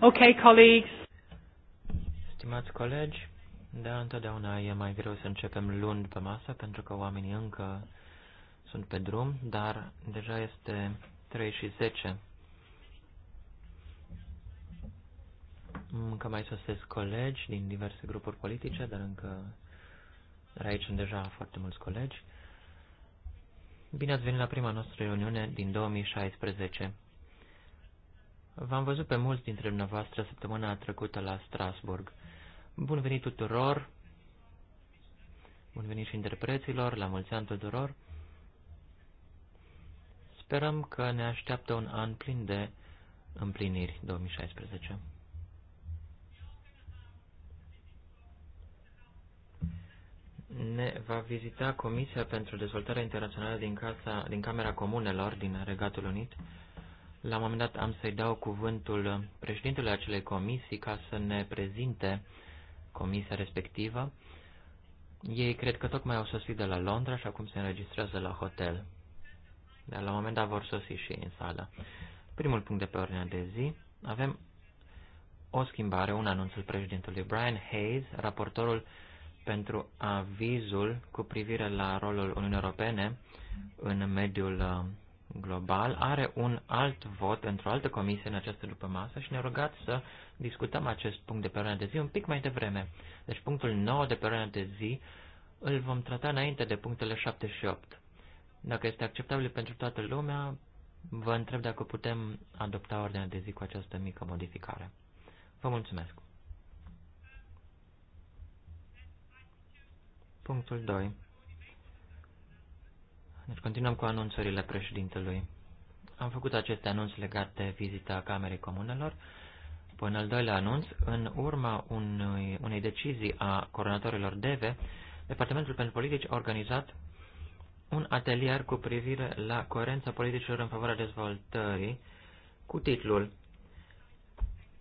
Okay, colleagues. Stimați colegi, da, întotdeauna e mai greu să începem luni pe masă, pentru că oamenii încă sunt pe drum, dar deja este 3 și 10. Încă mai sosesc colegi din diverse grupuri politice, dar încă dar aici sunt deja foarte mulți colegi. Bine ați venit la prima noastră reuniune din 2016. V-am văzut pe mulți dintre dumneavoastră săptămâna trecută la Strasburg. Bun venit tuturor! Bun venit și interpreților, la mulți ani tuturor! Sperăm că ne așteaptă un an plin de împliniri 2016. Ne va vizita Comisia pentru Dezvoltarea Internațională din, casa, din Camera Comunelor din Regatul Unit la un moment dat am să-i dau cuvântul președintelui acelei comisii ca să ne prezinte comisia respectivă. Ei cred că tocmai au sosit de la Londra și acum se înregistrează la hotel. Dar la un moment dat vor sosi și ei în sală. Primul punct de pe ordinea de zi, avem o schimbare, un anunț al președintelui Brian Hayes, raportorul pentru avizul cu privire la rolul Uniunii Europene în mediul uh, global are un alt vot într-o altă comisie în această după masă și ne-a rugat să discutăm acest punct de pe ordinea de zi un pic mai devreme. Deci punctul 9 de pe ordinea de zi îl vom trata înainte de punctele 7 și 8. Dacă este acceptabil pentru toată lumea, vă întreb dacă putem adopta ordinea de zi cu această mică modificare. Vă mulțumesc! Punctul 2. Deci continuăm cu anunțurile președintelui. Am făcut acest anunț legat de vizita Camerei Comunelor. Până al doilea anunț, în urma unui, unei decizii a coronatorilor DEVE, Departamentul pentru Politici a organizat un atelier cu privire la coerența politicilor în favoarea dezvoltării, cu titlul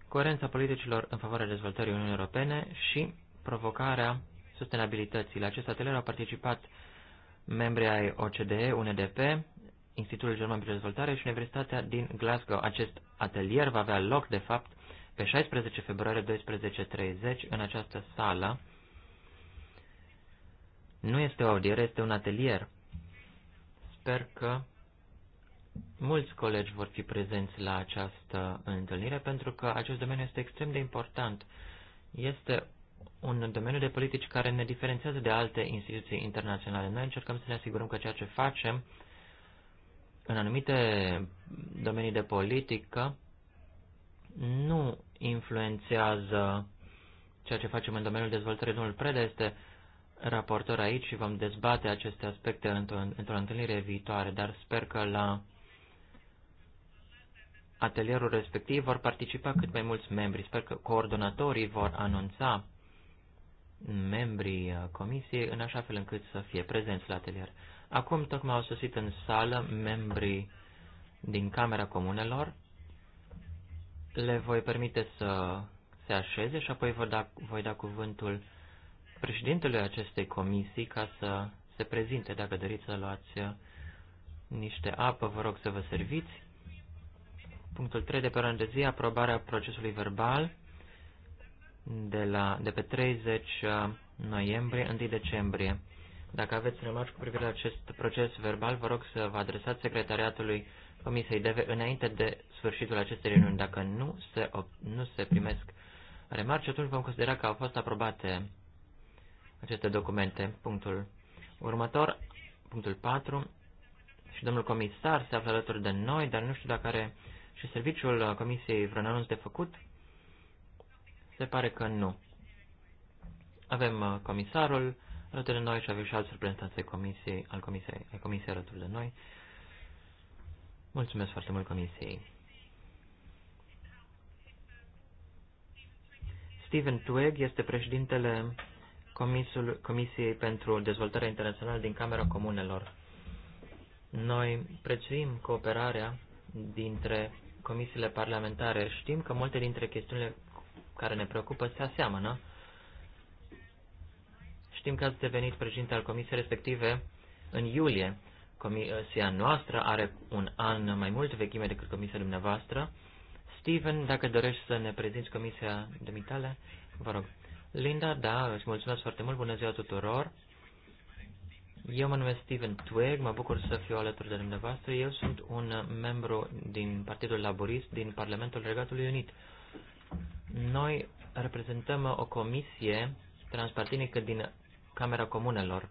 Coerența politicilor în favoarea dezvoltării Uniunii Europene și provocarea sustenabilității. La acest atelier au participat membri ai OCDE, UNDP, Institutul German pentru Dezvoltare și Universitatea din Glasgow. Acest atelier va avea loc, de fapt, pe 16 februarie 12.30 în această sală. Nu este o audiere, este un atelier. Sper că mulți colegi vor fi prezenți la această întâlnire, pentru că acest domeniu este extrem de important. Este un domeniu de politici care ne diferențiază de alte instituții internaționale. Noi încercăm să ne asigurăm că ceea ce facem în anumite domenii de politică nu influențează ceea ce facem în domeniul dezvoltării. Domnul Preda este raportor aici și vom dezbate aceste aspecte într-o, într întâlnire viitoare, dar sper că la atelierul respectiv vor participa cât mai mulți membri. Sper că coordonatorii vor anunța membrii uh, comisiei în așa fel încât să fie prezenți la atelier. Acum tocmai au sosit în sală membrii din Camera Comunelor. Le voi permite să se așeze și apoi voi da, voi da cuvântul președintelui acestei comisii ca să se prezinte. Dacă doriți să luați uh, niște apă, vă rog să vă serviți. Punctul 3 de pe de zi, aprobarea procesului verbal de, la, de pe 30 uh, noiembrie, 1 decembrie. Dacă aveți remarci cu privire la acest proces verbal, vă rog să vă adresați secretariatului Comisiei DEVE înainte de sfârșitul acestei reuniuni. Dacă nu se, nu se primesc remarci, atunci vom considera că au fost aprobate aceste documente. Punctul următor, punctul 4, și domnul comisar se află alături de noi, dar nu știu dacă are și serviciul Comisiei vreun anunț de făcut. Se pare că nu. Avem uh, comisarul alături de noi și avem și alți reprezentanți comisiei, al comisiei, al comisiei alături de noi. Mulțumesc foarte mult comisiei. Steven Tweg este președintele Comisul, Comisiei pentru Dezvoltarea Internațională din Camera Comunelor. Noi prețuim cooperarea dintre comisiile parlamentare. Știm că multe dintre chestiunile care ne preocupă se aseamănă. Știm că ați devenit președinte al comisiei respective în iulie. Comisia noastră are un an mai mult vechime decât comisia dumneavoastră. Steven, dacă dorești să ne prezinți comisia dumitale, vă rog. Linda, da, îți mulțumesc foarte mult, bună ziua tuturor. Eu mă numesc Steven Twig, mă bucur să fiu alături de dumneavoastră. Eu sunt un membru din Partidul Laborist din Parlamentul Regatului Unit. Noi reprezentăm o comisie transpartinică din Camera Comunelor.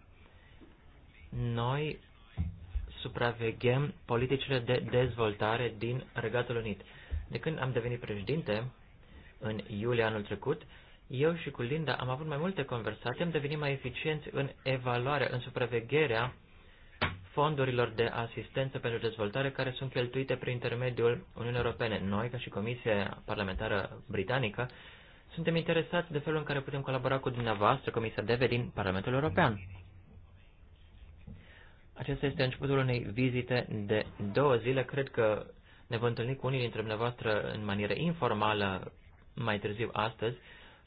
Noi supraveghem politicile de dezvoltare din Regatul Unit. De când am devenit președinte, în iulie anul trecut, eu și cu Linda am avut mai multe conversații, am devenit mai eficienți în evaluarea, în supravegherea fondurilor de asistență pentru dezvoltare care sunt cheltuite prin intermediul Uniunii Europene. Noi, ca și Comisia Parlamentară Britanică, suntem interesați de felul în care putem colabora cu dumneavoastră, Comisia DEVE, din Parlamentul European. Acesta este începutul unei vizite de două zile. Cred că ne vom întâlni cu unii dintre dumneavoastră în manieră informală mai târziu astăzi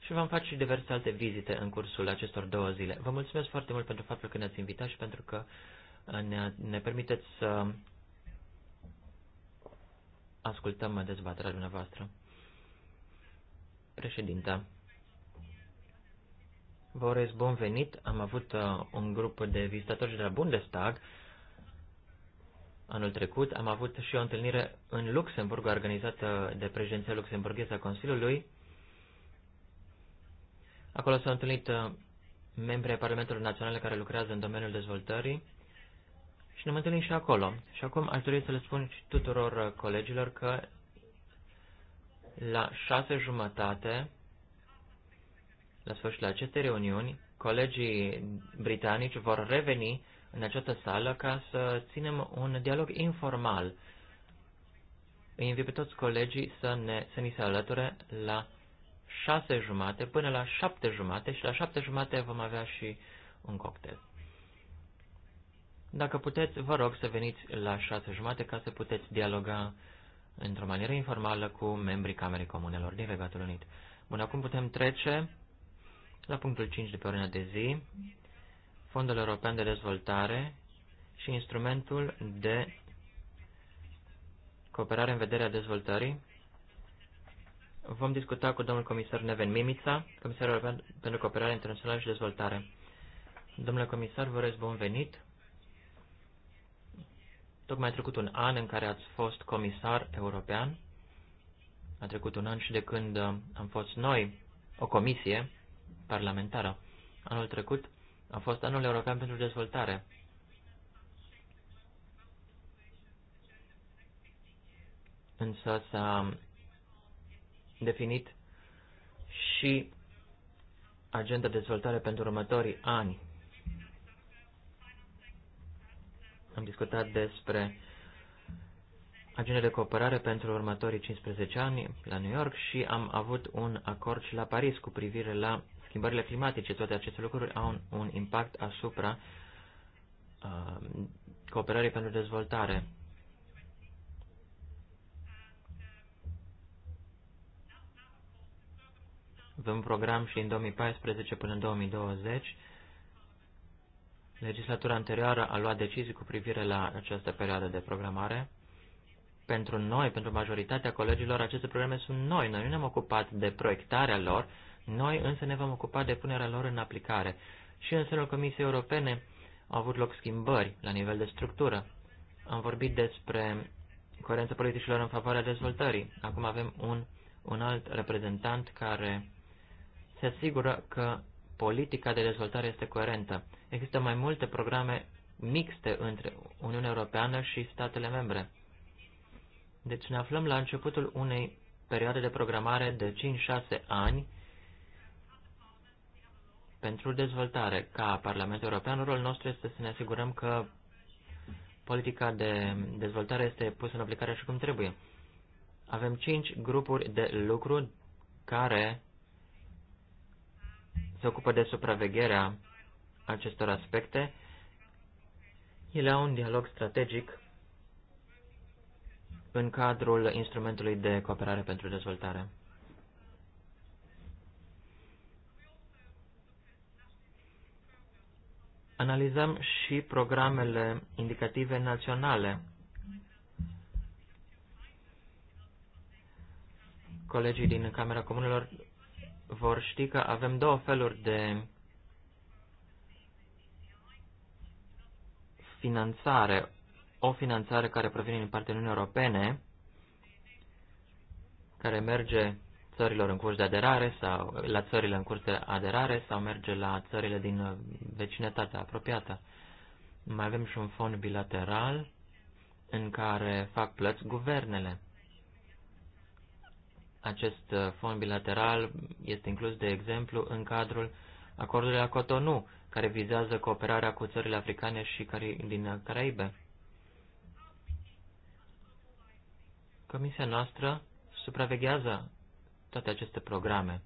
și vom face și diverse alte vizite în cursul acestor două zile. Vă mulțumesc foarte mult pentru faptul că ne-ați invitat și pentru că ne, ne permiteți să ascultăm dezbaterea dumneavoastră. Președinte, vă urez bun venit. Am avut uh, un grup de vizitatori de la Bundestag anul trecut. Am avut și o întâlnire în Luxemburg, organizată de președinția luxemburgheză a Consiliului. Acolo s-au întâlnit uh, membrii Parlamentului Național care lucrează în domeniul dezvoltării și ne întâlnim și acolo. Și acum aș dori să le spun și tuturor uh, colegilor că la șase jumătate, la sfârșitul acestei reuniuni, colegii britanici vor reveni în această sală ca să ținem un dialog informal. Îi invit pe toți colegii să, ne, să ni se alăture la șase jumate până la șapte jumate și la șapte jumate vom avea și un cocktail. Dacă puteți, vă rog să veniți la șase jumate ca să puteți dialoga într-o manieră informală cu membrii Camerei Comunelor din Regatul Unit. Bun, acum putem trece la punctul 5 de pe ordinea de zi, Fondul European de Dezvoltare și instrumentul de cooperare în vederea dezvoltării. Vom discuta cu domnul comisar Neven Mimița, comisarul european pentru cooperare internațională și dezvoltare. Domnule comisar, vă urez bun venit. Tocmai a trecut un an în care ați fost comisar european. A trecut un an și de când uh, am fost noi o comisie parlamentară. Anul trecut a fost anul european pentru dezvoltare. Însă s-a definit și agenda dezvoltare pentru următorii ani. Am discutat despre agenda de cooperare pentru următorii 15 ani la New York și am avut un acord și la Paris cu privire la schimbările climatice. Toate aceste lucruri au un, un impact asupra uh, cooperării pentru dezvoltare. Avem un program și în 2014 până în 2020 Legislatura anterioară a luat decizii cu privire la această perioadă de programare. Pentru noi, pentru majoritatea colegilor, aceste programe sunt noi. Noi nu ne-am ocupat de proiectarea lor, noi însă ne vom ocupa de punerea lor în aplicare. Și în sânul Comisiei Europene au avut loc schimbări la nivel de structură. Am vorbit despre coerența politicilor în favoarea dezvoltării. Acum avem un, un alt reprezentant care se asigură că politica de dezvoltare este coerentă. Există mai multe programe mixte între Uniunea Europeană și statele membre. Deci ne aflăm la începutul unei perioade de programare de 5-6 ani pentru dezvoltare. Ca Parlamentul European, rolul nostru este să ne asigurăm că politica de dezvoltare este pusă în aplicare așa cum trebuie. Avem 5 grupuri de lucru care se ocupă de supravegherea acestor aspecte. Ele au un dialog strategic în cadrul instrumentului de cooperare pentru dezvoltare. Analizăm și programele indicative naționale. Colegii din Camera Comunelor vor ști că avem două feluri de finanțare. O finanțare care provine din partea Uniunii Europene, care merge țărilor în curs de aderare sau la țările în curs de aderare sau merge la țările din vecinătatea apropiată. Mai avem și un fond bilateral în care fac plăți guvernele. Acest uh, fond bilateral este inclus, de exemplu, în cadrul acordului la Cotonou, care vizează cooperarea cu țările africane și din Caraibe. Comisia noastră supraveghează toate aceste programe.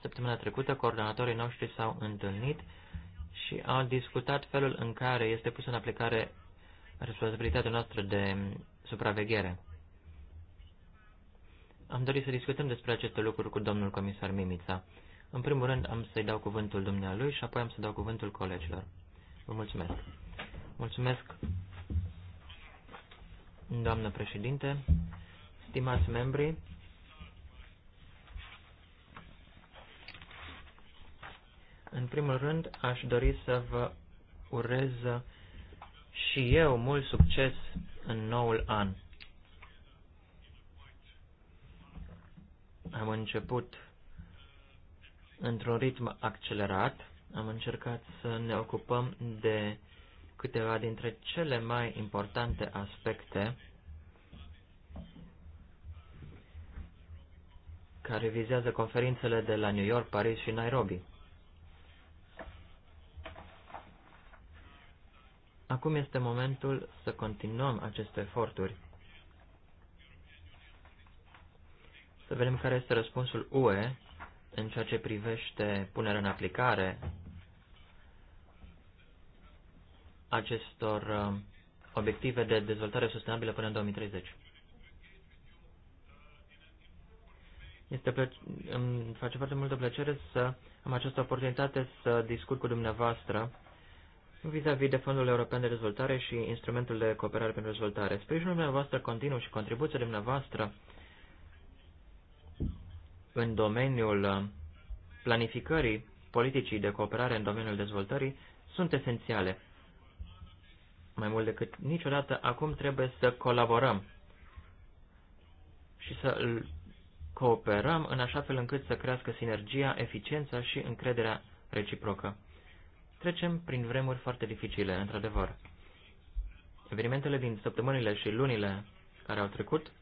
Săptămâna trecută, coordonatorii noștri s-au întâlnit și au discutat felul în care este pusă în aplicare responsabilitatea noastră de supraveghere. Am dorit să discutăm despre aceste lucruri cu domnul comisar Mimița. În primul rând am să-i dau cuvântul dumnealui și apoi am să dau cuvântul colegilor. Vă mulțumesc. Mulțumesc, doamnă președinte, stimați membri, În primul rând, aș dori să vă urez și eu mult succes în noul an. Am început într-un ritm accelerat. Am încercat să ne ocupăm de câteva dintre cele mai importante aspecte care vizează conferințele de la New York, Paris și Nairobi. Acum este momentul să continuăm aceste eforturi. să vedem care este răspunsul UE în ceea ce privește punerea în aplicare acestor uh, obiective de dezvoltare sustenabilă până în 2030. Este îmi face foarte multă plăcere să am această oportunitate să discut cu dumneavoastră vis-a-vis -vis de Fondul European de Dezvoltare și Instrumentul de Cooperare pentru Dezvoltare. Sprijinul dumneavoastră continuu și contribuția dumneavoastră în domeniul uh, planificării politicii de cooperare în domeniul dezvoltării sunt esențiale. Mai mult decât niciodată, acum trebuie să colaborăm și să cooperăm în așa fel încât să crească sinergia, eficiența și încrederea reciprocă. Trecem prin vremuri foarte dificile, într-adevăr. Evenimentele din săptămânile și lunile care au trecut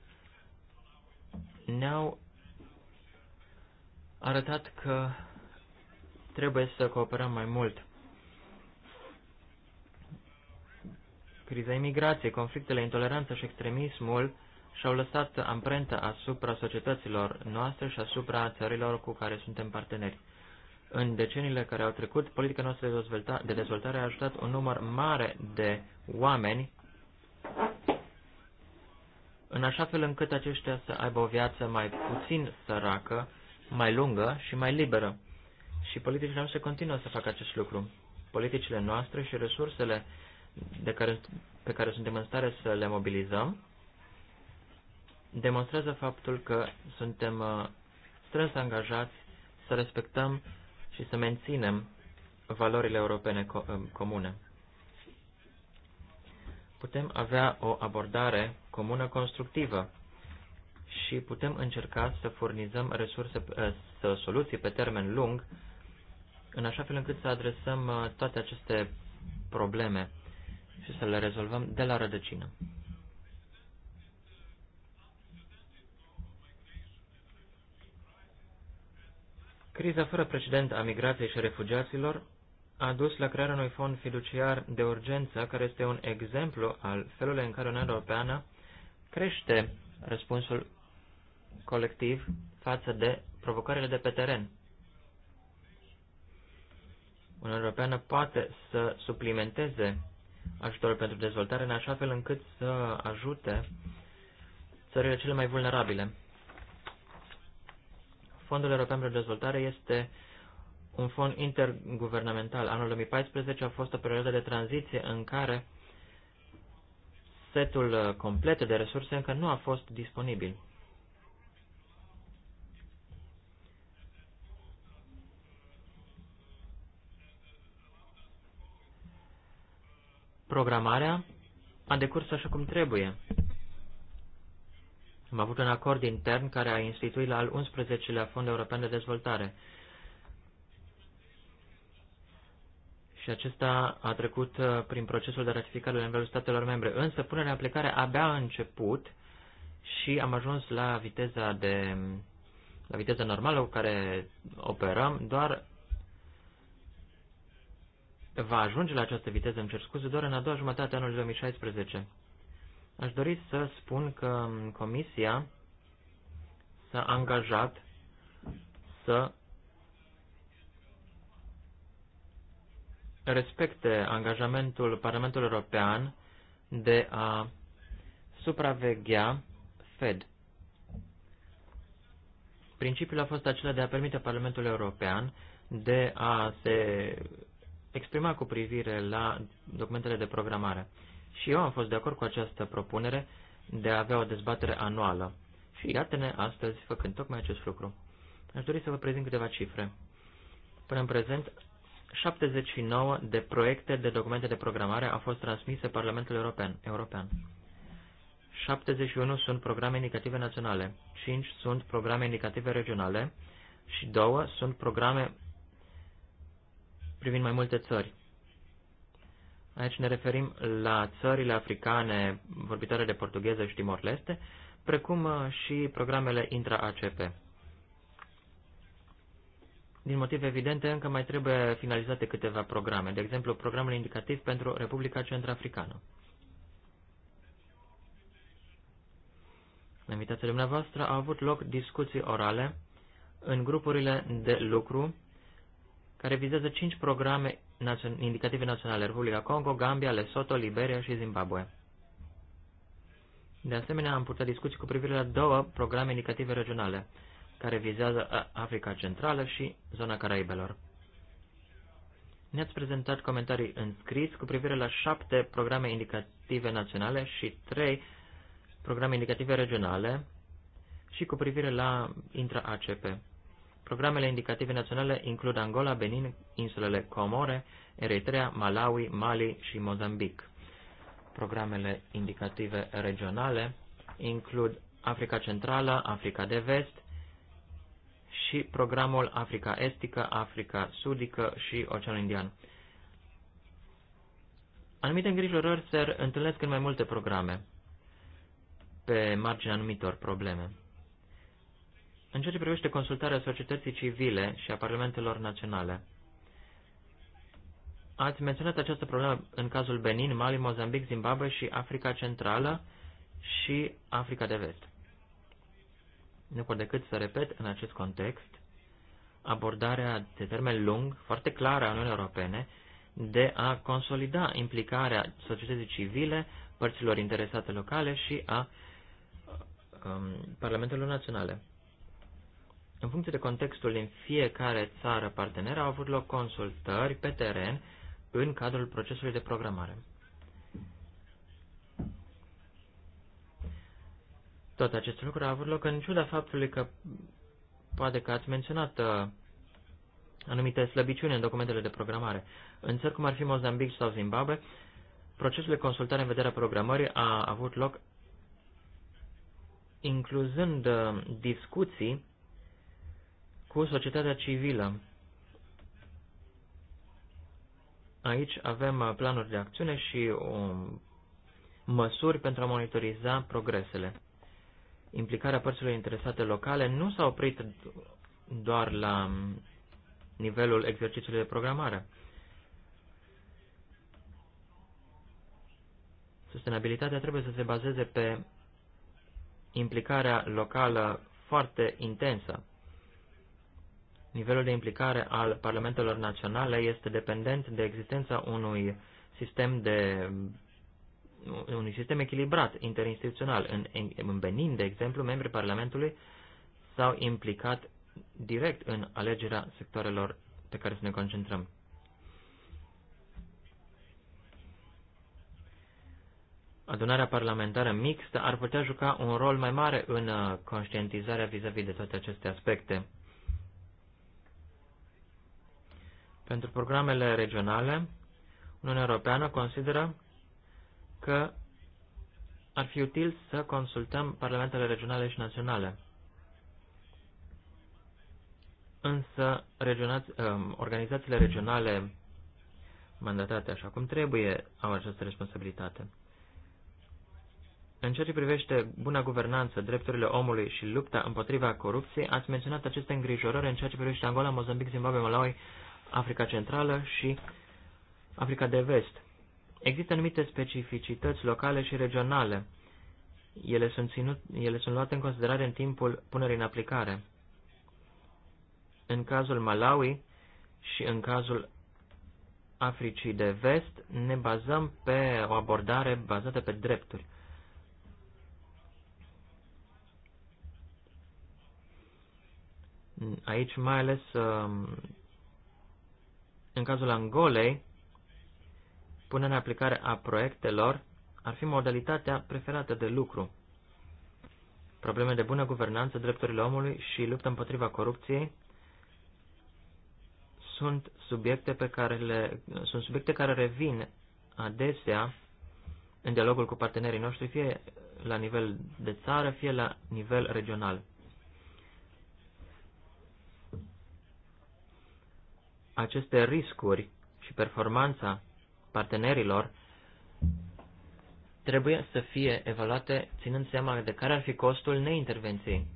ne-au arătat că trebuie să cooperăm mai mult. Criza imigrației, conflictele, intoleranța și extremismul și-au lăsat amprenta asupra societăților noastre și asupra țărilor cu care suntem parteneri. În deceniile care au trecut, politica noastră de dezvoltare, de dezvoltare a ajutat un număr mare de oameni în așa fel încât aceștia să aibă o viață mai puțin săracă mai lungă și mai liberă. Și politicile noastre continuă să facă acest lucru. Politicile noastre și resursele de care, pe care suntem în stare să le mobilizăm demonstrează faptul că suntem uh, strâns angajați să respectăm și să menținem valorile europene uh, comune. Putem avea o abordare comună constructivă și putem încerca să furnizăm resurse, uh, să soluții pe termen lung, în așa fel încât să adresăm uh, toate aceste probleme și să le rezolvăm de la rădăcină. Criza fără precedent a migrației și refugiaților a dus la crearea unui fond fiduciar de urgență, care este un exemplu al felului în care Uniunea Europeană crește răspunsul colectiv față de provocările de pe teren. Uniunea Europeană poate să suplimenteze ajutorul pentru dezvoltare în așa fel încât să ajute țările cele mai vulnerabile. Fondul European pentru Dezvoltare este un fond interguvernamental. Anul 2014 a fost o perioadă de tranziție în care setul complet de resurse încă nu a fost disponibil. programarea a decurs așa cum trebuie. Am avut un acord intern care a instituit la al 11-lea Fond European de Dezvoltare. Și acesta a trecut uh, prin procesul de ratificare la nivelul statelor membre. Însă punerea în aplicare abia a început și am ajuns la viteza de la viteza normală cu care operăm doar va ajunge la această viteză, îmi cer scuze, doar în a doua jumătate a anului 2016. Aș dori să spun că Comisia s-a angajat să respecte angajamentul Parlamentului European de a supraveghea Fed. Principiul a fost acela de a permite Parlamentului European de a se exprima cu privire la documentele de programare. Și eu am fost de acord cu această propunere de a avea o dezbatere anuală. Și iată-ne astăzi făcând tocmai acest lucru. Aș dori să vă prezint câteva cifre. Până în prezent, 79 de proiecte de documente de programare au fost transmise Parlamentului European. European. 71 sunt programe indicative naționale, 5 sunt programe indicative regionale și 2 sunt programe privind mai multe țări. Aici ne referim la țările africane vorbitoare de portugheză și Timor-Leste, precum uh, și programele intra-ACP. Din motive evidente, încă mai trebuie finalizate câteva programe, de exemplu, programul indicativ pentru Republica Centrafricană. În invitația dumneavoastră au avut loc discuții orale în grupurile de lucru care vizează cinci programe națion indicative naționale, Republica Congo, Gambia, Lesotho, Liberia și Zimbabwe. De asemenea, am purtat discuții cu privire la două programe indicative regionale, care vizează uh, Africa Centrală și zona Caraibelor. Ne-ați prezentat comentarii în scris cu privire la șapte programe indicative naționale și trei programe indicative regionale și cu privire la intra-ACP. Programele indicative naționale includ Angola, Benin, insulele Comore, Eritrea, Malawi, Mali și Mozambic. Programele indicative regionale includ Africa Centrală, Africa de Vest și programul Africa Estică, Africa Sudică și Oceanul Indian. Anumite îngrijorări se întâlnesc în mai multe programe, pe marginea anumitor probleme. În ceea ce privește consultarea societății civile și a parlamentelor naționale, ați menționat această problemă în cazul Benin, Mali, Mozambic, Zimbabwe și Africa Centrală și Africa de Vest. Nu pot decât să repet în acest context abordarea de termen lung, foarte clară a Uniunii Europene, de a consolida implicarea societății civile, părților interesate locale și a um, parlamentelor naționale. În funcție de contextul din fiecare țară parteneră au avut loc consultări pe teren în cadrul procesului de programare. Tot acest lucru a avut loc în ciuda faptului că poate că ați menționat uh, anumite slăbiciuni în documentele de programare. În țări cum ar fi Mozambic sau Zimbabwe, procesul de consultare în vederea programării a avut loc incluzând uh, discuții cu societatea civilă. Aici avem uh, planuri de acțiune și um, măsuri pentru a monitoriza progresele. Implicarea părților interesate locale nu s-a oprit doar la um, nivelul exercițiului de programare. Sustenabilitatea trebuie să se bazeze pe implicarea locală foarte intensă. Nivelul de implicare al parlamentelor naționale este dependent de existența unui sistem de unui sistem echilibrat interinstituțional. În, în Benin, de exemplu, membrii Parlamentului s-au implicat direct în alegerea sectoarelor pe care să ne concentrăm. Adunarea parlamentară mixtă ar putea juca un rol mai mare în uh, conștientizarea vis-a-vis -vis de toate aceste aspecte. Pentru programele regionale, Uniunea Europeană consideră că ar fi util să consultăm parlamentele regionale și naționale. Însă, um, organizațiile regionale mandatate așa cum trebuie au această responsabilitate. În ceea ce privește buna guvernanță, drepturile omului și lupta împotriva corupției, ați menționat aceste îngrijorări în ceea ce privește Angola, Mozambic, Zimbabwe, Malawi, Africa Centrală și Africa de Vest. Există anumite specificități locale și regionale. Ele sunt, ținut, ele sunt luate în considerare în timpul punerii în aplicare. În cazul Malawi și în cazul Africii de Vest, ne bazăm pe o abordare bazată pe drepturi. Aici mai ales um, în cazul Angolei, punerea în aplicare a proiectelor ar fi modalitatea preferată de lucru. Probleme de bună guvernanță, drepturile omului și luptă împotriva corupției sunt subiecte pe care le, sunt subiecte care revin adesea în dialogul cu partenerii noștri, fie la nivel de țară, fie la nivel regional. aceste riscuri și performanța partenerilor trebuie să fie evaluate ținând seama de care ar fi costul neintervenției.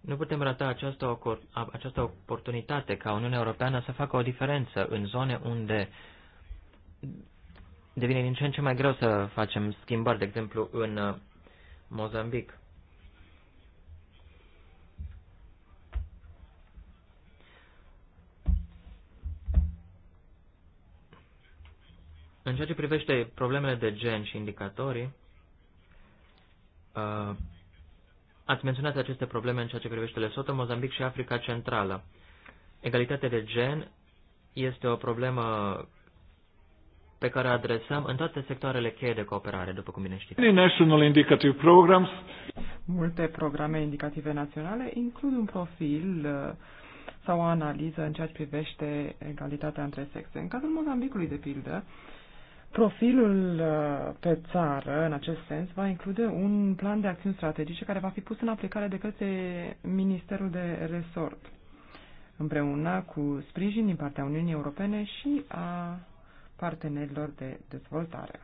Nu putem rata această, această oportunitate ca Uniunea Europeană să facă o diferență în zone unde devine din ce în ce mai greu să facem schimbări, de exemplu în uh, Mozambic. În ceea ce privește problemele de gen și indicatorii, uh, ați menționat aceste probleme în ceea ce privește Lesotho, Mozambic și Africa Centrală. Egalitatea de gen este o problemă pe care o adresăm în toate sectoarele cheie de cooperare, după cum bine știți. National Indicative Programs. Multe programe indicative naționale includ un profil uh, sau o analiză în ceea ce privește egalitatea între sexe. În cazul Mozambicului, de pildă, Profilul uh, pe țară, în acest sens, va include un plan de acțiuni strategice care va fi pus în aplicare de către Ministerul de Resort, împreună cu sprijin din partea Uniunii Europene și a partenerilor de dezvoltare.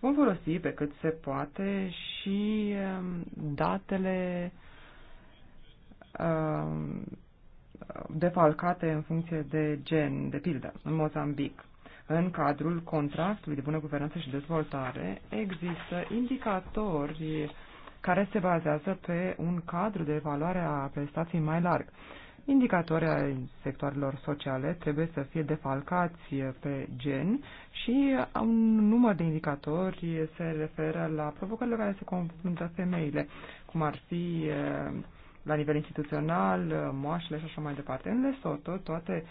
Vom folosi pe cât se poate și um, datele um, defalcate în funcție de gen, de pildă, în Mozambic în cadrul contractului de bună guvernanță și dezvoltare există indicatori care se bazează pe un cadru de evaluare a prestației mai larg. Indicatorii ai sectoarelor sociale trebuie să fie defalcați pe gen și un număr de indicatori se referă la provocările care se confruntă femeile, cum ar fi eh, la nivel instituțional, moașele și așa mai departe. În Lesoto, toate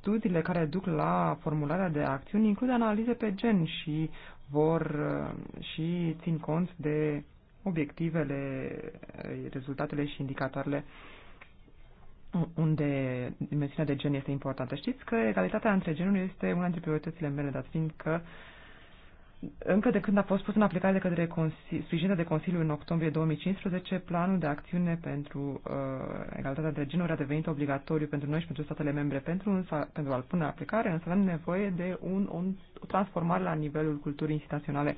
studiile care duc la formularea de acțiuni includ analize pe gen și vor uh, și țin cont de obiectivele, uh, rezultatele și indicatoarele unde dimensiunea de gen este importantă. Știți că egalitatea între genuri este una dintre prioritățile mele, dat fiind că uh, încă de când a fost pus în aplicare de către sprijină de Consiliu în octombrie 2015, planul de acțiune pentru uh, egalitatea de genuri a devenit obligatoriu pentru noi și pentru statele membre. Pentru, însă, pentru a-l pune în aplicare, însă avem nevoie de un, un, o transformare la nivelul culturii instituționale.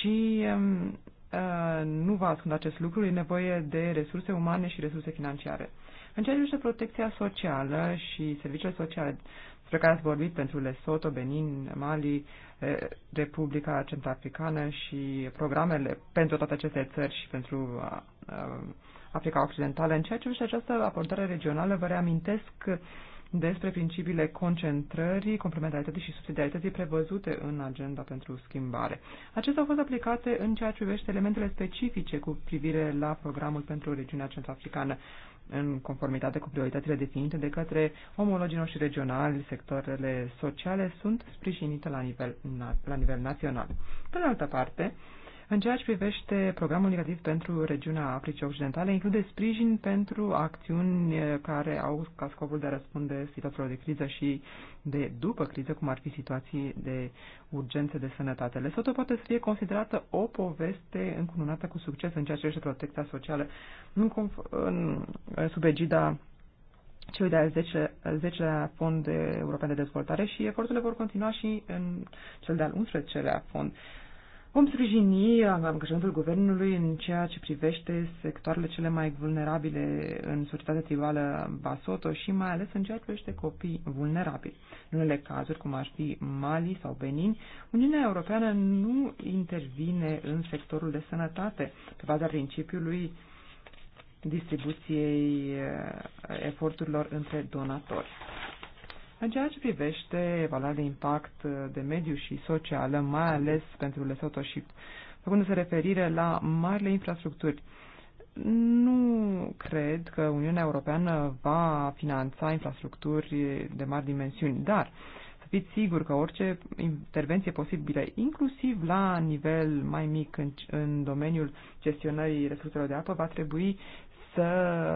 Și um, uh, nu vă ascund acest lucru, e nevoie de resurse umane și resurse financiare. În ceea ce privește protecția socială și serviciile sociale, despre care ați vorbit pentru Lesotho, Benin, Mali, eh, Republica Centrafricană și programele pentru toate aceste țări și pentru eh, Africa Occidentală. În ceea ce privește această abordare regională, vă reamintesc despre principiile concentrării, complementarității și subsidiarității prevăzute în agenda pentru schimbare. Acestea au fost aplicate în ceea ce privește elementele specifice cu privire la programul pentru regiunea centrafricană în conformitate cu prioritățile definite de către omologii noștri regionali, sectoarele sociale sunt sprijinite la nivel, la nivel național. Pe de altă parte, în ceea ce privește programul negativ pentru regiunea Africii Occidentale, include sprijin pentru acțiuni care au ca scopul de a răspunde situațiilor de criză și de după criză, cum ar fi situații de urgențe de sănătate. Lesotho poate să fie considerată o poveste încununată cu succes în ceea ce privește protecția socială în, în, sub egida cel de-al 10-lea fond de european de dezvoltare și eforturile vor continua și în cel de-al 11-lea fond. Uh, Vom sprijini angajamentul guvernului în ceea ce privește sectoarele cele mai vulnerabile în societatea tribală Basoto și mai ales în ceea ce privește copii vulnerabili. În unele cazuri, cum ar fi Mali sau Benin, Uniunea Europeană nu intervine în sectorul de sănătate pe baza principiului distribuției eh, eforturilor între donatori. În ceea ce privește valoarea de impact de mediu și socială, mai ales pentru Lesotho și făcându-se referire la marile infrastructuri, nu cred că Uniunea Europeană va finanța infrastructuri de mari dimensiuni, dar să fiți sigur că orice intervenție posibilă, inclusiv la nivel mai mic în, în domeniul gestionării resurselor de apă, va trebui să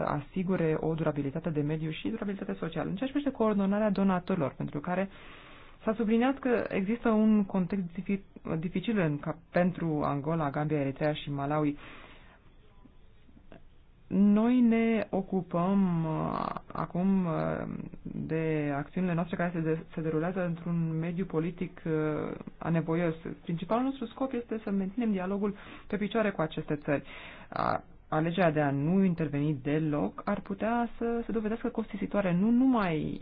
asigure o durabilitate de mediu și durabilitate socială. În ceea ce privește coordonarea donatorilor, pentru care s-a subliniat că există un context dificil în, ca, pentru Angola, Gambia, Eritrea și Malawi. Noi ne ocupăm uh, acum uh, de acțiunile noastre care se, de, se derulează într-un mediu politic uh, anevoios. Principalul nostru scop este să menținem dialogul pe picioare cu aceste țări. Uh, alegerea de a nu interveni deloc ar putea să se dovedească costisitoare nu numai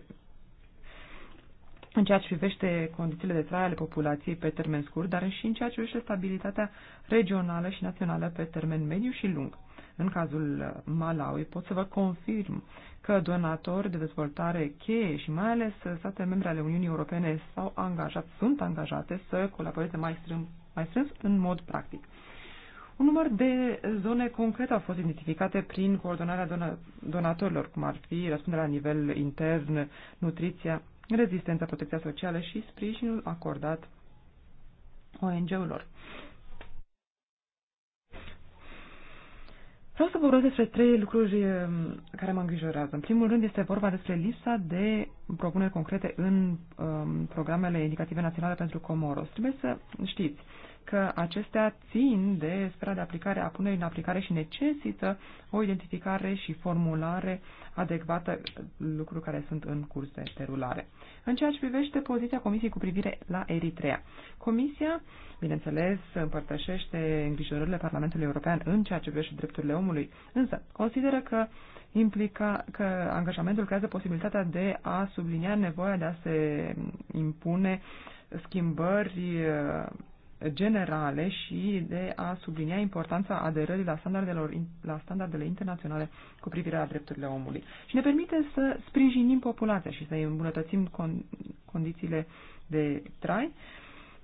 în ceea ce privește condițiile de trai ale populației pe termen scurt, dar și în ceea ce privește stabilitatea regională și națională pe termen mediu și lung. În cazul Malawi pot să vă confirm că donatori de dezvoltare cheie și mai ales state membre ale Uniunii Europene s-au angajat, sunt angajate să colaboreze mai strâns, mai strâns în mod practic. Un număr de zone concrete au fost identificate prin coordonarea donatorilor, cum ar fi răspunderea la nivel intern, nutriția, rezistența, protecția socială și sprijinul acordat ONG-urilor. Vreau să vorbesc despre trei lucruri um, care mă îngrijorează. În primul rând este vorba despre lipsa de propuneri concrete în um, programele indicative naționale pentru Comoros. Trebuie să știți că acestea țin de sfera de aplicare a punerii în aplicare și necesită o identificare și formulare adecvată, lucruri care sunt în curs de derulare. În ceea ce privește poziția Comisiei cu privire la Eritrea, Comisia, bineînțeles, împărtășește îngrijorările Parlamentului European în ceea ce privește drepturile omului, însă consideră că implica că angajamentul creează posibilitatea de a sublinia nevoia de a se impune schimbări generale și de a sublinia importanța aderării la, standardelor, la standardele internaționale cu privire la drepturile omului. Și ne permite să sprijinim populația și să îi îmbunătățim con- condițiile de trai,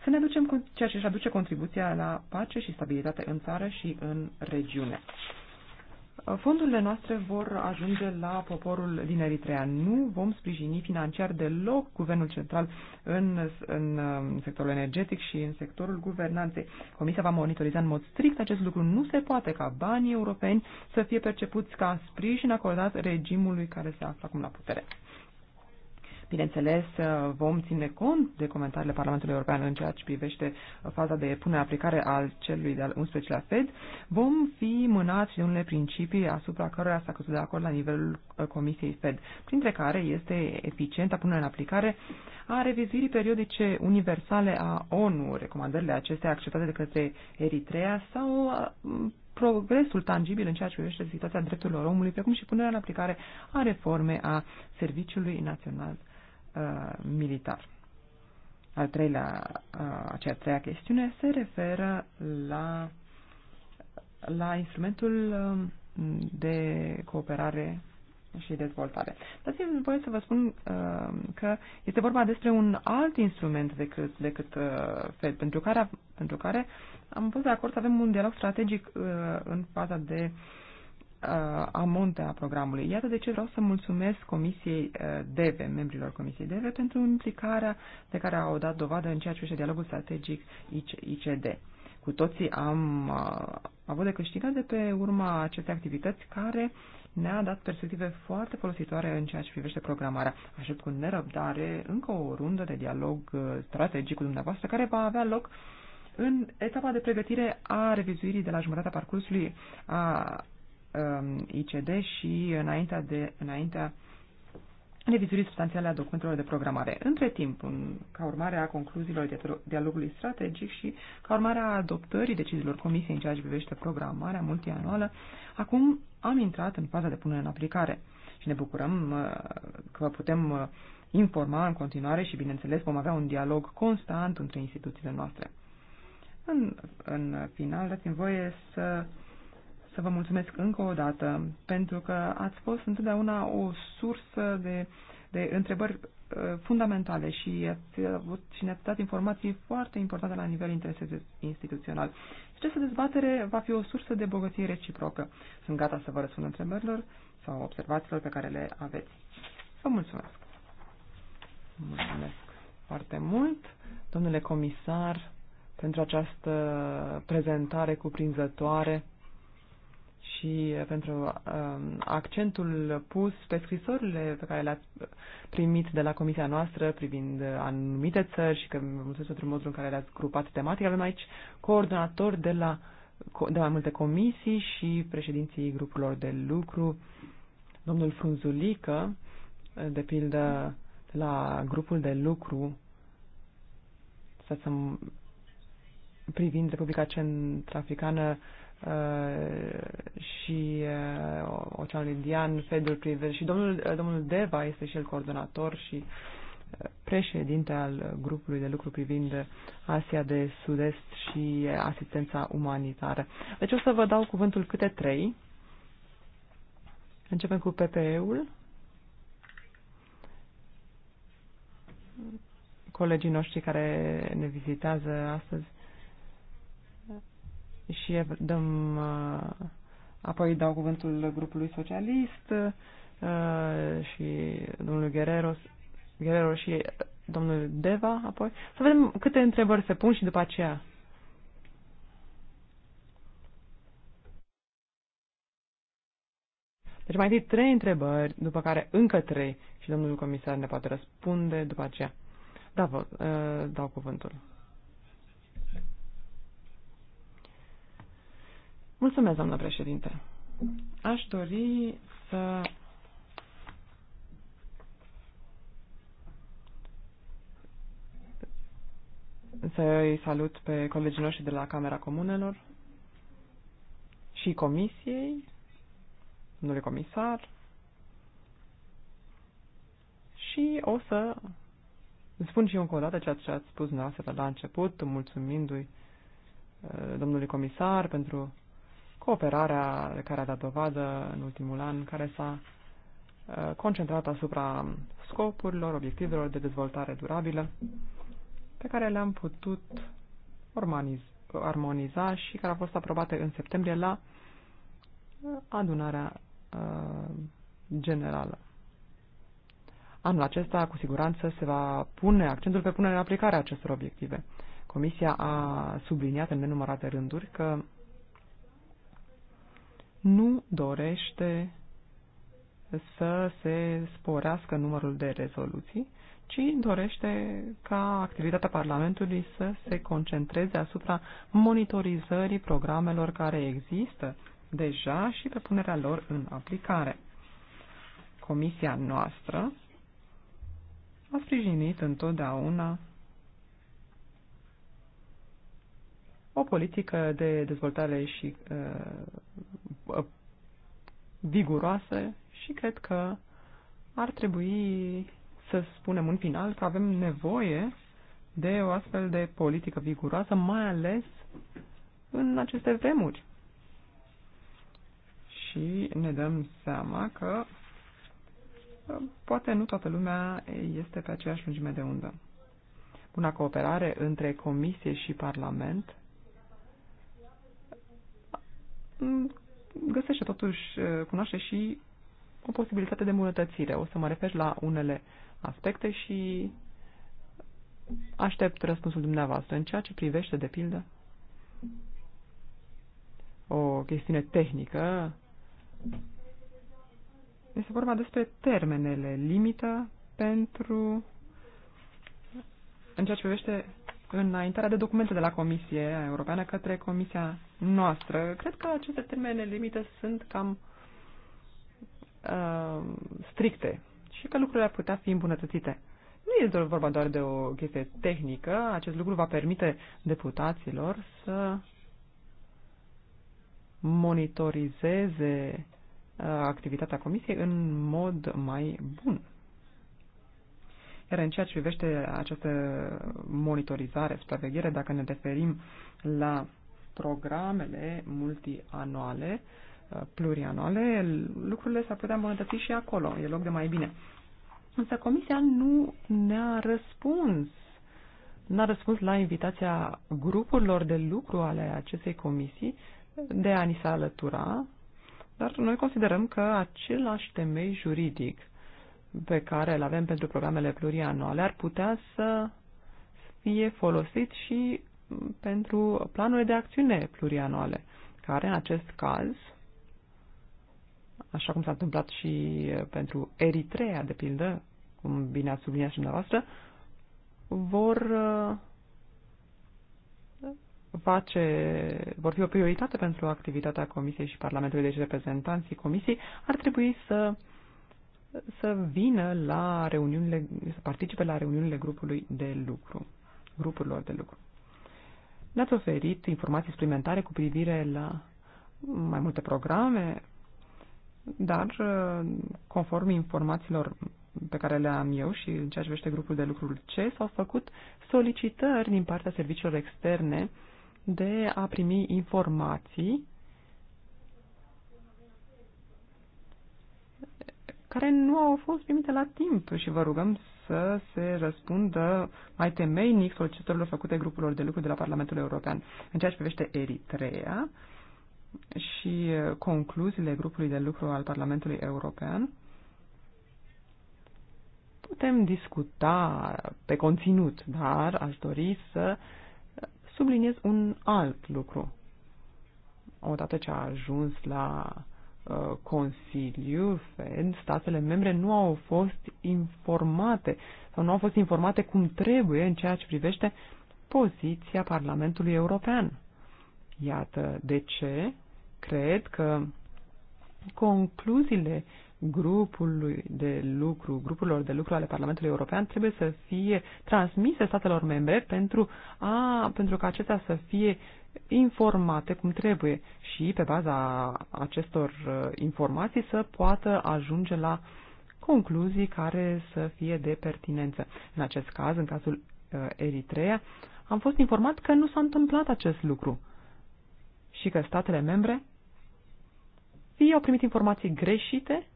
să ne aducem cu ceea ce își aduce contribuția la pace și stabilitate în țară și în regiune. Fondurile noastre vor ajunge la poporul din Eritrea. Nu vom sprijini financiar deloc guvernul central în, în um, sectorul energetic și în sectorul guvernanței. Comisia va monitoriza în mod strict acest lucru. Nu se poate ca banii europeni să fie percepuți ca sprijin acordat regimului care se află acum la putere. Bineînțeles, uh, vom ține cont de comentariile Parlamentului European în ceea ce privește faza de punere aplicare al celui de-al 11-lea FED. Vom fi mânați de unele principii asupra cărora s-a căzut de acord la nivelul uh, Comisiei FED, printre care este eficienta punerea în aplicare a revizuirii periodice universale a ONU, recomandările acestea acceptate de către Eritrea sau uh, progresul tangibil în ceea ce privește situația drepturilor omului, precum și punerea în aplicare a reforme a Serviciului Național uh, militar. Al treilea, uh, acea treia chestiune se referă la, la instrumentul uh, de cooperare și dezvoltare. Dați-mi voie să vă spun uh, că este vorba despre un alt instrument decât, decât uh, FED, pentru care, pentru care am fost de acord să avem un dialog strategic uh, în faza de uh, uh, amonte a programului. Iată de ce vreau să mulțumesc Comisiei uh, DEVE, membrilor Comisiei DEVE, pentru implicarea de care au dat dovadă în ceea ce privește dialogul strategic ICD. Cu toții am uh, avut de câștigat de pe urma acestei activități care ne-a dat perspective foarte folositoare în ceea ce privește programarea. Aștept cu nerăbdare încă o rundă de dialog uh, strategic cu dumneavoastră care va avea loc în etapa de pregătire a revizuirii de la jumătatea parcursului a Um, ICD și înaintea, de, înaintea revizuirii substanțiale a documentelor de programare. Între timp, în, ca urmare a concluziilor dialogului strategic și ca urmare a adoptării deciziilor Comisiei în ceea ce privește programarea multianuală, acum am intrat în faza de punere în aplicare și ne bucurăm uh, că putem uh, informa în continuare și, bineînțeles, vom avea un dialog constant între instituțiile noastre. În, în final, dați-mi voie să să vă mulțumesc încă o dată, pentru că ați fost întotdeauna o sursă de, de întrebări uh, fundamentale și ați avut și ne-ați dat informații foarte importante la nivel instituțional. Și această dezbatere va fi o sursă de bogăție reciprocă. Sunt gata să vă răspund întrebărilor sau observațiilor pe care le aveți. Vă mulțumesc! Mulțumesc foarte mult, domnule comisar, pentru această prezentare cuprinzătoare și uh, pentru um, accentul pus pe scrisorile pe care le-ați primit de la comisia noastră privind anumite țări și că vă mulțumesc pentru modul în care le-ați grupat tematic. Avem aici coordonatori de la de mai multe comisii și președinții grupurilor de lucru, domnul Frunzulică, de pildă la grupul de lucru să privind Republica Centrafricană Uh, și uh, Oceanul Indian, Fedul Priver și domnul, uh, domnul Deva este și el coordonator și președinte al grupului de lucru privind Asia de Sud-Est și asistența umanitară. Deci o să vă dau cuvântul câte trei. Începem cu PPE-ul. Colegii noștri care ne vizitează astăzi și dăm, uh, apoi dau cuvântul grupului socialist uh, și domnul Guerrero, Guerrero și domnul Deva apoi. Să vedem câte întrebări se pun și după aceea. Deci mai întâi trei întrebări, după care încă trei și domnul comisar ne poate răspunde după aceea. Da, vă uh, dau cuvântul. Mulțumesc, doamnă președinte. Aș dori să să îi salut pe colegii noștri de la Camera Comunelor și Comisiei, domnule comisar, și o să spun și eu încă o dată ceea ce ați spus dumneavoastră la început, mulțumindu-i uh, domnului comisar pentru cooperarea de care a dat dovadă în ultimul an, care s-a uh, concentrat asupra scopurilor, obiectivelor de dezvoltare durabilă pe care le-am putut armoniza și care au fost aprobate în septembrie la uh, adunarea uh, generală. Anul acesta, cu siguranță, se va pune accentul pe punerea în aplicare a acestor obiective. Comisia a subliniat în nenumărate rânduri că nu dorește să se sporească numărul de rezoluții, ci dorește ca activitatea Parlamentului să se concentreze asupra monitorizării programelor care există deja și pe punerea lor în aplicare. Comisia noastră a sprijinit întotdeauna o politică de dezvoltare și uh, Uh, viguroase și cred că ar trebui să spunem în final că avem nevoie de o astfel de politică viguroasă, mai ales în aceste vremuri. Și ne dăm seama că uh, poate nu toată lumea este pe aceeași lungime de undă. Buna cooperare între Comisie și Parlament găsește totuși, cunoaște și o posibilitate de îmbunătățire. O să mă refer la unele aspecte și aștept răspunsul dumneavoastră în ceea ce privește, de pildă, o chestiune tehnică. Este vorba despre termenele limită pentru în ceea ce privește înaintarea de documente de la Comisie Europeană către Comisia noastră. Cred că aceste termene limite sunt cam uh, stricte și că lucrurile ar putea fi îmbunătățite. Nu este vorba doar de o chestie tehnică, acest lucru va permite deputaților să monitorizeze uh, activitatea comisiei în mod mai bun. Iar în ceea ce privește această monitorizare, supraveghere, dacă ne referim la programele multianuale, uh, plurianuale, lucrurile s-ar putea îmbunătăți și acolo, e loc de mai bine. Însă Comisia nu ne-a răspuns n-a răspuns la invitația grupurilor de lucru ale acestei comisii de a ni se alătura, dar noi considerăm că același temei juridic pe care îl avem pentru programele plurianuale ar putea să fie folosit și pentru planurile de acțiune plurianuale, care în acest caz, așa cum s-a întâmplat și pentru Eritrea, de pildă, cum bine ați subliniat și dumneavoastră, vor face, vor fi o prioritate pentru activitatea Comisiei și Parlamentului, deci reprezentanții Comisiei ar trebui să uh, să vină la reuniunile, să participe la reuniunile grupului de lucru, grupurilor de lucru. Ne-ați oferit informații suplimentare cu privire la mai multe programe, dar uh, conform informațiilor pe care le am eu și în ceea ce vește grupul de lucrul C, s-au făcut solicitări din partea serviciilor externe de a primi informații care nu au fost primite la timp și vă rugăm să se răspundă mai temeinic solicitărilor făcute grupurilor de lucru de la Parlamentul European. În ceea ce privește Eritrea și concluziile grupului de lucru al Parlamentului European, putem discuta pe conținut, dar aș dori să subliniez un alt lucru. Odată ce a ajuns la Uh, Consiliu, Fed, statele membre nu au fost informate sau nu au fost informate cum trebuie în ceea ce privește poziția Parlamentului European. Iată de ce cred că concluziile grupului de lucru, grupurilor de lucru ale Parlamentului European trebuie să fie transmise statelor membre pentru, a, pentru ca acestea să fie informate cum trebuie și pe baza acestor uh, informații să poată ajunge la concluzii care să fie de pertinență. În acest caz, în cazul uh, Eritrea, am fost informat că nu s-a întâmplat acest lucru și că statele membre fie au primit informații greșite,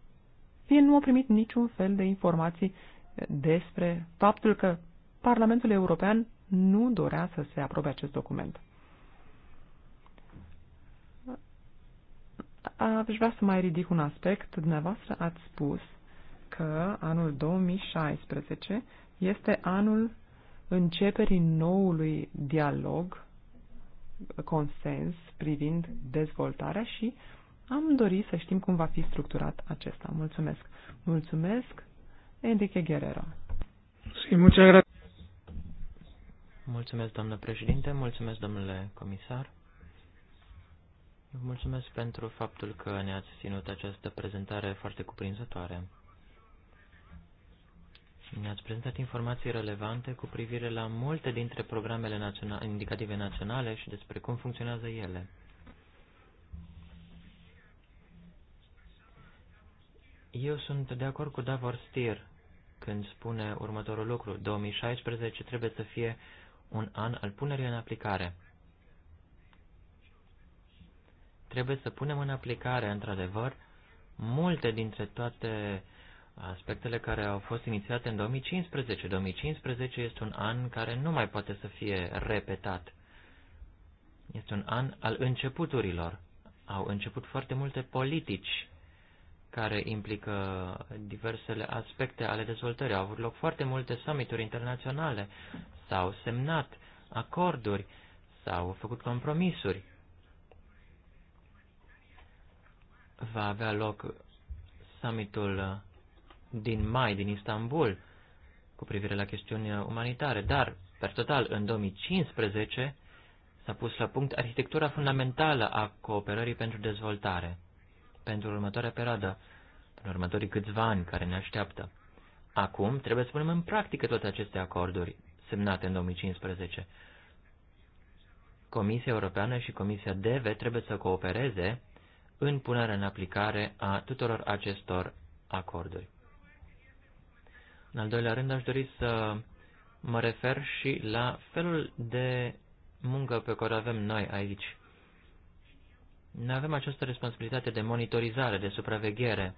fie nu au primit niciun fel de informații uh, despre faptul că Parlamentul European nu dorea să se aprobe acest document. Aș vrea să mai ridic un aspect. Dumneavoastră ați spus că anul 2016 este anul începerii noului dialog, consens privind dezvoltarea și am dorit să știm cum va fi structurat acesta. Mulțumesc. Mulțumesc, Enrique Guerrero. Sí, muchas gracias. Mulțumesc, doamnă președinte, mulțumesc, domnule comisar. Vă mulțumesc pentru faptul că ne-ați ținut această prezentare foarte cuprinzătoare. Ne-ați prezentat informații relevante cu privire la multe dintre programele naționale, indicative naționale și despre cum funcționează ele. Eu sunt de acord cu Davor Stier când spune următorul lucru. 2016 trebuie să fie un an al punerii în aplicare. Trebuie să punem în aplicare, într-adevăr, multe dintre toate aspectele care au fost inițiate în 2015. 2015 este un an care nu mai poate să fie repetat. Este un an al începuturilor. Au început foarte multe politici care implică diversele aspecte ale dezvoltării. Au avut loc foarte multe summituri internaționale, s-au semnat acorduri, s-au făcut compromisuri. va avea loc summitul uh, din mai din Istanbul cu privire la chestiuni uh, umanitare, dar, per total, în 2015 s-a pus la punct arhitectura fundamentală a cooperării pentru dezvoltare, pentru următoarea perioadă, în următorii câțiva ani care ne așteaptă. Acum trebuie să punem în practică toate aceste acorduri semnate în 2015. Comisia Europeană și Comisia DEVE trebuie să coopereze în punerea în aplicare a tuturor acestor acorduri. În al doilea rând, aș dori să mă refer și la felul de muncă pe care o avem noi aici. Ne avem această responsabilitate de monitorizare, de supraveghere.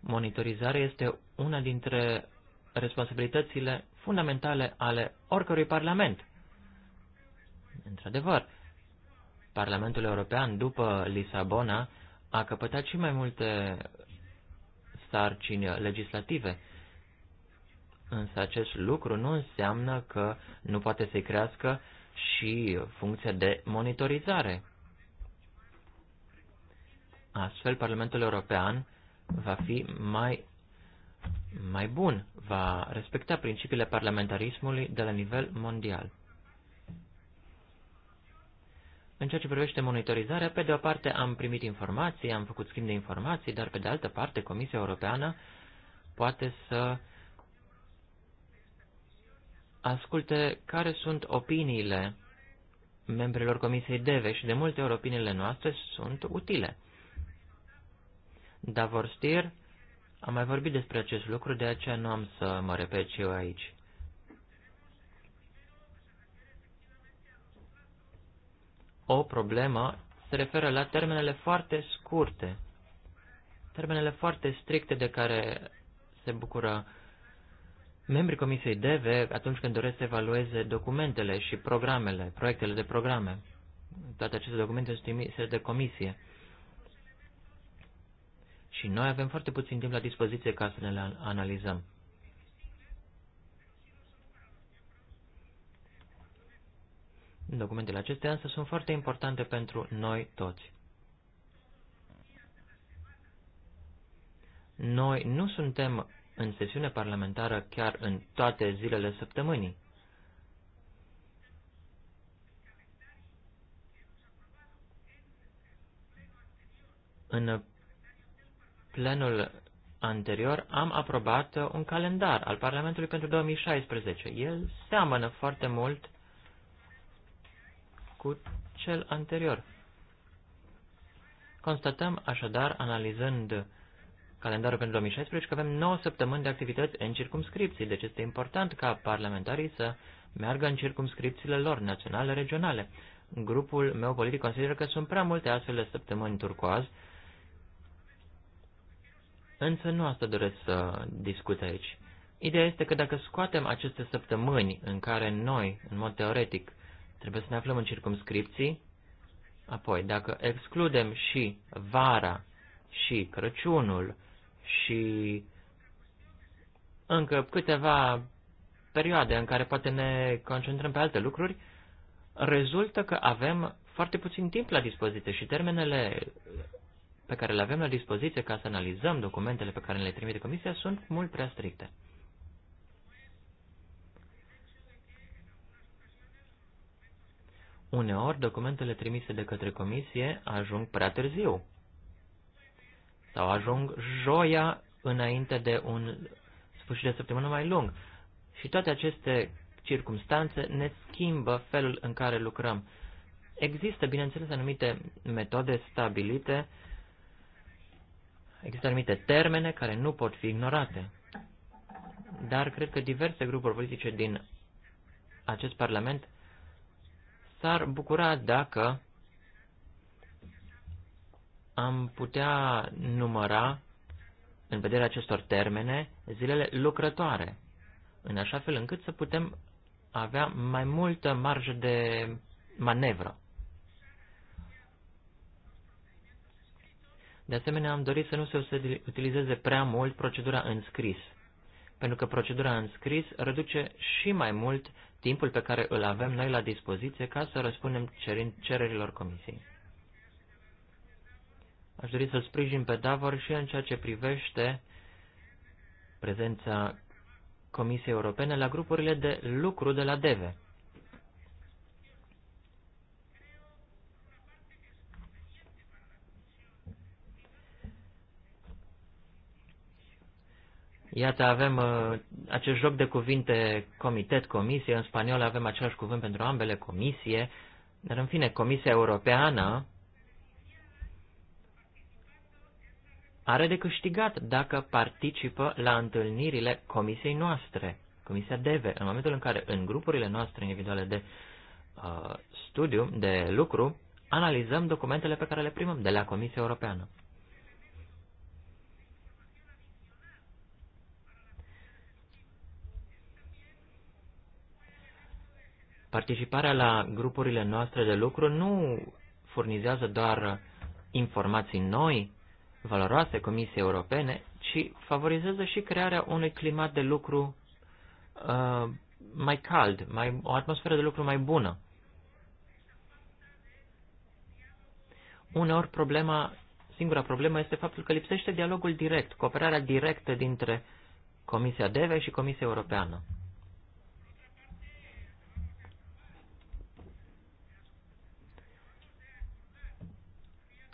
Monitorizarea este una dintre responsabilitățile fundamentale ale oricărui parlament. Într-adevăr, Parlamentul European, după Lisabona, a căpătat și mai multe sarcini legislative. Însă acest lucru nu înseamnă că nu poate să-i crească și funcția de monitorizare. Astfel, Parlamentul European va fi mai, mai bun, va respecta principiile parlamentarismului de la nivel mondial. În ceea ce privește monitorizarea, pe de o parte am primit informații, am făcut schimb de informații, dar pe de altă parte Comisia Europeană poate să asculte care sunt opiniile membrilor Comisiei DEVE și de multe ori opiniile noastre sunt utile. Davor Stier a mai vorbit despre acest lucru, de aceea nu am să mă repet și eu aici. o problemă se referă la termenele foarte scurte, termenele foarte stricte de care se bucură membrii Comisiei DEVE atunci când doresc să evalueze documentele și programele, proiectele de programe. Toate aceste documente sunt emise de comisie. Și noi avem foarte puțin timp la dispoziție ca să le analizăm. Documentele acestea însă sunt foarte importante pentru noi toți. Noi nu suntem în sesiune parlamentară chiar în toate zilele săptămânii. În plenul anterior am aprobat un calendar al Parlamentului pentru 2016. El seamănă foarte mult cu cel anterior. Constatăm așadar, analizând calendarul pentru 2016, că avem 9 săptămâni de activități în circumscripții, deci este important ca parlamentarii să meargă în circumscripțiile lor, naționale, regionale. Grupul meu politic consideră că sunt prea multe astfel de săptămâni turcoaz, însă nu asta doresc să discut aici. Ideea este că dacă scoatem aceste săptămâni în care noi, în mod teoretic, Trebuie să ne aflăm în circumscripții. Apoi, dacă excludem și vara, și Crăciunul, și încă câteva perioade în care poate ne concentrăm pe alte lucruri, rezultă că avem foarte puțin timp la dispoziție și termenele pe care le avem la dispoziție ca să analizăm documentele pe care le trimite Comisia sunt mult prea stricte. Uneori, documentele trimise de către comisie ajung prea târziu sau ajung joia înainte de un sfârșit de săptămână mai lung. Și toate aceste circumstanțe ne schimbă felul în care lucrăm. Există, bineînțeles, anumite metode stabilite, există anumite termene care nu pot fi ignorate. Dar cred că diverse grupuri politice din acest Parlament s-ar bucura dacă am putea număra, în vederea acestor termene, zilele lucrătoare, în așa fel încât să putem avea mai multă marjă de manevră. De asemenea, am dorit să nu se utilizeze prea mult procedura înscris, pentru că procedura înscris reduce și mai mult timpul pe care îl avem noi la dispoziție ca să răspundem cererilor comisiei. Aș dori să-l sprijin pe Davor și în ceea ce privește prezența Comisiei Europene la grupurile de lucru de la DEVE. Iată, avem uh, acest joc de cuvinte comitet, comisie, în spaniolă avem același cuvânt pentru ambele, comisie, dar în fine, Comisia Europeană are de câștigat dacă participă la întâlnirile comisiei noastre, Comisia DEVE, în momentul în care în grupurile noastre individuale de uh, studiu, de lucru, analizăm documentele pe care le primăm de la Comisia Europeană. Participarea la grupurile noastre de lucru nu furnizează doar informații noi, valoroase Comisiei Europene, ci favorizează și crearea unui climat de lucru uh, mai cald, mai, o atmosferă de lucru mai bună. Uneori problema, singura problemă este faptul că lipsește dialogul direct, cooperarea directă dintre Comisia DEVE și Comisia Europeană.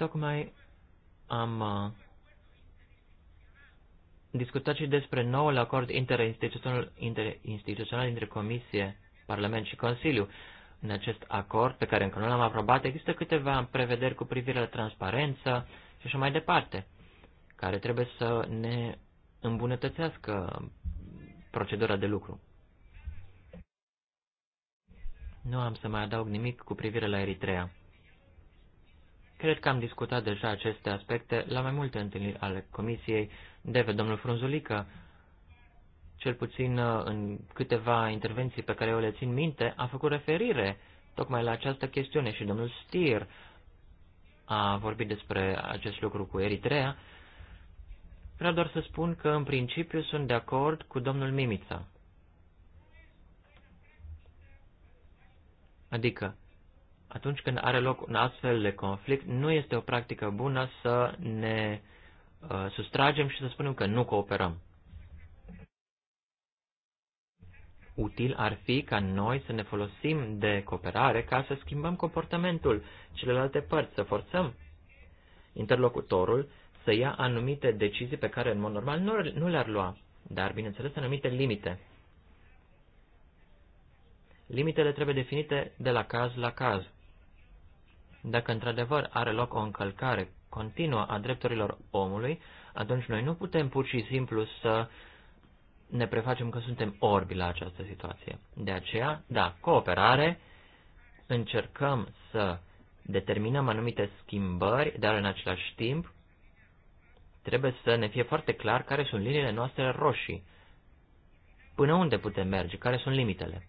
Tocmai am uh, discutat și despre noul acord interinstituțional, interinstituțional dintre Comisie, Parlament și Consiliu. În acest acord, pe care încă nu l-am aprobat, există câteva prevederi cu privire la transparență și așa mai departe, care trebuie să ne îmbunătățească procedura de lucru. Nu am să mai adaug nimic cu privire la Eritrea. Cred că am discutat deja aceste aspecte la mai multe întâlniri ale comisiei de pe domnul Frunzulică. Cel puțin uh, în câteva intervenții pe care eu le țin minte, a făcut referire tocmai la această chestiune și domnul Stier a vorbit despre acest lucru cu Eritrea. Vreau doar să spun că în principiu sunt de acord cu domnul Mimița. Adică, atunci când are loc un astfel de conflict, nu este o practică bună să ne uh, sustragem și să spunem că nu cooperăm. Util ar fi ca noi să ne folosim de cooperare ca să schimbăm comportamentul celelalte părți, să forțăm interlocutorul să ia anumite decizii pe care în mod normal nu, nu le-ar lua, dar bineînțeles anumite limite. Limitele trebuie definite de la caz la caz. Dacă într-adevăr are loc o încălcare continuă a drepturilor omului, atunci noi nu putem pur și simplu să ne prefacem că suntem orbi la această situație. De aceea, da, cooperare, încercăm să determinăm anumite schimbări, dar în același timp trebuie să ne fie foarte clar care sunt liniile noastre roșii. Până unde putem merge? Care sunt limitele?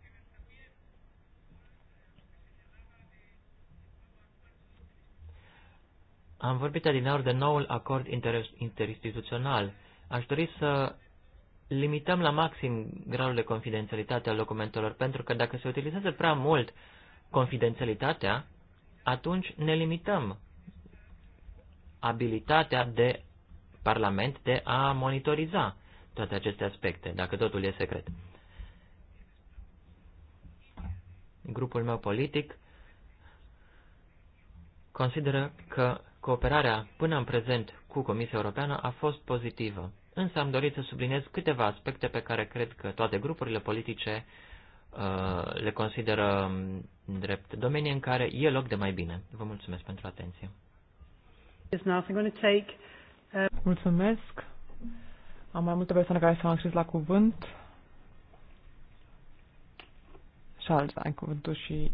Am vorbit adineauri de noul acord inter interinstituțional. Aș dori să limităm la maxim gradul de confidențialitate al documentelor, pentru că dacă se utilizează prea mult confidențialitatea, atunci ne limităm abilitatea de Parlament de a monitoriza toate aceste aspecte, dacă totul e secret. Grupul meu politic consideră că Cooperarea până în prezent cu Comisia Europeană a fost pozitivă, însă am dorit să subliniez câteva aspecte pe care cred că toate grupurile politice uh, le consideră um, drept domenii în care e loc de mai bine. Vă mulțumesc pentru atenție. Uh, mulțumesc. Am mai multe persoane care s-au înscris la cuvânt. Charles, ai cuvântul și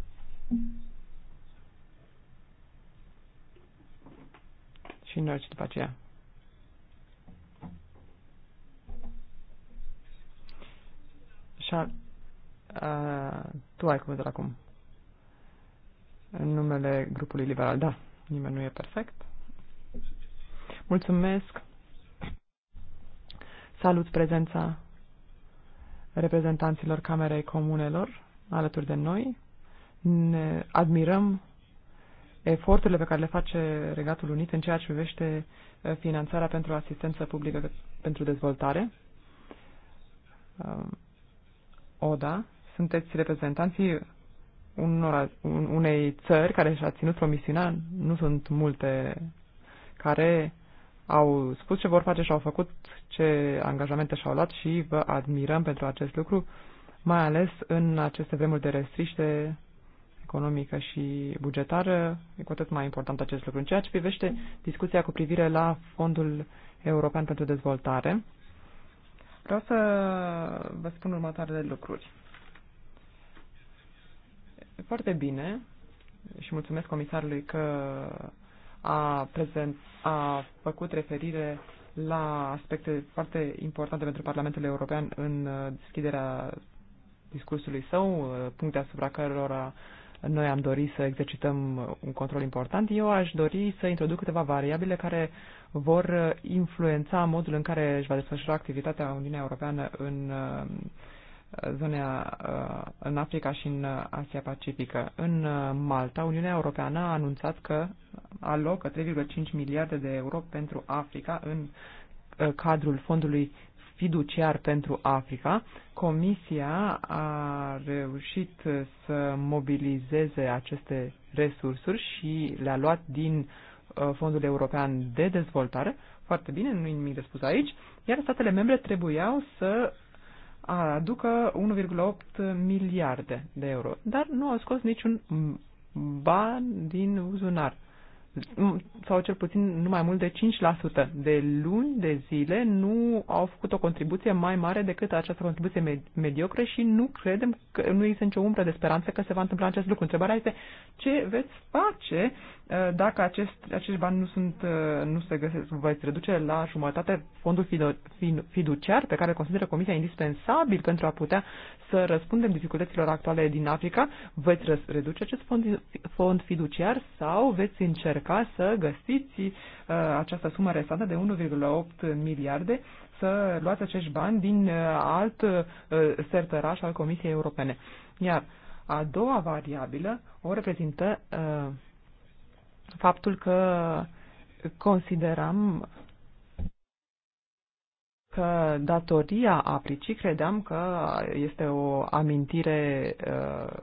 și Norci după aceea. Așa, tu ai cuvântul acum. În numele grupului liberal, da, nimeni nu e perfect. Mulțumesc. Salut prezența reprezentanților Camerei Comunelor alături de noi. Ne admirăm eforturile pe care le face Regatul Unit în ceea ce privește uh, finanțarea pentru asistență publică pentru dezvoltare. Uh, ODA, sunteți reprezentanții unora, unei țări care și-a ținut promisiunea, nu sunt multe care au spus ce vor face și au făcut, ce angajamente și-au luat și vă admirăm pentru acest lucru, mai ales în aceste vremuri de restriște economică și bugetară, e cu atât mai important acest lucru. În ceea ce privește discuția cu privire la Fondul European pentru Dezvoltare, vreau să vă spun următoarele lucruri. Foarte bine și mulțumesc comisarului că a, prezent, a făcut referire la aspecte foarte importante pentru Parlamentul European în deschiderea discursului său, puncte asupra cărora noi am dorit să exercităm un control important. Eu aș dori să introduc câteva variabile care vor influența modul în care își va desfășura activitatea Uniunea Europeană în uh, zona uh, în Africa și în Asia Pacifică. În uh, Malta, Uniunea Europeană a anunțat că alocă 3,5 miliarde de euro pentru Africa în cadrul fondului fiduciar pentru Africa, Comisia a reușit să mobilizeze aceste resursuri și le-a luat din uh, Fondul European de Dezvoltare. Foarte bine, nu-i nimic de spus aici. Iar statele membre trebuiau să aducă 1,8 miliarde de euro, dar nu au scos niciun ban din buzunar sau cel puțin nu mai mult de 5%. De luni de zile nu au făcut o contribuție mai mare decât această contribuție med- mediocră și nu credem că nu există nicio umbră de speranță că se va întâmpla acest lucru. Întrebarea este ce veți face Eh, dacă acest, acești bani nu, sunt, eh, nu se găsesc, veți reduce la jumătate fondul fiduciar pe care consideră Comisia indispensabil pentru a putea să răspundem dificultăților actuale din Africa, veți reduce acest fond, fond fiduciar sau veți încerca să găsiți uh, această sumă restantă de 1,8 miliarde să luați acești bani din uh, alt uh, sertăraș al Comisiei Europene. Iar a doua variabilă o reprezintă uh, faptul că consideram că datoria apricii credeam că este o amintire uh,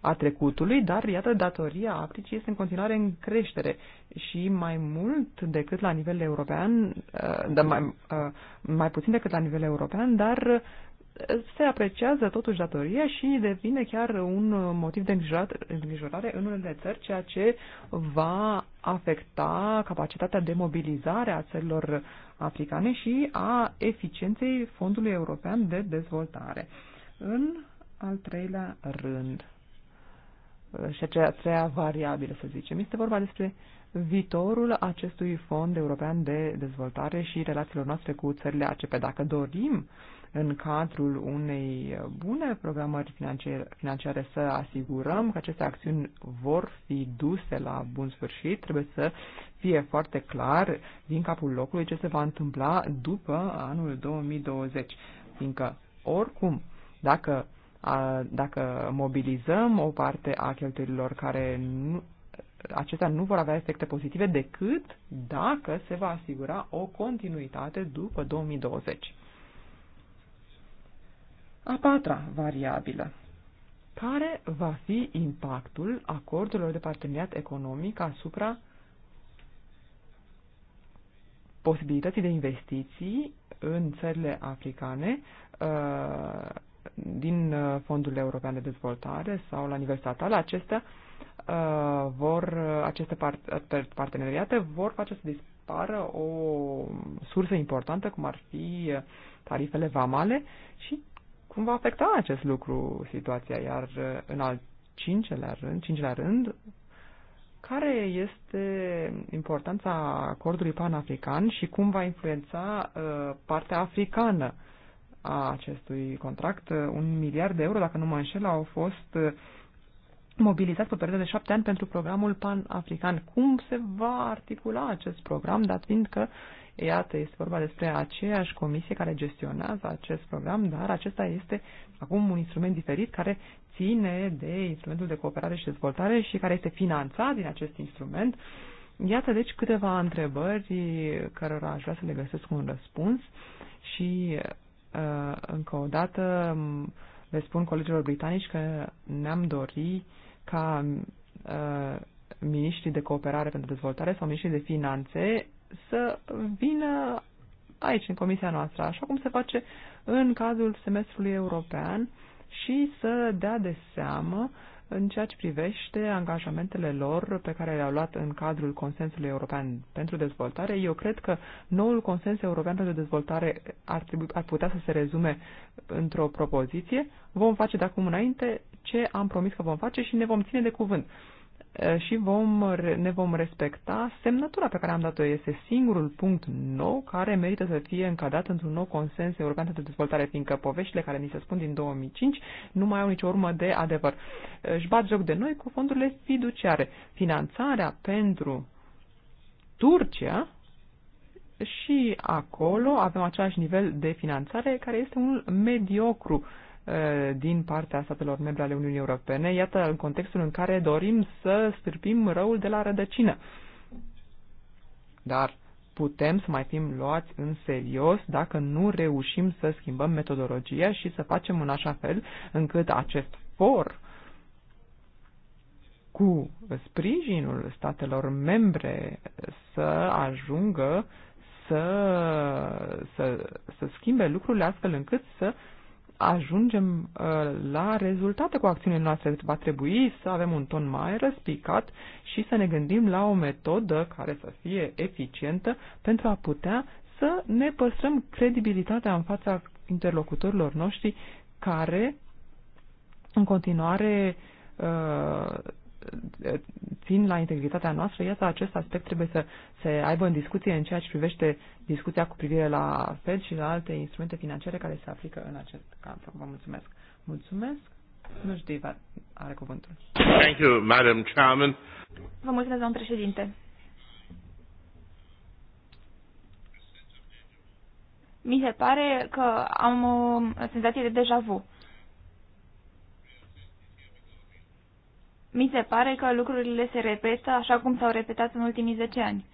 a trecutului, dar iată, datoria apricii este în continuare în creștere și mai mult decât la nivel european, uh, dar mai, uh, mai puțin decât la nivel european, dar se apreciază totuși datoria și devine chiar un motiv de îngrijorare în unele țări, ceea ce va afecta capacitatea de mobilizare a țărilor africane și a eficienței Fondului European de Dezvoltare. În al treilea rând, și aceea treia variabilă, să zicem, este vorba despre viitorul acestui Fond European de Dezvoltare și relațiilor noastre cu țările ACP. Dacă dorim uh, în cadrul unei bune programări financiare să asigurăm că aceste acțiuni vor fi duse la bun sfârșit. Trebuie să fie foarte clar din capul locului ce se va întâmpla după anul 2020, fiindcă oricum, dacă a, dacă mobilizăm o parte a cheltuielilor care nu, acestea nu vor avea efecte pozitive decât dacă se va asigura o continuitate după 2020. A patra variabilă. Care va fi impactul acordurilor de parteneriat economic asupra posibilității de investiții în țările africane uh, din uh, Fondul European de Dezvoltare sau la nivel statal, acestea uh, vor, aceste parteneriate vor face să dispară o sursă importantă, cum ar fi tarifele vamale și cum va afecta acest lucru situația, iar uh, în al cincelea rând, cincelea rând care este importanța acordului panafrican și cum va influența uh, partea africană a acestui contract. Uh, un miliard de euro, dacă nu mă înșel, au fost uh, mobilizați pe perioada de șapte ani pentru programul pan-african. Cum se va articula acest program, dat fiind că uh, Iată, este vorba despre aceeași comisie care gestionează acest program, dar acesta este acum un instrument diferit care ține de instrumentul de cooperare și dezvoltare și care este finanțat din acest instrument. Iată, deci, câteva întrebări cărora aș vrea să le găsesc un răspuns și, uh, încă o dată, le spun colegilor britanici că ne-am dori ca uh, miniștrii de cooperare pentru dezvoltare sau miniștrii de finanțe să vină aici, în comisia noastră, așa cum se face în cazul semestrului european și să dea de seamă în ceea ce privește angajamentele lor pe care le-au luat în cadrul Consensului European pentru Dezvoltare. Eu cred că noul Consens European pentru Dezvoltare ar, trebui, ar putea să se rezume într-o propoziție. Vom face de acum înainte ce am promis că vom face și ne vom ține de cuvânt și vom, ne vom respecta semnătura pe care am dat-o. Este singurul punct nou care merită să fie încadrat într-un nou consens european de dezvoltare, fiindcă poveștile care ni se spun din 2005 nu mai au nicio urmă de adevăr. Își bat joc de noi cu fondurile fiduciare. Finanțarea pentru Turcia și acolo avem același nivel de finanțare care este unul mediocru. Uh, Eh, din partea statelor membre ale Uniunii Europene, iată în contextul în care dorim să stârpim răul de la rădăcină. Dar putem să mai fim luați în serios dacă nu reușim să schimbăm metodologia și să facem în așa fel încât acest for cu sprijinul statelor membre să ajungă să, să, să schimbe lucrurile astfel încât să uh, ajungem uh, la rezultate cu acțiunile noastre. Va trebui să avem un ton mai răspicat și să ne gândim la o metodă care să fie eficientă pentru a putea să ne păstrăm credibilitatea în fața interlocutorilor noștri care în continuare uh, țin la integritatea noastră, iată, acest aspect trebuie să se aibă în discuție în ceea ce privește discuția cu privire la Fed și la alte instrumente financiare care se aplică în acest cadru. Vă mulțumesc. Mulțumesc. Nu știu, are cuvântul. Thank you, Madam Chairman. Vă mulțumesc, domn președinte. Mi se pare că am o uh, senzație de deja vu. Mi se pare că lucrurile se repetă așa cum s-au repetat în ultimii 10 ani.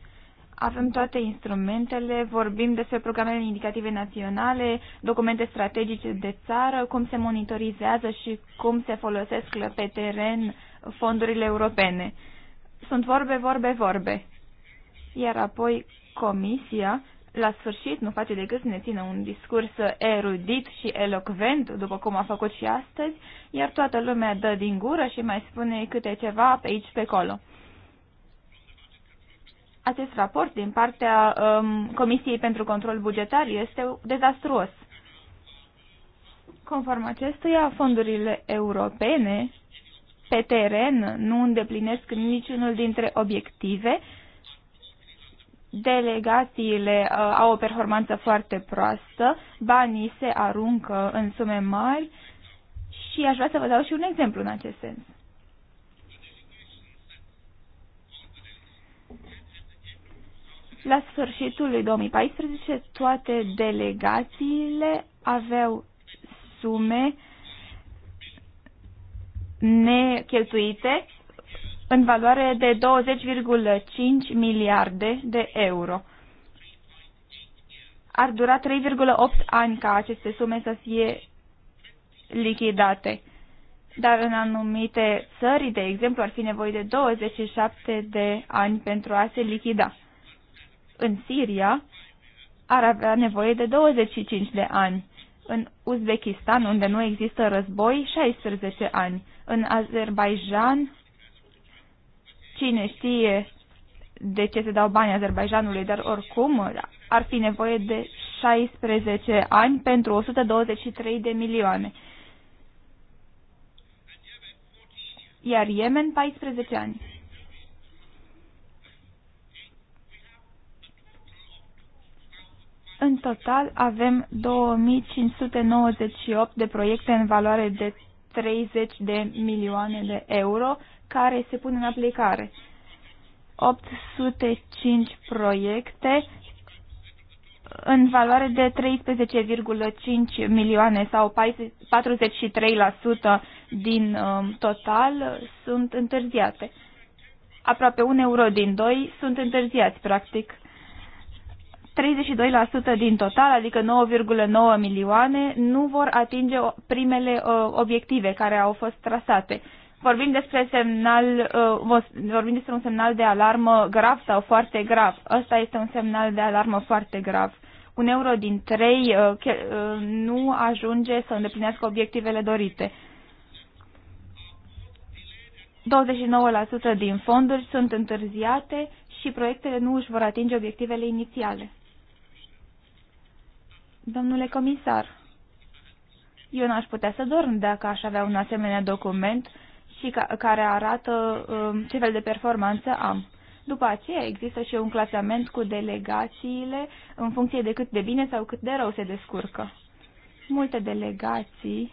Avem toate instrumentele, vorbim despre programele indicative naționale, documente strategice de țară, cum se monitorizează și cum se folosesc pe teren fondurile europene. Sunt vorbe, vorbe, vorbe. Iar apoi Comisia la sfârșit nu face decât să ne țină un discurs erudit și elocvent, după cum a făcut și astăzi, iar toată lumea dă din gură și mai spune câte ceva pe aici, pe acolo. Acest raport din partea um, Comisiei pentru Control Bugetar este dezastruos. Conform acestuia, fondurile europene pe teren nu îndeplinesc niciunul dintre obiective delegațiile uh, au o performanță foarte proastă, banii se aruncă în sume mari și aș vrea să vă dau și un exemplu în acest sens. La sfârșitul lui 2014, toate delegațiile aveau sume necheltuite în valoare de 20,5 miliarde de euro. Ar dura 3,8 ani ca aceste sume să fie lichidate. Dar în anumite țări, de exemplu, ar fi nevoie de 27 de ani pentru a se lichida. În Siria ar avea nevoie de 25 de ani în Uzbekistan, unde nu există război, 16 ani, în Azerbaijan Cine știe de ce se dau bani Azerbaijanului, dar oricum ar fi nevoie de 16 ani pentru 123 de milioane. Iar Yemen 14 ani. În total avem 2598 de proiecte în valoare de 30 de milioane de euro care se pun în aplicare. 805 proiecte în valoare de 13,5 milioane sau 43% din um, total sunt întârziate. Aproape un euro din doi sunt întârziați, practic. 32% din total, adică 9,9 milioane, nu vor atinge primele uh, obiective care au fost trasate vorbim despre semnal, uh, vorbim despre un semnal de alarmă grav sau foarte grav. Ăsta este un semnal de alarmă foarte grav. Un euro din trei uh, uh, nu ajunge să îndeplinească obiectivele dorite. 29% din fonduri sunt întârziate și proiectele nu își vor atinge obiectivele inițiale. Domnule comisar, eu n-aș putea să dorm dacă aș avea un asemenea document și ca, care arată uh, ce fel de performanță am. După aceea există și un clasament cu delegațiile în funcție de cât de bine sau cât de rău se descurcă. Multe delegații,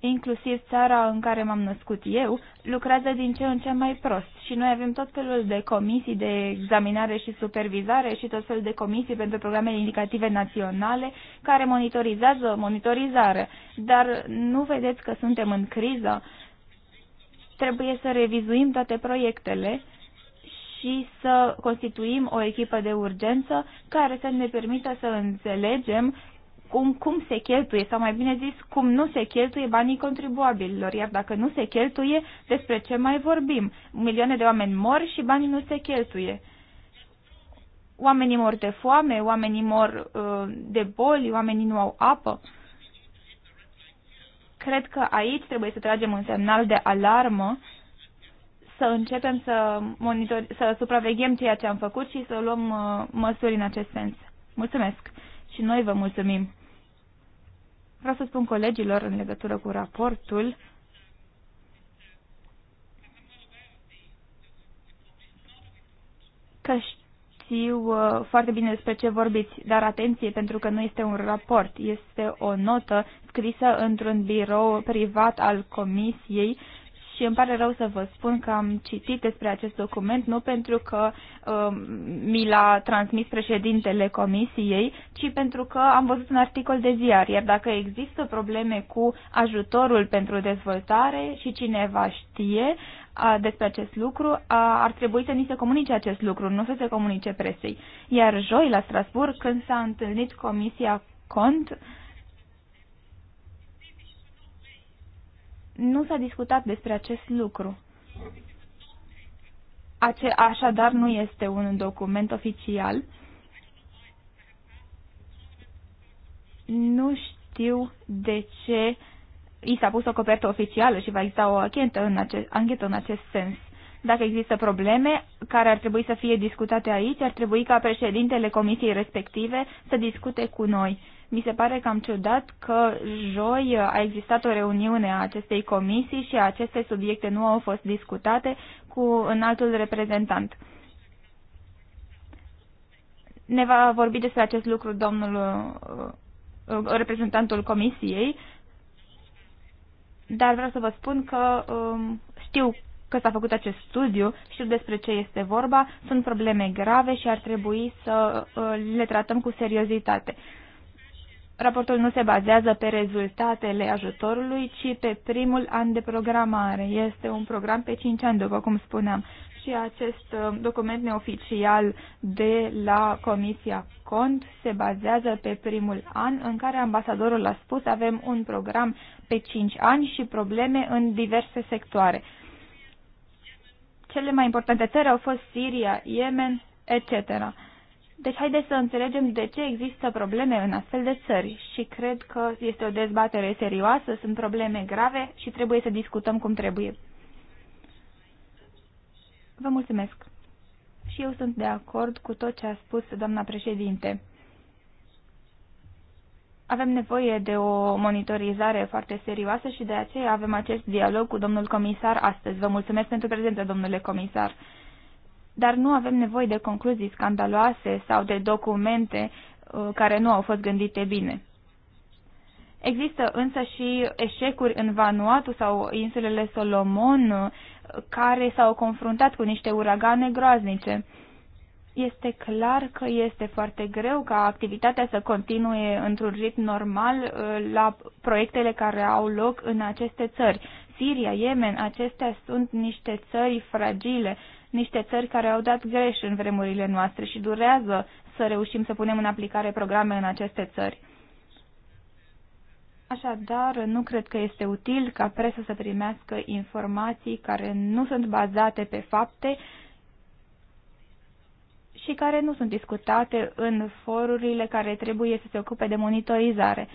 inclusiv țara în care m-am născut eu, lucrează din ce în ce mai prost și noi avem tot felul de comisii de examinare și supervizare și tot felul de comisii pentru programele indicative naționale care monitorizează monitorizare. Dar nu vedeți că suntem în criză? trebuie să revizuim toate proiectele și să constituim o echipă de urgență care să ne permită să înțelegem cum, cum se cheltuie, sau mai bine zis, cum nu se cheltuie banii contribuabililor. Iar dacă nu se cheltuie, despre ce mai vorbim? Milioane de oameni mor și banii nu se cheltuie. Oamenii mor de foame, oamenii mor uh, de boli, oamenii nu au apă. Cred că aici trebuie să tragem un semnal de alarmă, să începem să, monitor, să supraveghem ceea ce am făcut și să luăm uh, măsuri în acest sens. Mulțumesc și noi vă mulțumim. Vreau să spun colegilor în legătură cu raportul că știu uh, foarte bine despre ce vorbiți, dar atenție, pentru că nu este un raport, este o notă scrisă într-un birou privat al Comisiei și îmi pare rău să vă spun că am citit despre acest document nu pentru că uh, mi l-a transmis președintele comisiei, ci pentru că am văzut un articol de ziar. Iar dacă există probleme cu ajutorul pentru dezvoltare și cineva știe uh, despre acest lucru, uh, ar trebui să ni se comunice acest lucru, nu să se comunice presei. Iar joi la Strasburg, când s-a întâlnit comisia cont, uh, nu s-a discutat despre acest lucru. Ace așadar, nu este un document oficial. Nu știu de ce i s-a pus o copertă oficială și va exista o anchetă în anchetă în acest sens. Dacă există probleme care ar trebui să fie discutate aici, ar trebui ca președintele comisiei respective să discute cu noi mi se pare cam ciudat că joi a existat o reuniune a acestei comisii și aceste subiecte nu au fost discutate cu înaltul reprezentant. Ne va vorbi despre acest lucru domnul uh, reprezentantul comisiei, dar vreau să vă spun că um, știu că s-a făcut acest studiu, știu despre ce este vorba, sunt probleme grave și ar trebui să uh, le tratăm cu seriozitate raportul nu se bazează pe rezultatele ajutorului, ci pe primul an de programare. Este un program pe 5 ani, după cum spuneam. Și acest uh, document neoficial de la Comisia Cont se bazează pe primul an în care ambasadorul a spus avem un program pe 5 ani și probleme în diverse sectoare. Cele mai importante țări au fost Siria, Yemen, etc. Deci haideți să înțelegem de ce există probleme în astfel de țări și cred că este o dezbatere serioasă, sunt probleme grave și trebuie să discutăm cum trebuie. Vă mulțumesc. Și eu sunt de acord cu tot ce a spus doamna președinte. Avem nevoie de o monitorizare foarte serioasă și de aceea avem acest dialog cu domnul comisar astăzi. Vă mulțumesc pentru prezență, domnule comisar dar nu avem nevoie de concluzii scandaloase sau de documente uh, care nu au fost gândite bine. Există însă și eșecuri în Vanuatu sau insulele Solomon uh, care s-au confruntat cu niște uragane groaznice. Este clar că este foarte greu ca activitatea să continue într-un ritm normal uh, la proiectele care au loc în aceste țări. Siria, Yemen, acestea sunt niște țări fragile niște țări care au dat greș în vremurile noastre și durează să reușim să punem în aplicare programe în aceste țări. Așadar, nu cred că este util ca presa să primească informații care nu sunt bazate pe fapte și care nu sunt discutate în forurile care trebuie să se ocupe de monitorizare.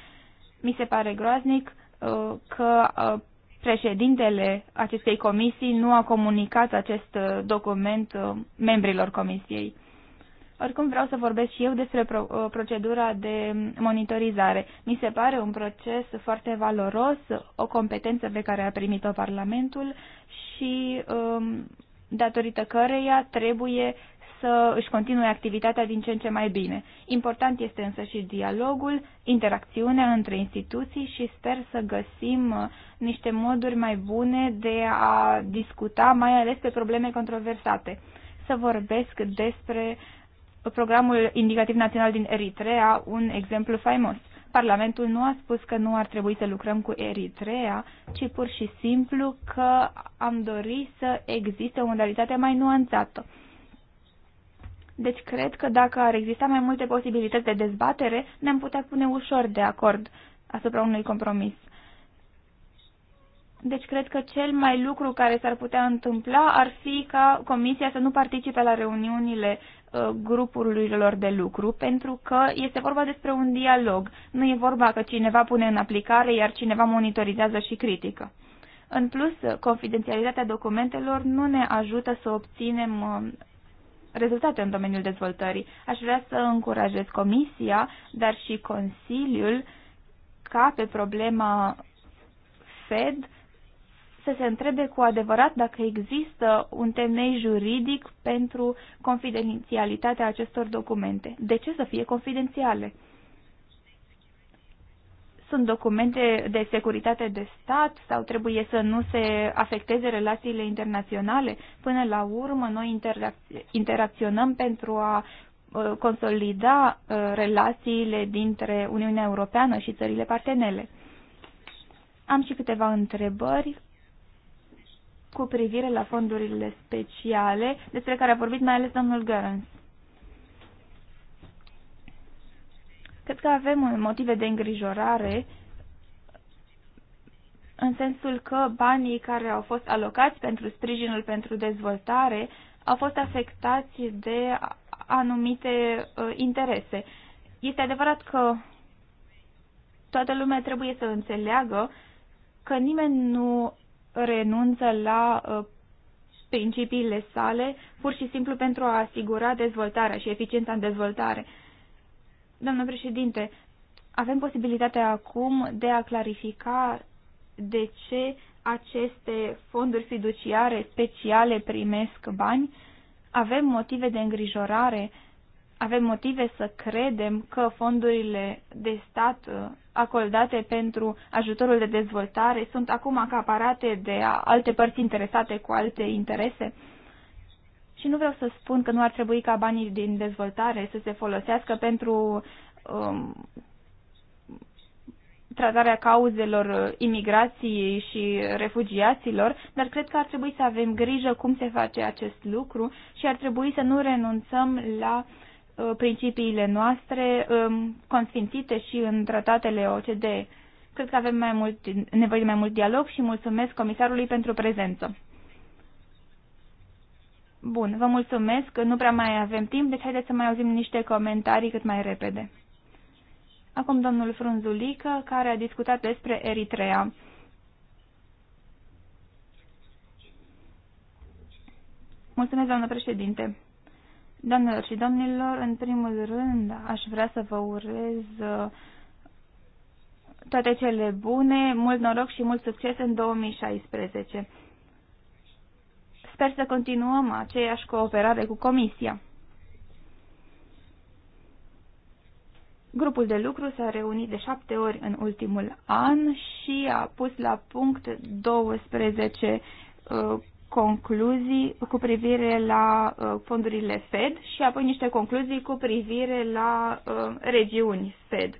Mi se pare groaznic uh, că uh, Președintele acestei comisii nu a comunicat acest uh, document uh, membrilor comisiei. Oricum vreau să vorbesc și eu despre uh, procedura de monitorizare. Mi se pare un proces foarte valoros, o competență pe care a primit-o Parlamentul și um, datorită căreia trebuie să își continue activitatea din ce în ce mai bine. Important este însă și dialogul, interacțiunea între instituții și sper să găsim uh, niște moduri mai bune de a discuta, mai ales pe probleme controversate. Să vorbesc despre programul indicativ național din Eritrea, un exemplu faimos. Parlamentul nu a spus că nu ar trebui să lucrăm cu Eritrea, ci pur și simplu că am dorit să existe o modalitate mai nuanțată. Deci cred că dacă ar exista mai multe posibilități de dezbatere, ne-am putea pune ușor de acord asupra unui compromis. Deci cred că cel mai lucru care s-ar putea întâmpla ar fi ca comisia să nu participe la reuniunile ă, grupurilor de lucru, pentru că este vorba despre un dialog. Nu e vorba că cineva pune în aplicare, iar cineva monitorizează și critică. În plus, confidențialitatea documentelor nu ne ajută să obținem ă, rezultate în domeniul dezvoltării. Aș vrea să încurajez Comisia, dar și Consiliul ca pe problema Fed să se întrebe cu adevărat dacă există un temei juridic pentru confidențialitatea acestor documente. De ce să fie confidențiale? sunt documente de securitate de stat sau trebuie să nu se afecteze relațiile internaționale. Până la urmă, noi interac- interacționăm pentru a uh, consolida uh, relațiile dintre Uniunea Europeană și țările partenere. Am și câteva întrebări cu privire la fondurile speciale despre care a vorbit mai ales domnul Uh, Cred că avem motive de îngrijorare în sensul că banii care au fost alocați pentru sprijinul pentru dezvoltare au fost afectați de anumite uh, interese. Este adevărat că toată lumea trebuie să înțeleagă că nimeni nu renunță la uh, principiile sale pur și simplu pentru a asigura dezvoltarea și eficiența în dezvoltare. Doamnă președinte, avem posibilitatea acum de a clarifica de ce aceste fonduri fiduciare speciale primesc bani? Avem motive de îngrijorare? Avem motive să credem că fondurile de stat uh, acordate pentru ajutorul de dezvoltare sunt acum acaparate de alte părți interesate cu alte interese? Și nu vreau să spun că nu ar trebui ca banii din dezvoltare să se folosească pentru um, tratarea cauzelor imigrației și refugiaților, dar cred că ar trebui să avem grijă cum se face acest lucru și ar trebui să nu renunțăm la uh, principiile noastre um, consfințite și în tratatele OCDE. Cred că avem mai mult, nevoie de mai mult dialog și mulțumesc comisarului pentru prezență. Bun, vă mulțumesc. Nu prea mai avem timp, deci haideți să mai auzim niște comentarii cât mai repede. Acum domnul Frunzulică, care a discutat despre Eritrea. Mulțumesc, doamnă președinte. Doamnelor și domnilor, în primul rând aș vrea să vă urez uh, toate cele bune, mult noroc și mult succes în 2016. Sper să continuăm aceeași cooperare cu Comisia. Grupul de lucru s-a reunit de șapte ori în ultimul an și a pus la punct 12 uh, concluzii cu privire la uh, fondurile Fed și apoi niște concluzii cu privire la uh, regiuni Fed.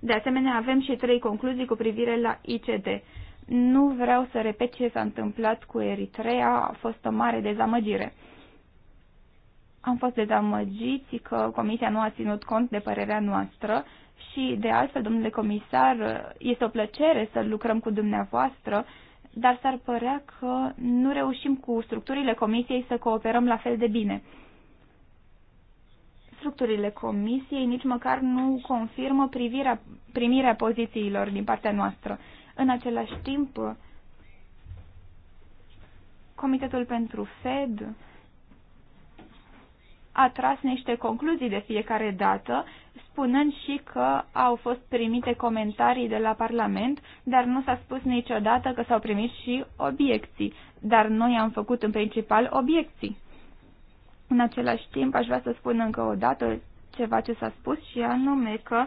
De asemenea, avem și trei concluzii cu privire la ICD. Nu vreau să repet ce s-a întâmplat cu Eritrea, a fost o mare dezamăgire. Am fost dezamăgiți că Comisia nu a ținut cont de părerea noastră și, de altfel, domnule comisar, este o plăcere să lucrăm cu dumneavoastră, dar s-ar părea că nu reușim cu structurile Comisiei să cooperăm la fel de bine structurile comisiei nici măcar nu confirmă privirea, primirea pozițiilor din partea noastră. În același timp, Comitetul pentru Fed a tras niște concluzii de fiecare dată, spunând și că au fost primite comentarii de la Parlament, dar nu s-a spus niciodată că s-au primit și obiecții, dar noi am făcut în principal obiecții. În același timp, aș vrea să spun încă o dată ceva ce s-a spus și anume că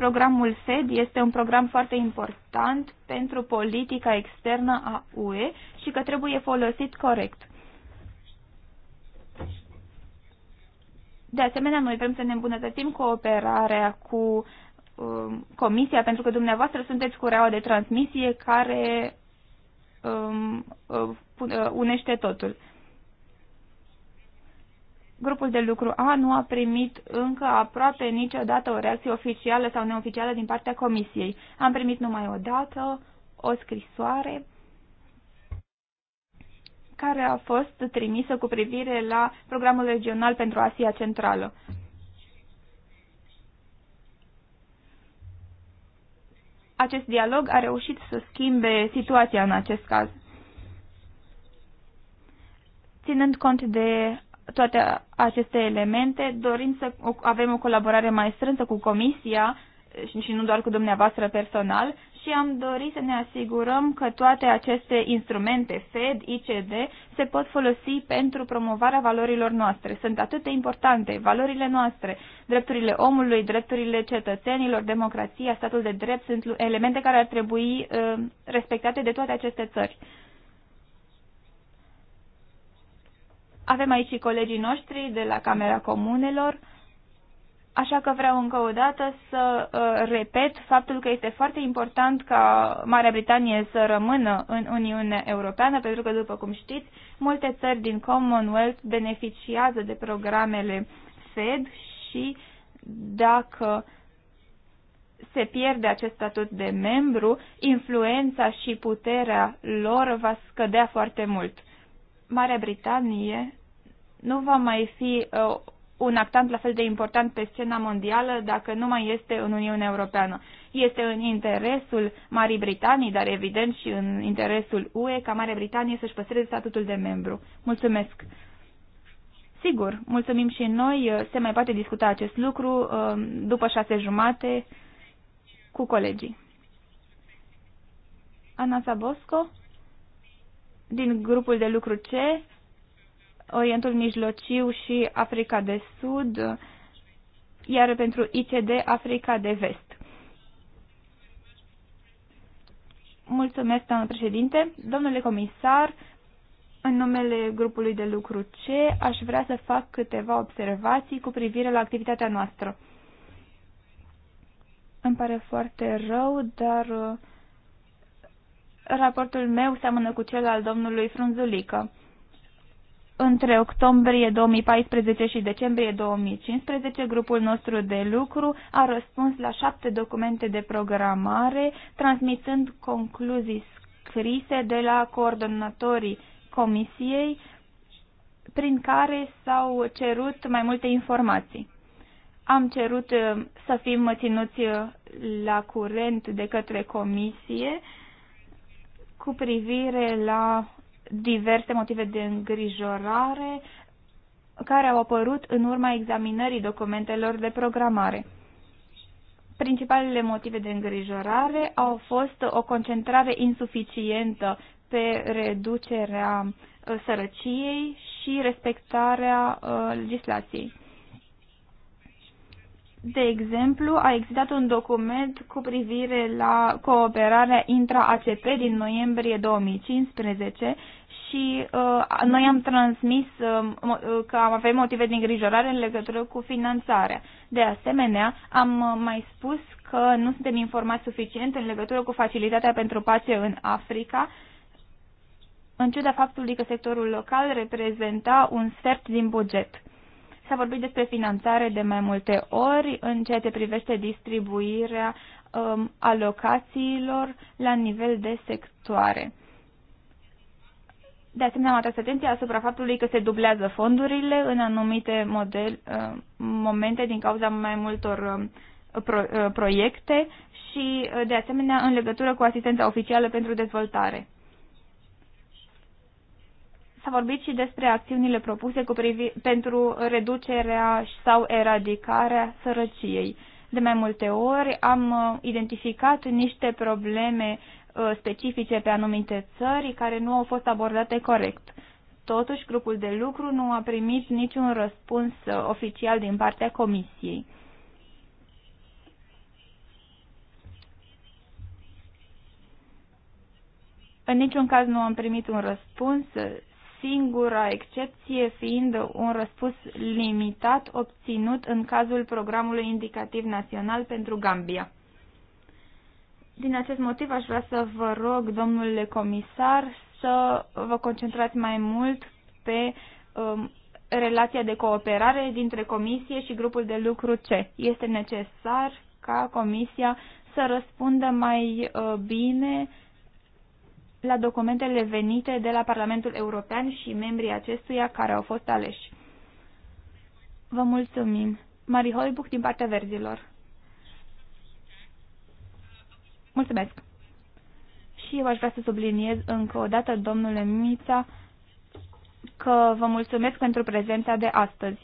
Programul FED este un program foarte important pentru politica externă a UE și că trebuie folosit corect. De asemenea, noi vrem să ne îmbunătățim cooperarea cu um, Comisia, pentru că dumneavoastră sunteți cureaua de transmisie care um, uh, uh, unește totul. Grupul de lucru A nu a primit încă aproape niciodată o reacție oficială sau neoficială din partea Comisiei. Am primit numai o dată o scrisoare care a fost trimisă cu privire la programul regional pentru Asia Centrală. Acest dialog a reușit să schimbe situația în acest caz. Ținând cont de toate aceste elemente. Dorim să avem o colaborare mai strânsă cu Comisia și nu doar cu dumneavoastră personal și am dorit să ne asigurăm că toate aceste instrumente, FED, ICD, se pot folosi pentru promovarea valorilor noastre. Sunt atât de importante valorile noastre, drepturile omului, drepturile cetățenilor, democrația, statul de drept, sunt elemente care ar trebui uh, respectate de toate aceste țări. Avem aici și colegii noștri de la Camera Comunelor, așa că vreau încă o dată să uh, repet faptul că este foarte important ca Marea Britanie să rămână în Uniunea Europeană, pentru că, după cum știți, multe țări din Commonwealth beneficiază de programele Fed și dacă se pierde acest statut de membru, influența și puterea lor va scădea foarte mult. Marea Britanie nu va mai fi uh, un actant la fel de important pe scena mondială dacă nu mai este în Uniunea Europeană. Este în interesul Marii Britanii, dar evident și în interesul UE ca Marea Britanie să-și păstreze statutul de membru. Mulțumesc! Sigur, mulțumim și noi, uh, se mai poate discuta acest lucru uh, după șase jumate cu colegii. Ana Zabosco? din grupul de lucru C, Orientul Mijlociu și Africa de Sud, iar pentru ICD Africa de Vest. Mulțumesc, doamnă președinte. Domnule comisar, în numele grupului de lucru C, aș vrea să fac câteva observații cu privire la activitatea noastră. Îmi pare foarte rău, dar uh, Raportul meu seamănă cu cel al domnului Frunzulică. Între octombrie 2014 și decembrie 2015, grupul nostru de lucru a răspuns la șapte documente de programare, transmițând concluzii scrise de la coordonatorii comisiei, prin care s-au cerut mai multe informații. Am cerut uh, să fim ținuți uh, la curent de către comisie cu privire la diverse motive de îngrijorare care au apărut în urma examinării documentelor de programare. Principalele motive de îngrijorare au fost o concentrare insuficientă pe reducerea uh, sărăciei și respectarea uh, legislației. De exemplu, a existat un document cu privire la cooperarea intra-ACP din noiembrie 2015 și uh, noi am transmis uh, uh că avem motive de îngrijorare în legătură cu finanțarea. De asemenea, am uh, mai spus că nu suntem informați suficient în legătură cu facilitatea pentru pace în Africa, în ciuda faptului că sectorul local reprezenta un sfert din buget. S-a vorbit despre finanțare de mai multe ori în ceea ce privește distribuirea um, alocațiilor la nivel de sectoare. De asemenea, am atras atenția asupra faptului că se dublează fondurile în anumite model, uh, momente din cauza mai multor uh, pro, uh, proiecte și, uh, de asemenea, în legătură cu asistența oficială pentru dezvoltare. S-a vorbit și despre acțiunile propuse cu privi, pentru reducerea sau eradicarea sărăciei. De mai multe ori am uh, identificat niște probleme uh, specifice pe anumite țări care nu au fost abordate corect. Totuși, grupul de lucru nu a primit niciun răspuns uh, oficial din partea Comisiei. În niciun caz nu am primit un răspuns singura excepție fiind un răspuns limitat obținut în cazul programului indicativ național pentru Gambia. Din acest motiv aș vrea să vă rog, domnule comisar, să vă concentrați mai mult pe um, relația de cooperare dintre comisie și grupul de lucru C. Este necesar ca comisia să răspundă mai uh, bine uh, la documentele venite de la Parlamentul European și membrii acestuia care au fost aleși. Vă mulțumim. Mari Holbuch din partea verzilor. Mulțumesc. Și eu aș vrea să subliniez încă o dată, domnule Mița, că vă mulțumesc pentru prezența de astăzi.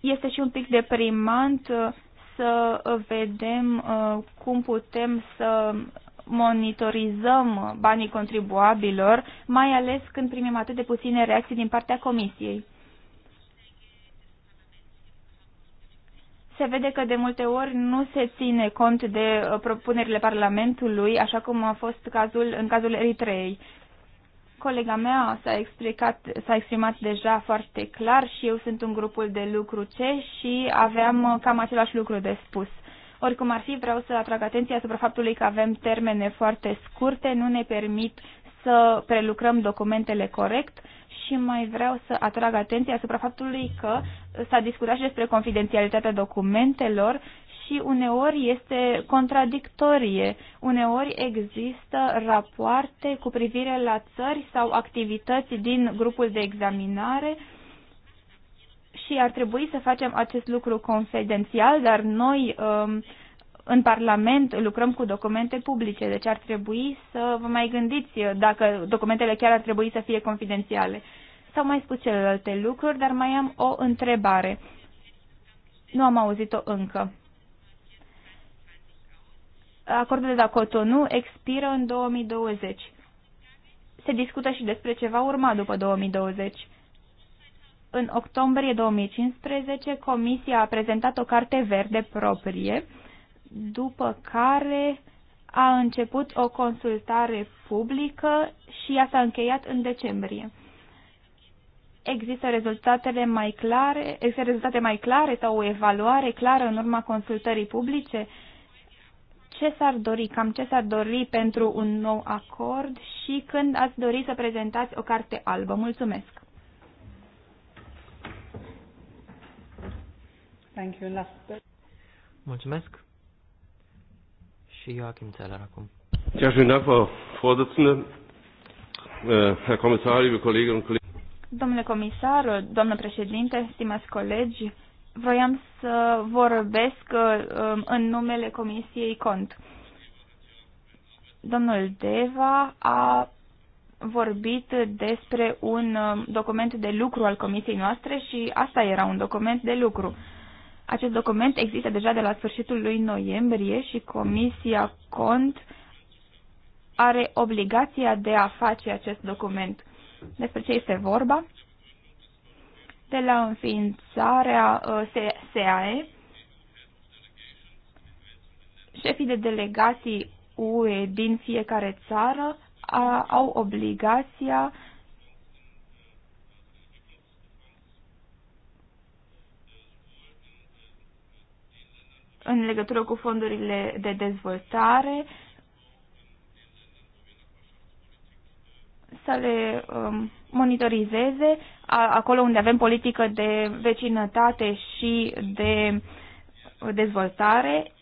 Este și un pic deprimant uh, să vedem uh, cum putem să monitorizăm banii contribuabilor, mai ales când primim atât de puține reacții din partea Comisiei. se vede că de multe ori nu se ține cont de uh, propunerile Parlamentului, așa cum a fost cazul, în cazul Eritreei. Colega mea s-a, explicat, s-a exprimat deja foarte clar și eu sunt un grupul de lucru ce și aveam uh, cam același lucru de spus. Oricum ar fi, vreau să atrag atenția asupra faptului că avem termene foarte scurte, nu ne permit să prelucrăm documentele corect și mai vreau să atrag atenția asupra faptului că s-a discutat și despre confidențialitatea documentelor și uneori este contradictorie. Uneori există rapoarte cu privire la țări sau activități din grupul de examinare și ar trebui să facem acest lucru confidențial, dar noi um, în Parlament lucrăm cu documente publice, deci ar trebui să vă mai gândiți dacă documentele chiar ar trebui să fie confidențiale. S-au mai spus celelalte lucruri, dar mai am o întrebare. Nu am auzit-o încă. Acordul de la Cotonou expiră în 2020. Se discută și despre ce va urma după 2020 în octombrie 2015, Comisia a prezentat o carte verde proprie, după care a început o consultare publică și ea s-a încheiat în decembrie. Există rezultatele mai clare, există rezultate mai clare sau o evaluare clară în urma consultării publice? Ce s-ar dori, cam ce s-ar dori pentru un nou acord și când ați dori să prezentați o carte albă? Mulțumesc! Thank you. Last Mulțumesc. Și Joachim Zeller acum. Ja, schönen Dank, Frau Vorsitzende, äh, Herr Kommissar, liebe Kolleginnen und Kollegen. Domnule comisar, domnule președinte, stimați colegi, voiam să vorbesc uh, um, în numele Comisiei Cont. Domnul Deva a vorbit despre un um, document de lucru al comisiei noastre și asta era un document de lucru. Acest document există deja de la sfârșitul lui noiembrie și Comisia Cont are obligația de a face acest document. Despre ce este vorba? De la înființarea uh, SAE, șefii de delegații UE din fiecare țară au obligația în legătură cu fondurile de dezvoltare, să le um, monitorizeze a, acolo unde avem politică de vecinătate și de dezvoltare,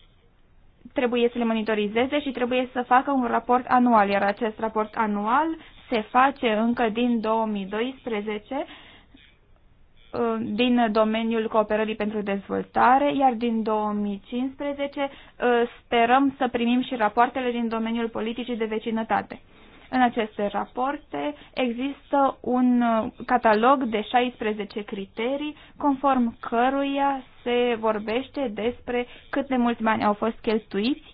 trebuie să le monitorizeze și trebuie să facă un raport anual, iar acest raport anual se face încă din 2012 Uh, din domeniul cooperării pentru dezvoltare, iar din 2015 uh, sperăm să primim și rapoartele din domeniul politicii de vecinătate. În aceste rapoarte există un uh, catalog de 16 criterii, conform căruia se vorbește despre cât de mulți bani au fost cheltuiți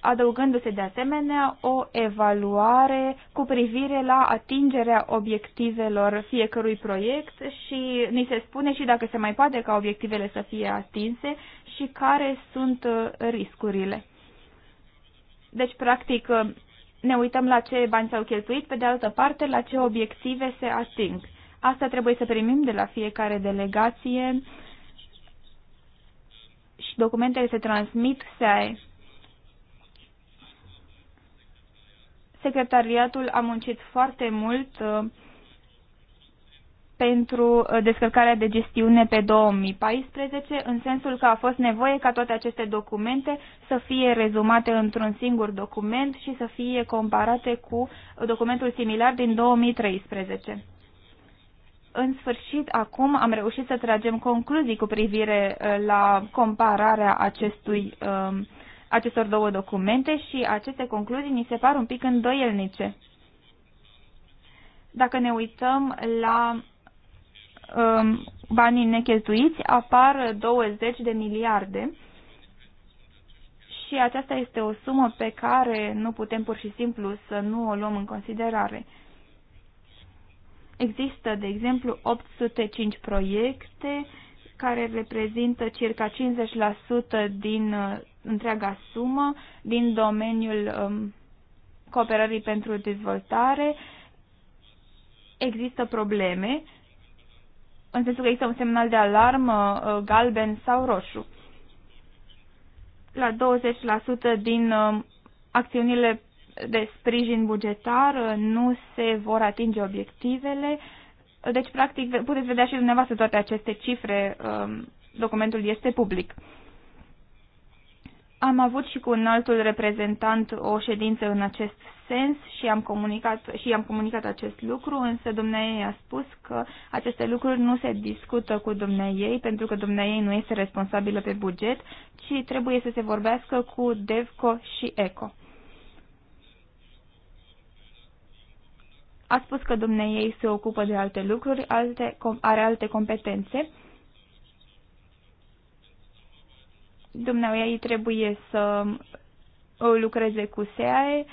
adăugându-se de asemenea o evaluare cu privire la atingerea obiectivelor fiecărui proiect și ni se spune și dacă se mai poate ca obiectivele să fie atinse și care sunt uh, riscurile. Deci, practic, uh, ne uităm la ce bani s-au cheltuit, pe de altă parte, la ce obiective se ating. Asta trebuie să primim de la fiecare delegație și documentele se transmit SAE Secretariatul a muncit foarte mult uh, pentru uh, descărcarea de gestiune pe 2014, în sensul că a fost nevoie ca toate aceste documente să fie rezumate într-un singur document și să fie comparate cu uh, documentul similar din 2013. În sfârșit, acum am reușit să tragem concluzii cu privire la compararea acestui uh, acestor două documente și aceste concluzii ni se par un pic îndoielnice. Dacă ne uităm la um, banii necheltuiți, apar 20 de miliarde și aceasta este o sumă pe care nu putem pur și simplu să nu o luăm în considerare. Există, de exemplu, 805 proiecte care reprezintă circa 50% din uh, întreaga sumă din domeniul um, cooperării pentru dezvoltare. Există probleme, în sensul că există un semnal de alarmă uh, galben sau roșu. La 20% din uh, acțiunile de sprijin bugetar uh, nu se vor atinge obiectivele. Deci, practic, puteți vedea și dumneavoastră toate aceste cifre. Um, documentul este public. Am avut și cu un altul reprezentant o ședință în acest sens și am comunicat, și am comunicat acest lucru, însă dumneai a spus că aceste lucruri nu se discută cu dumneei pentru că dumneei nu este responsabilă pe buget, ci trebuie să se vorbească cu DEVCO și ECO. A spus că dumneei se ocupă de alte lucruri, alte, are alte competențe Dumneavoastră ei trebuie să lucreze cu SEAE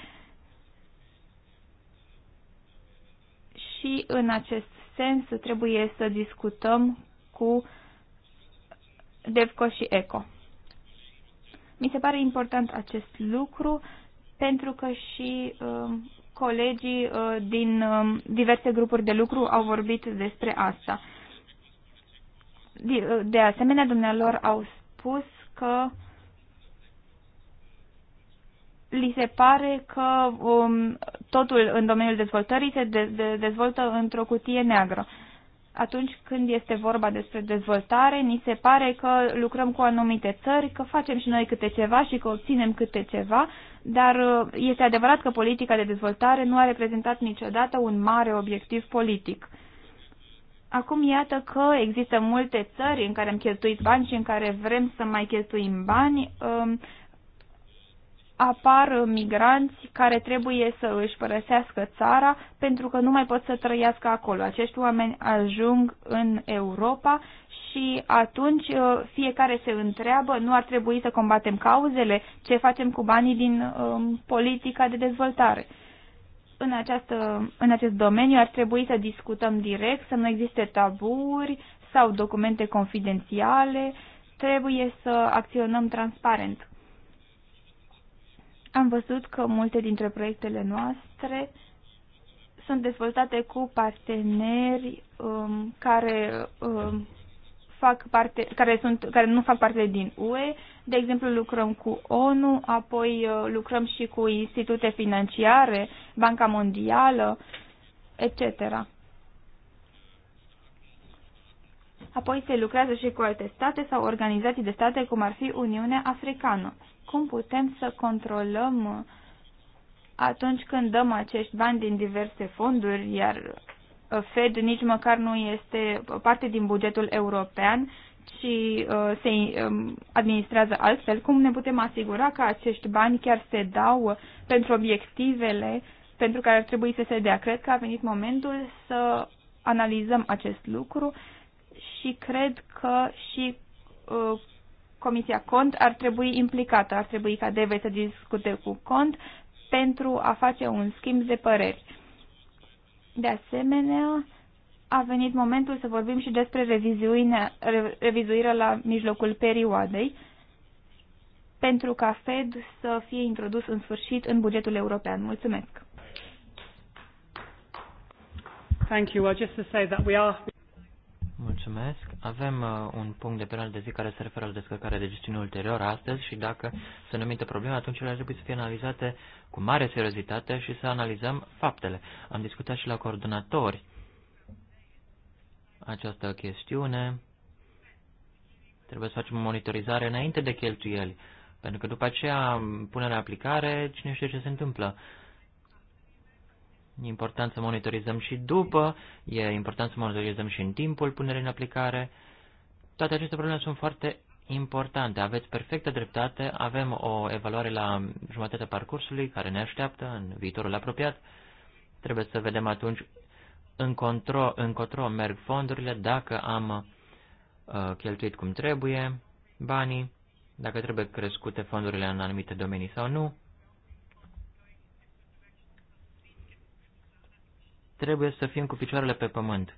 și în acest sens trebuie să discutăm cu DEVCO și ECO. Mi se pare important acest lucru pentru că și uh, colegii uh, din uh, diverse grupuri de lucru au vorbit despre asta. De, uh, de asemenea, dumnealor au spus că li se pare că um, totul în domeniul dezvoltării se de- de- dezvoltă într-o cutie neagră. Atunci când este vorba despre dezvoltare, ni se pare că lucrăm cu anumite țări, că facem și noi câte ceva și că obținem câte ceva, dar uh, este adevărat că politica de dezvoltare nu a reprezentat niciodată un mare obiectiv politic. Acum iată că există multe țări în care am cheltuit bani și în care vrem să mai cheltuim bani. Um, apar migranți care trebuie să își părăsească țara pentru că nu mai pot să trăiască acolo. Acești oameni ajung în Europa și atunci uh, fiecare se întreabă, nu ar trebui să combatem cauzele, ce facem cu banii din um, politica de dezvoltare în, această, în acest domeniu ar trebui să discutăm direct, să nu existe taburi sau documente confidențiale, trebuie să acționăm transparent. Am văzut că multe dintre proiectele noastre sunt dezvoltate cu parteneri um, care um, fac parte, care, sunt, care nu fac parte din UE. De exemplu, lucrăm cu ONU, apoi uh, lucrăm și cu institute financiare, Banca Mondială, etc. Apoi se lucrează și cu alte state sau organizații de state, cum ar fi Uniunea Africană. Cum putem să controlăm uh, atunci când dăm acești bani din diverse fonduri, iar Fed nici măcar nu este parte din bugetul european, ci uh, se um, administrează altfel, cum ne putem asigura că acești bani chiar se dau uh, pentru obiectivele pentru care ar trebui să se dea. Cred că a venit momentul să analizăm acest lucru și cred că și uh, Comisia Cont ar trebui implicată, ar trebui ca DV să discute cu Cont pentru a face un schimb de păreri. De asemenea, a venit momentul să vorbim și despre revizuirea la mijlocul perioadei, pentru ca Fed să fie introdus în sfârșit în bugetul european. Mulțumesc! Thank you. Well, just to say that we are... Mulțumesc. Avem uh, un punct de penal de zi care se referă la descărcarea de gestiune ulterior astăzi și dacă se numită probleme, atunci ele ar trebui să fie analizate cu mare seriozitate și să analizăm faptele. Am discutat și la coordonatori această chestiune. Trebuie să facem o monitorizare înainte de cheltuieli, pentru că după aceea punerea aplicare, cine știe ce se întâmplă. E important să monitorizăm și după, e important să monitorizăm și în timpul punerii în aplicare. Toate aceste probleme sunt foarte importante. Aveți perfectă dreptate, avem o evaluare la jumătatea parcursului care ne așteaptă în viitorul apropiat. Trebuie să vedem atunci încotro, încotro merg fondurile, dacă am uh, cheltuit cum trebuie banii, dacă trebuie crescute fondurile în anumite domenii sau nu. trebuie să fim cu picioarele pe pământ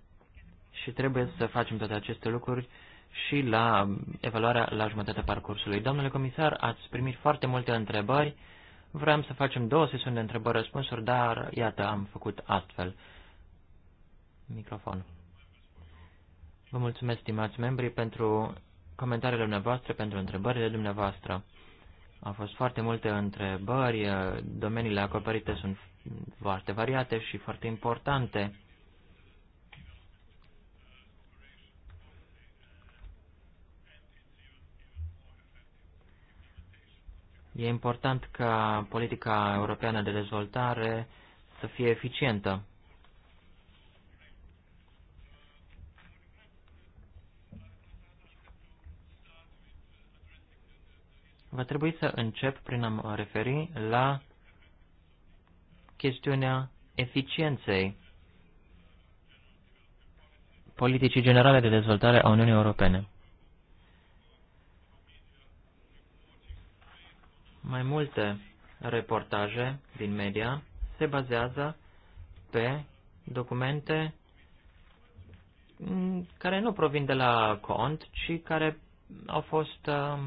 și trebuie să facem toate aceste lucruri și la evaluarea la jumătatea parcursului. Domnule comisar, ați primit foarte multe întrebări. Vreau să facem două sesiuni de întrebări-răspunsuri, dar iată, am făcut astfel. Microfon. Vă mulțumesc, stimați membri, pentru comentariile dumneavoastră, pentru întrebările dumneavoastră. Au fost foarte multe întrebări, domeniile acoperite sunt foarte variate și foarte importante. E important ca politica europeană de dezvoltare să fie eficientă. Va trebui să încep prin a mă referi la chestiunea eficienței politicii generale de dezvoltare a Uniunii Europene. Mai multe reportaje din media se bazează pe documente care nu provin de la cont, ci care au fost uh,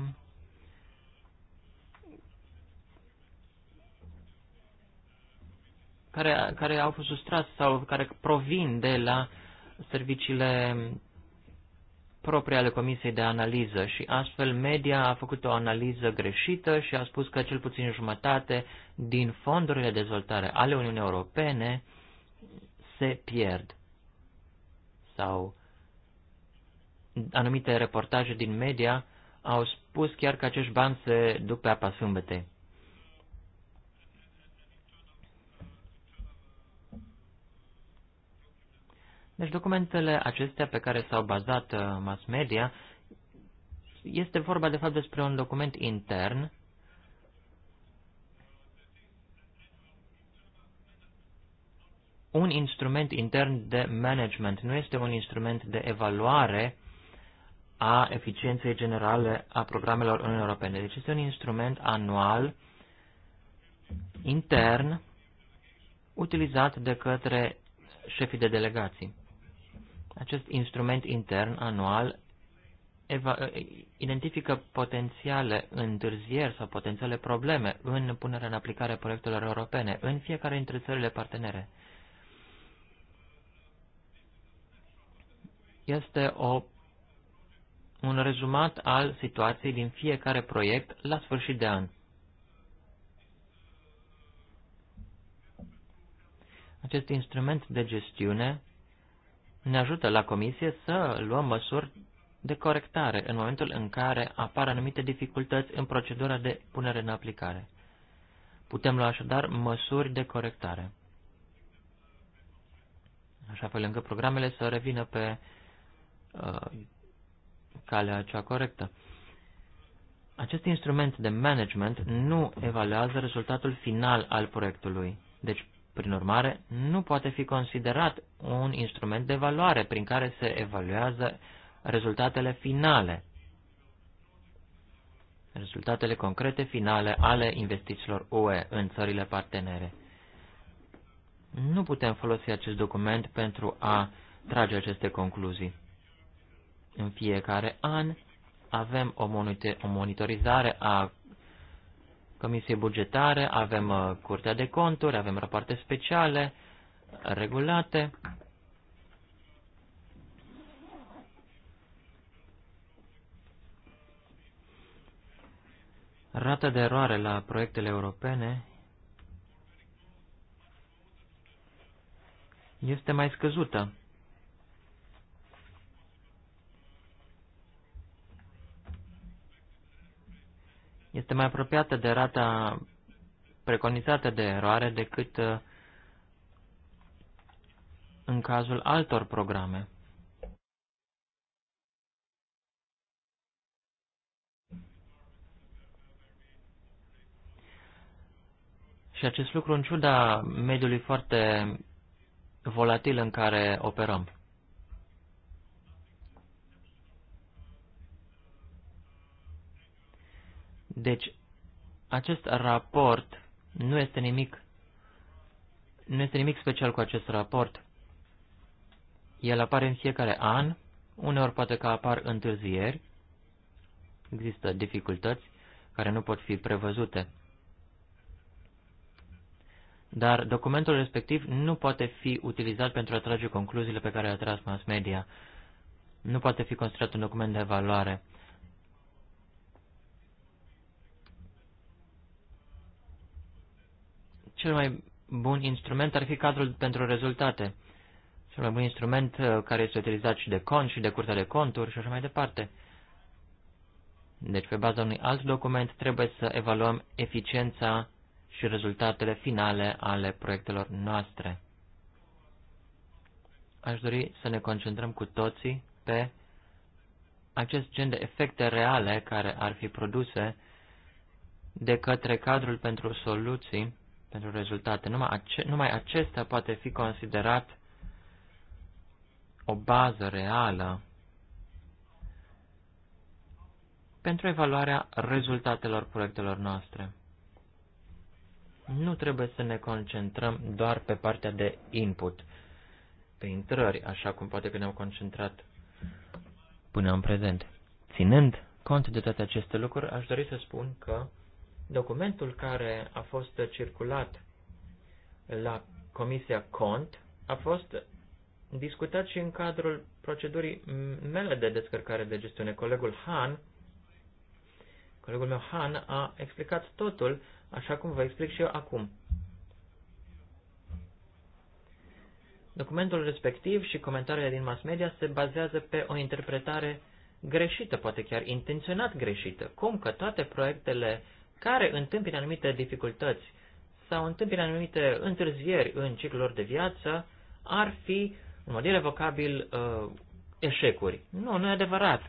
care, care au fost sustrați sau care provin de la serviciile proprii ale Comisiei de Analiză și astfel media a făcut o analiză greșită și a spus că cel puțin jumătate din fondurile de dezvoltare ale Uniunii Europene se pierd sau anumite reportaje din media au spus chiar că acești bani se duc pe apa sâmbetei. Deci documentele acestea pe care s-au bazat uh, mass media, este vorba de fapt despre un document intern un instrument intern de management, nu este un instrument de evaluare a eficienței generale a programelor Uniunii Europene. Deci este un instrument anual, intern, utilizat de către șefii de delegații. Acest instrument intern anual ă, identifică potențiale întârzieri sau potențiale probleme în punerea în aplicare a proiectelor europene în fiecare dintre țările partenere. Este o, un rezumat al situației din fiecare proiect la sfârșit de an. Acest instrument de gestiune ne ajută la comisie să luăm măsuri de corectare în momentul în care apar anumite dificultăți în procedura de punere în aplicare. Putem lua așadar măsuri de corectare, așa fel încât programele să revină pe uh, calea cea corectă. Acest instrument de management nu evaluează rezultatul final al proiectului, deci prin urmare, nu poate fi considerat un instrument de valoare prin care se evaluează rezultatele finale, rezultatele concrete finale ale investițiilor UE în țările partenere. Nu putem folosi acest document pentru a trage aceste concluzii. În fiecare an avem o monitorizare a Comisie Bugetare, avem uh, Curtea de Conturi, avem rapoarte speciale, regulate. Rata de eroare la proiectele europene este mai scăzută. este mai apropiată de rata preconizată de eroare decât uh, în cazul altor programe. Și acest lucru în ciuda mediului foarte volatil în care operăm. Deci, acest raport nu este nimic nu este nimic special cu acest raport. El apare în fiecare an, uneori poate că apar întârzieri, există dificultăți care nu pot fi prevăzute. Dar documentul respectiv nu poate fi utilizat pentru a trage concluziile pe care le-a tras mass media. Nu poate fi considerat un document de evaluare. Cel mai bun instrument ar fi cadrul pentru rezultate. Cel mai bun instrument uh, care este utilizat și de cont și de curtea de conturi și așa mai departe. Deci, pe baza unui alt document, trebuie să evaluăm eficiența și rezultatele finale ale proiectelor noastre. Aș dori să ne concentrăm cu toții pe acest gen de efecte reale care ar fi produse de către cadrul pentru soluții pentru rezultate. Numai, ace numai acesta poate fi considerat o bază reală pentru evaluarea rezultatelor proiectelor noastre. Nu trebuie să ne concentrăm doar pe partea de input, pe intrări, așa cum poate că ne-am concentrat până în prezent. Ținând cont de toate aceste lucruri, aș dori să spun că Documentul care a fost circulat la Comisia Cont a fost discutat și în cadrul procedurii mele de descărcare de gestiune. Colegul Han, colegul meu Han, a explicat totul așa cum vă explic și eu acum. Documentul respectiv și comentariile din mass media se bazează pe o interpretare greșită, poate chiar intenționat greșită. Cum că toate proiectele care întâmpină anumite dificultăți sau întâmpină anumite întârzieri în ciclul lor de viață, ar fi, în mod irrevocabil, uh, eșecuri. Nu, nu e adevărat.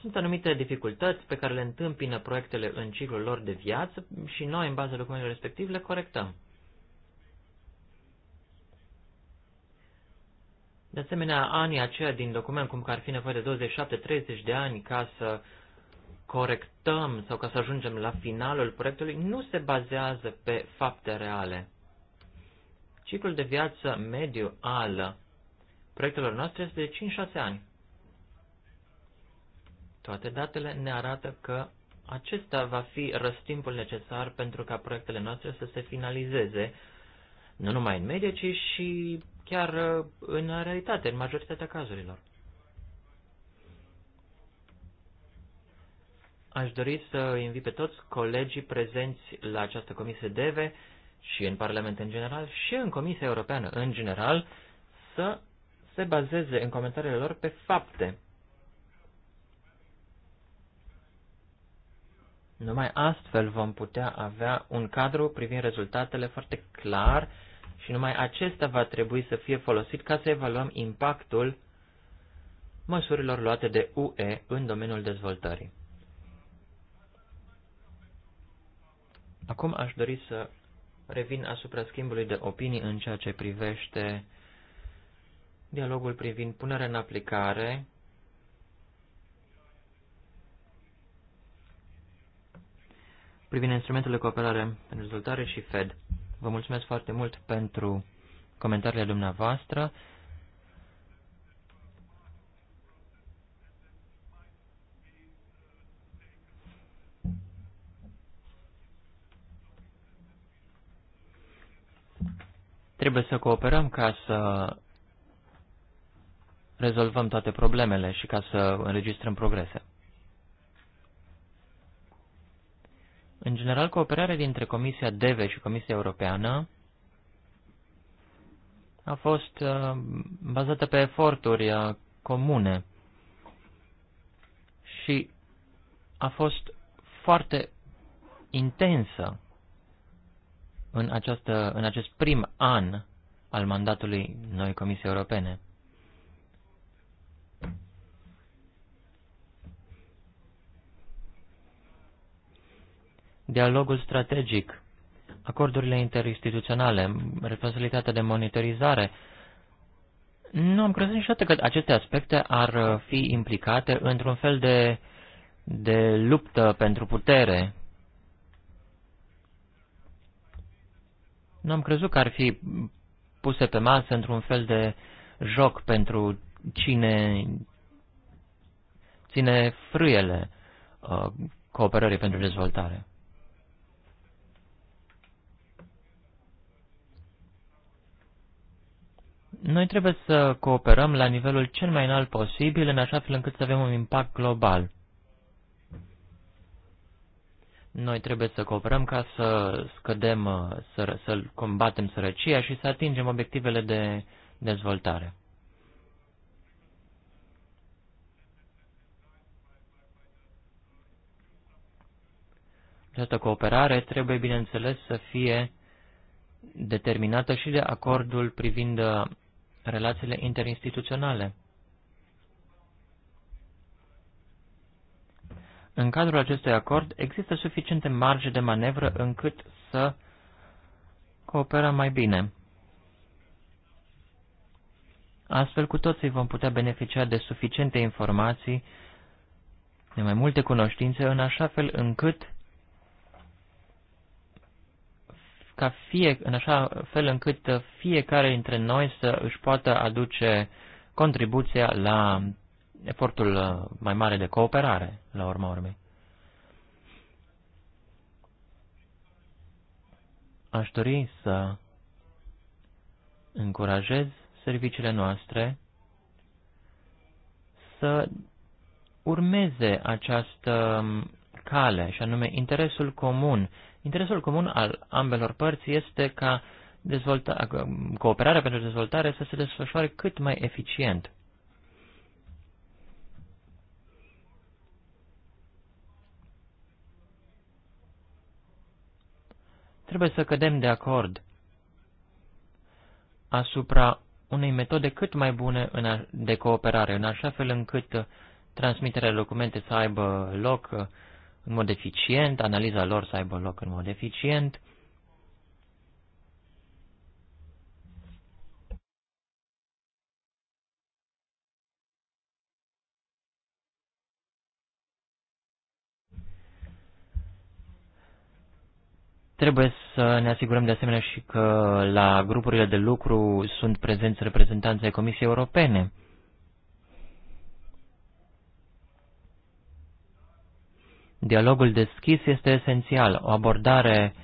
Sunt anumite dificultăți pe care le întâmpină proiectele în ciclul lor de viață și noi, în baza documentelor respectiv, le corectăm. De asemenea, anii aceia din document, cum că ar fi nevoie de 27-30 de ani ca să corectăm sau ca să ajungem la finalul proiectului, nu se bazează pe fapte reale. Ciclul de viață mediu al proiectelor noastre este de 5-6 ani. Toate datele ne arată că acesta va fi răstimpul necesar pentru ca proiectele noastre să se finalizeze, nu numai în medie, ci și chiar uh, în realitate, în majoritatea cazurilor. Aș dori să invit pe toți colegii prezenți la această comisie DEVE și în Parlament în general și în Comisia Europeană în general să se bazeze în comentariile lor pe fapte. Numai astfel vom putea avea un cadru privind rezultatele foarte clar și numai acesta va trebui să fie folosit ca să evaluăm impactul măsurilor luate de UE în domeniul dezvoltării. Acum aș dori să revin asupra schimbului de opinii în ceea ce privește dialogul privind punerea în aplicare privind instrumentele cooperare în dezvoltare și FED. Vă mulțumesc foarte mult pentru comentariile dumneavoastră. Trebuie să cooperăm ca să rezolvăm toate problemele și ca să înregistrăm progrese. În general, cooperarea dintre Comisia DEVE și Comisia Europeană a fost uh, bazată pe eforturi uh, comune și a fost foarte intensă în, această, în acest prim an al mandatului noi Comisiei Europene. dialogul strategic, acordurile interinstituționale, responsabilitatea de monitorizare. Nu am crezut niciodată că aceste aspecte ar fi implicate într-un fel de, de luptă pentru putere. Nu am crezut că ar fi puse pe masă într-un fel de joc pentru cine ține frâiele uh, cooperării pentru dezvoltare. Noi trebuie să cooperăm la nivelul cel mai înalt posibil, în așa fel încât să avem un impact global. Noi trebuie să cooperăm ca să scădem, uh, să, să combatem sărăcia și să atingem obiectivele de dezvoltare. Această cooperare trebuie, bineînțeles, să fie determinată și de acordul privind uh, relațiile interinstituționale. În cadrul acestui acord există suficiente marge de manevră încât să cooperăm mai bine. Astfel cu toții vom putea beneficia de suficiente informații, de mai multe cunoștințe, în așa fel încât ca fie, în așa fel încât fiecare dintre noi să își poată aduce contribuția la efortul mai mare de cooperare, la urma urmei. Aș dori să încurajez serviciile noastre să urmeze această cale, și anume interesul comun Interesul comun al ambelor părți este ca dezvolta, cooperarea pentru dezvoltare să se desfășoare cât mai eficient. Trebuie să cădem de acord asupra unei metode cât mai bune de cooperare, în așa fel încât transmiterea documente să aibă loc, în mod eficient, analiza lor să aibă loc în mod eficient. Trebuie să ne asigurăm de asemenea și că la grupurile de lucru sunt prezenți reprezentanții Comisiei Europene. Dialogul deschis este esențial, o abordare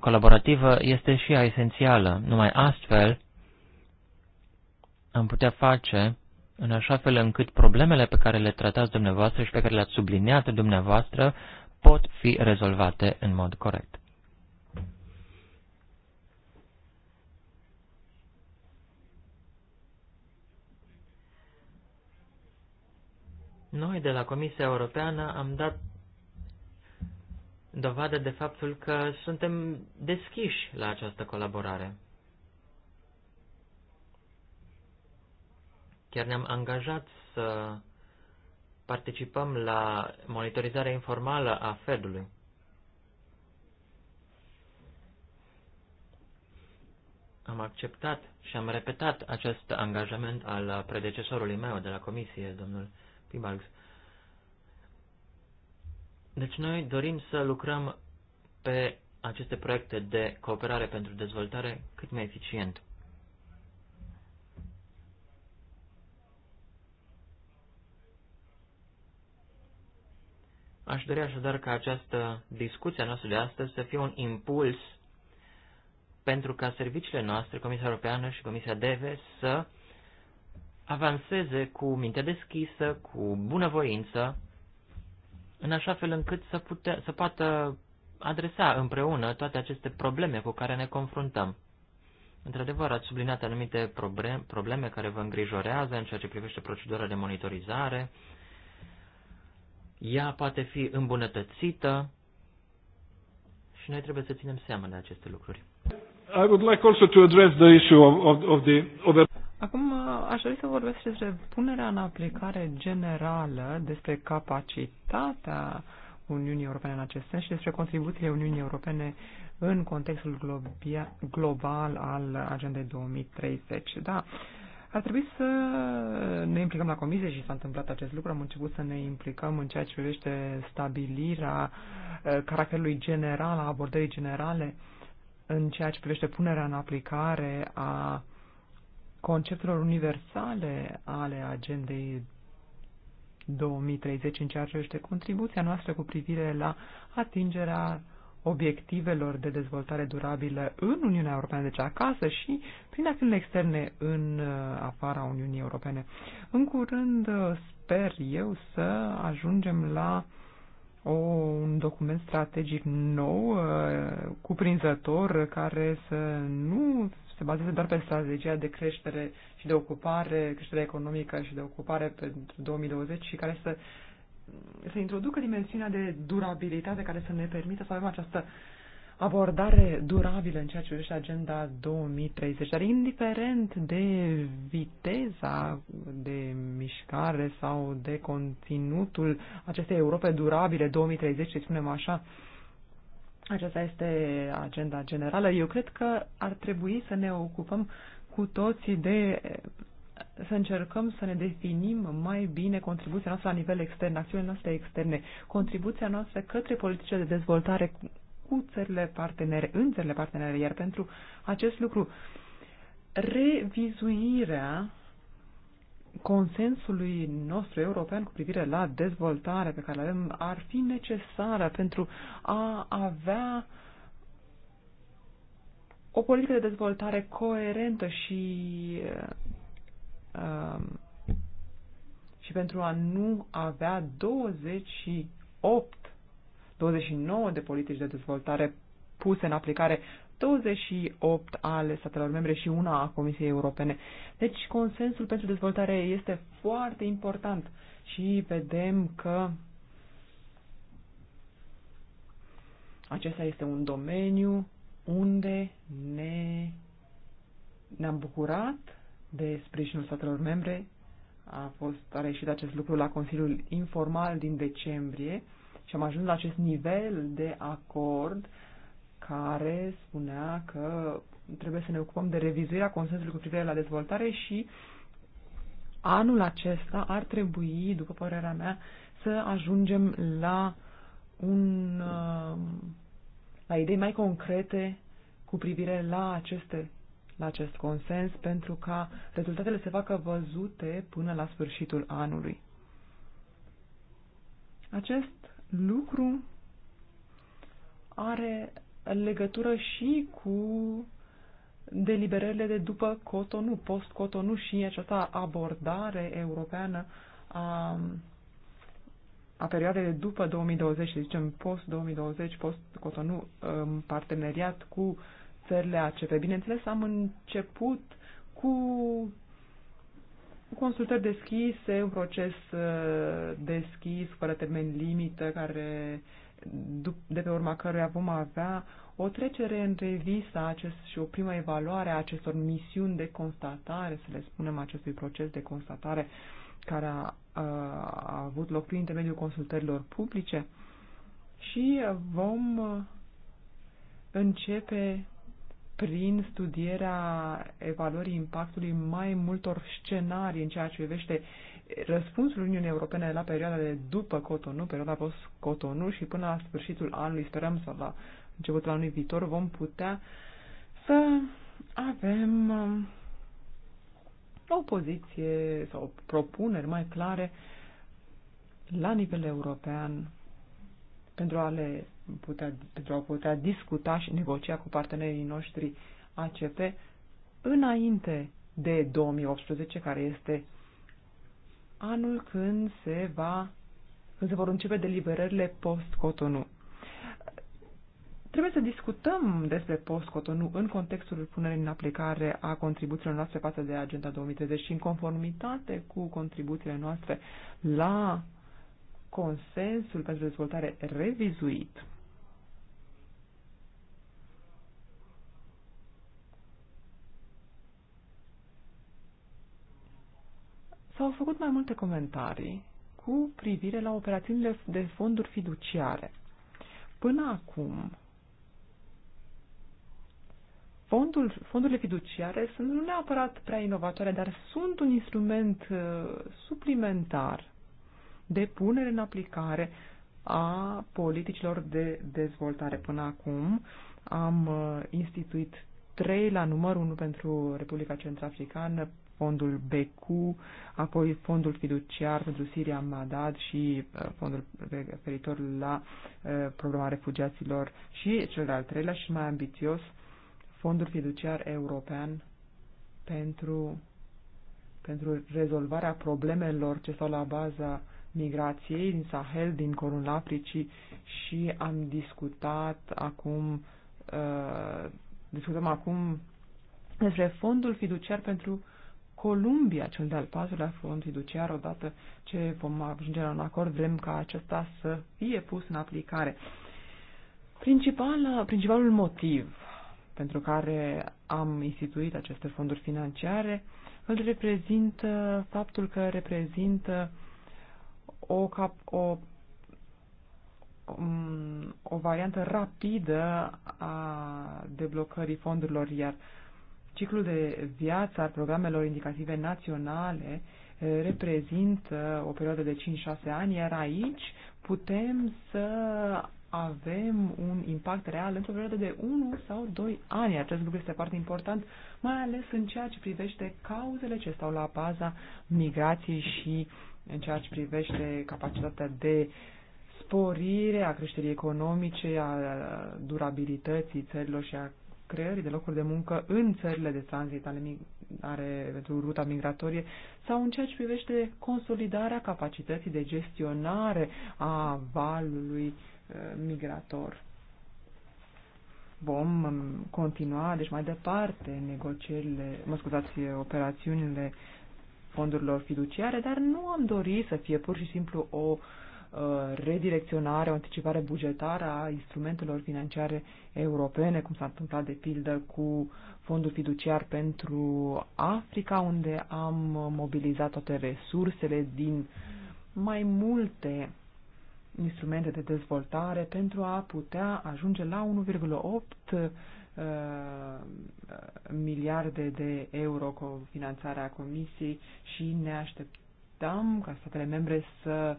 colaborativă este și ea esențială. Numai astfel am putea face în așa fel încât problemele pe care le tratați dumneavoastră și pe care le-ați subliniat dumneavoastră pot fi rezolvate în mod corect. Noi de la Comisia Europeană am dat dovadă de faptul că suntem deschiși la această colaborare. Chiar ne-am angajat să participăm la monitorizarea informală a Fedului. Am acceptat și am repetat acest angajament al predecesorului meu de la comisie, domnul Pibalgs. Deci noi dorim să lucrăm pe aceste proiecte de cooperare pentru dezvoltare cât mai eficient. Aș dori așadar ca această discuție noastră de astăzi să fie un impuls pentru ca serviciile noastre, Comisia Europeană și Comisia DEVE, să avanseze cu minte deschisă, cu bunăvoință, în așa fel încât să, pute, să poată adresa împreună toate aceste probleme cu care ne confruntăm. Într-adevăr, ați subliniat anumite probleme care vă îngrijorează în ceea ce privește procedura de monitorizare. Ea poate fi îmbunătățită și noi trebuie să ținem seama de aceste lucruri. I would like also to address the issue of, of, of the Acum uh, aș dori să vorbesc despre punerea în aplicare generală, despre capacitatea Uniunii Europene în acest sens și despre contribuțiile Uniunii Europene în contextul global al Agendei 2030. Da, ar trebui să ne implicăm la comisie și s-a întâmplat acest lucru. Am început să ne implicăm în ceea ce privește stabilirea uh, caracterului general, a abordării generale în ceea ce privește punerea în aplicare a conceptelor universale ale agendei 2030 în ceea ce este contribuția noastră cu privire la atingerea obiectivelor de dezvoltare durabilă în Uniunea Europeană, deci acasă și prin acțiunile externe în uh, afara Uniunii Europene. În curând uh, sper eu să ajungem la o, un document strategic nou, uh, cuprinzător, care să nu se bazează doar pe strategia de creștere și de ocupare, creștere economică și de ocupare pentru 2020 și care să, să introducă dimensiunea de durabilitate care să ne permită să avem această abordare durabilă în ceea ce privește agenda 2030, dar indiferent de viteza de mișcare sau de conținutul acestei Europe durabile 2030, să spunem așa, uh, aceasta este agenda generală. Eu cred că ar trebui să ne ocupăm cu toții de să încercăm să ne definim mai bine contribuția noastră la nivel extern, acțiunile noastre externe, contribuția noastră către politice de dezvoltare cu țările partenere, în țările partenere. Iar pentru acest lucru, revizuirea consensului nostru european cu privire la dezvoltare pe care avem ar fi necesară pentru a avea o politică de dezvoltare coerentă și, uh, și pentru a nu avea 28, 29 de politici de dezvoltare puse în aplicare 28 ale statelor membre și una a Comisiei Europene. Deci consensul pentru dezvoltare este foarte important și vedem că acesta este un domeniu unde ne, ne-am bucurat de sprijinul statelor membre. A fost a reșit acest lucru la Consiliul Informal din decembrie și am ajuns la acest nivel de acord uh, care spunea că trebuie să ne ocupăm de revizuirea consensului cu privire la dezvoltare și anul acesta ar trebui, după părerea mea, să ajungem la un um, la idei mai concrete cu privire la aceste la acest consens pentru ca rezultatele se facă văzute până la sfârșitul anului. Acest lucru are în legătură și cu deliberările de după Cotonou, post-Cotonou și această abordare europeană a, a perioadei de după 2020, să zicem post-2020, post-Cotonou, um, parteneriat cu țările ACP. Bineînțeles, am început cu consultări deschise, un proces uh, deschis, fără termen limită, care uh, de pe urma căruia vom avea o trecere în revista acest, și o primă evaluare a acestor misiuni de constatare, să le spunem acestui proces de constatare care a, a, a avut loc prin intermediul consultărilor publice și vom uh, începe prin studierea evaluării impactului mai multor scenarii în ceea ce privește Răspunsul Uniunii Europene la perioada după Cotonou, perioada post-Cotonou și până la sfârșitul anului, sperăm să la începutul anului viitor, vom putea să avem um, o poziție sau propuneri mai clare la nivel european pentru a, le putea, pentru a putea discuta și negocia cu partenerii noștri ACP înainte de 2018, care este anul când se va când se vor începe deliberările post-Cotonou. Trebuie să discutăm despre post-Cotonou în contextul punerii în aplicare a contribuțiilor noastre față de Agenda 2030 și în conformitate cu contribuțiile noastre la Consensul pentru Dezvoltare revizuit. S-au făcut mai multe comentarii cu privire la operațiunile de fonduri fiduciare. Până acum, fondul, fondurile fiduciare sunt nu neapărat prea inovatoare, dar sunt un instrument uh, suplimentar de punere în aplicare a politicilor de dezvoltare. Până acum am uh, instituit trei la număr, unul pentru Republica Centrafricană, fondul BQ, apoi fondul fiduciar pentru Siria Madad și uh, fondul referitor la uh, problema refugiaților și cel de-al treilea și mai ambițios, fondul fiduciar european pentru, pentru rezolvarea problemelor ce stau la baza migrației din Sahel, din Cornul Africii și am discutat acum uh, Discutăm acum despre fondul fiduciar pentru Columbia, cel de-al patrulea fond fiduciar, odată ce vom ajunge la un acord, vrem ca acesta să fie pus în aplicare. Principal, principalul motiv pentru care am instituit aceste fonduri financiare îl reprezintă faptul că reprezintă o, cap, o Um, o variantă rapidă a deblocării fondurilor, iar ciclul de viață al programelor indicative naționale eh, reprezintă o perioadă de 5-6 ani, iar aici putem să avem un impact real într-o perioadă de 1 sau 2 ani. Acest lucru este foarte important, mai ales în ceea ce privește cauzele ce stau la baza migrației și în ceea ce privește capacitatea de uh, sporire a creșterii economice, a durabilității țărilor și a creării de locuri de muncă în țările de tranzit ale are pentru ruta migratorie sau în ceea ce privește consolidarea capacității de gestionare a valului eh, migrator. Vom mm, continua, deci mai departe, negocierile, mă scuzați, operațiunile fondurilor fiduciare, dar nu am dorit să fie pur și simplu o uh, Uh, redirecționare, o anticipare bugetară a instrumentelor financiare europene, cum s-a întâmplat de pildă cu fondul fiduciar pentru Africa, unde am mobilizat toate resursele din mai multe instrumente de dezvoltare pentru a putea ajunge la 1,8 uh, miliarde de euro cu finanțarea Comisiei și ne așteptăm ca statele membre să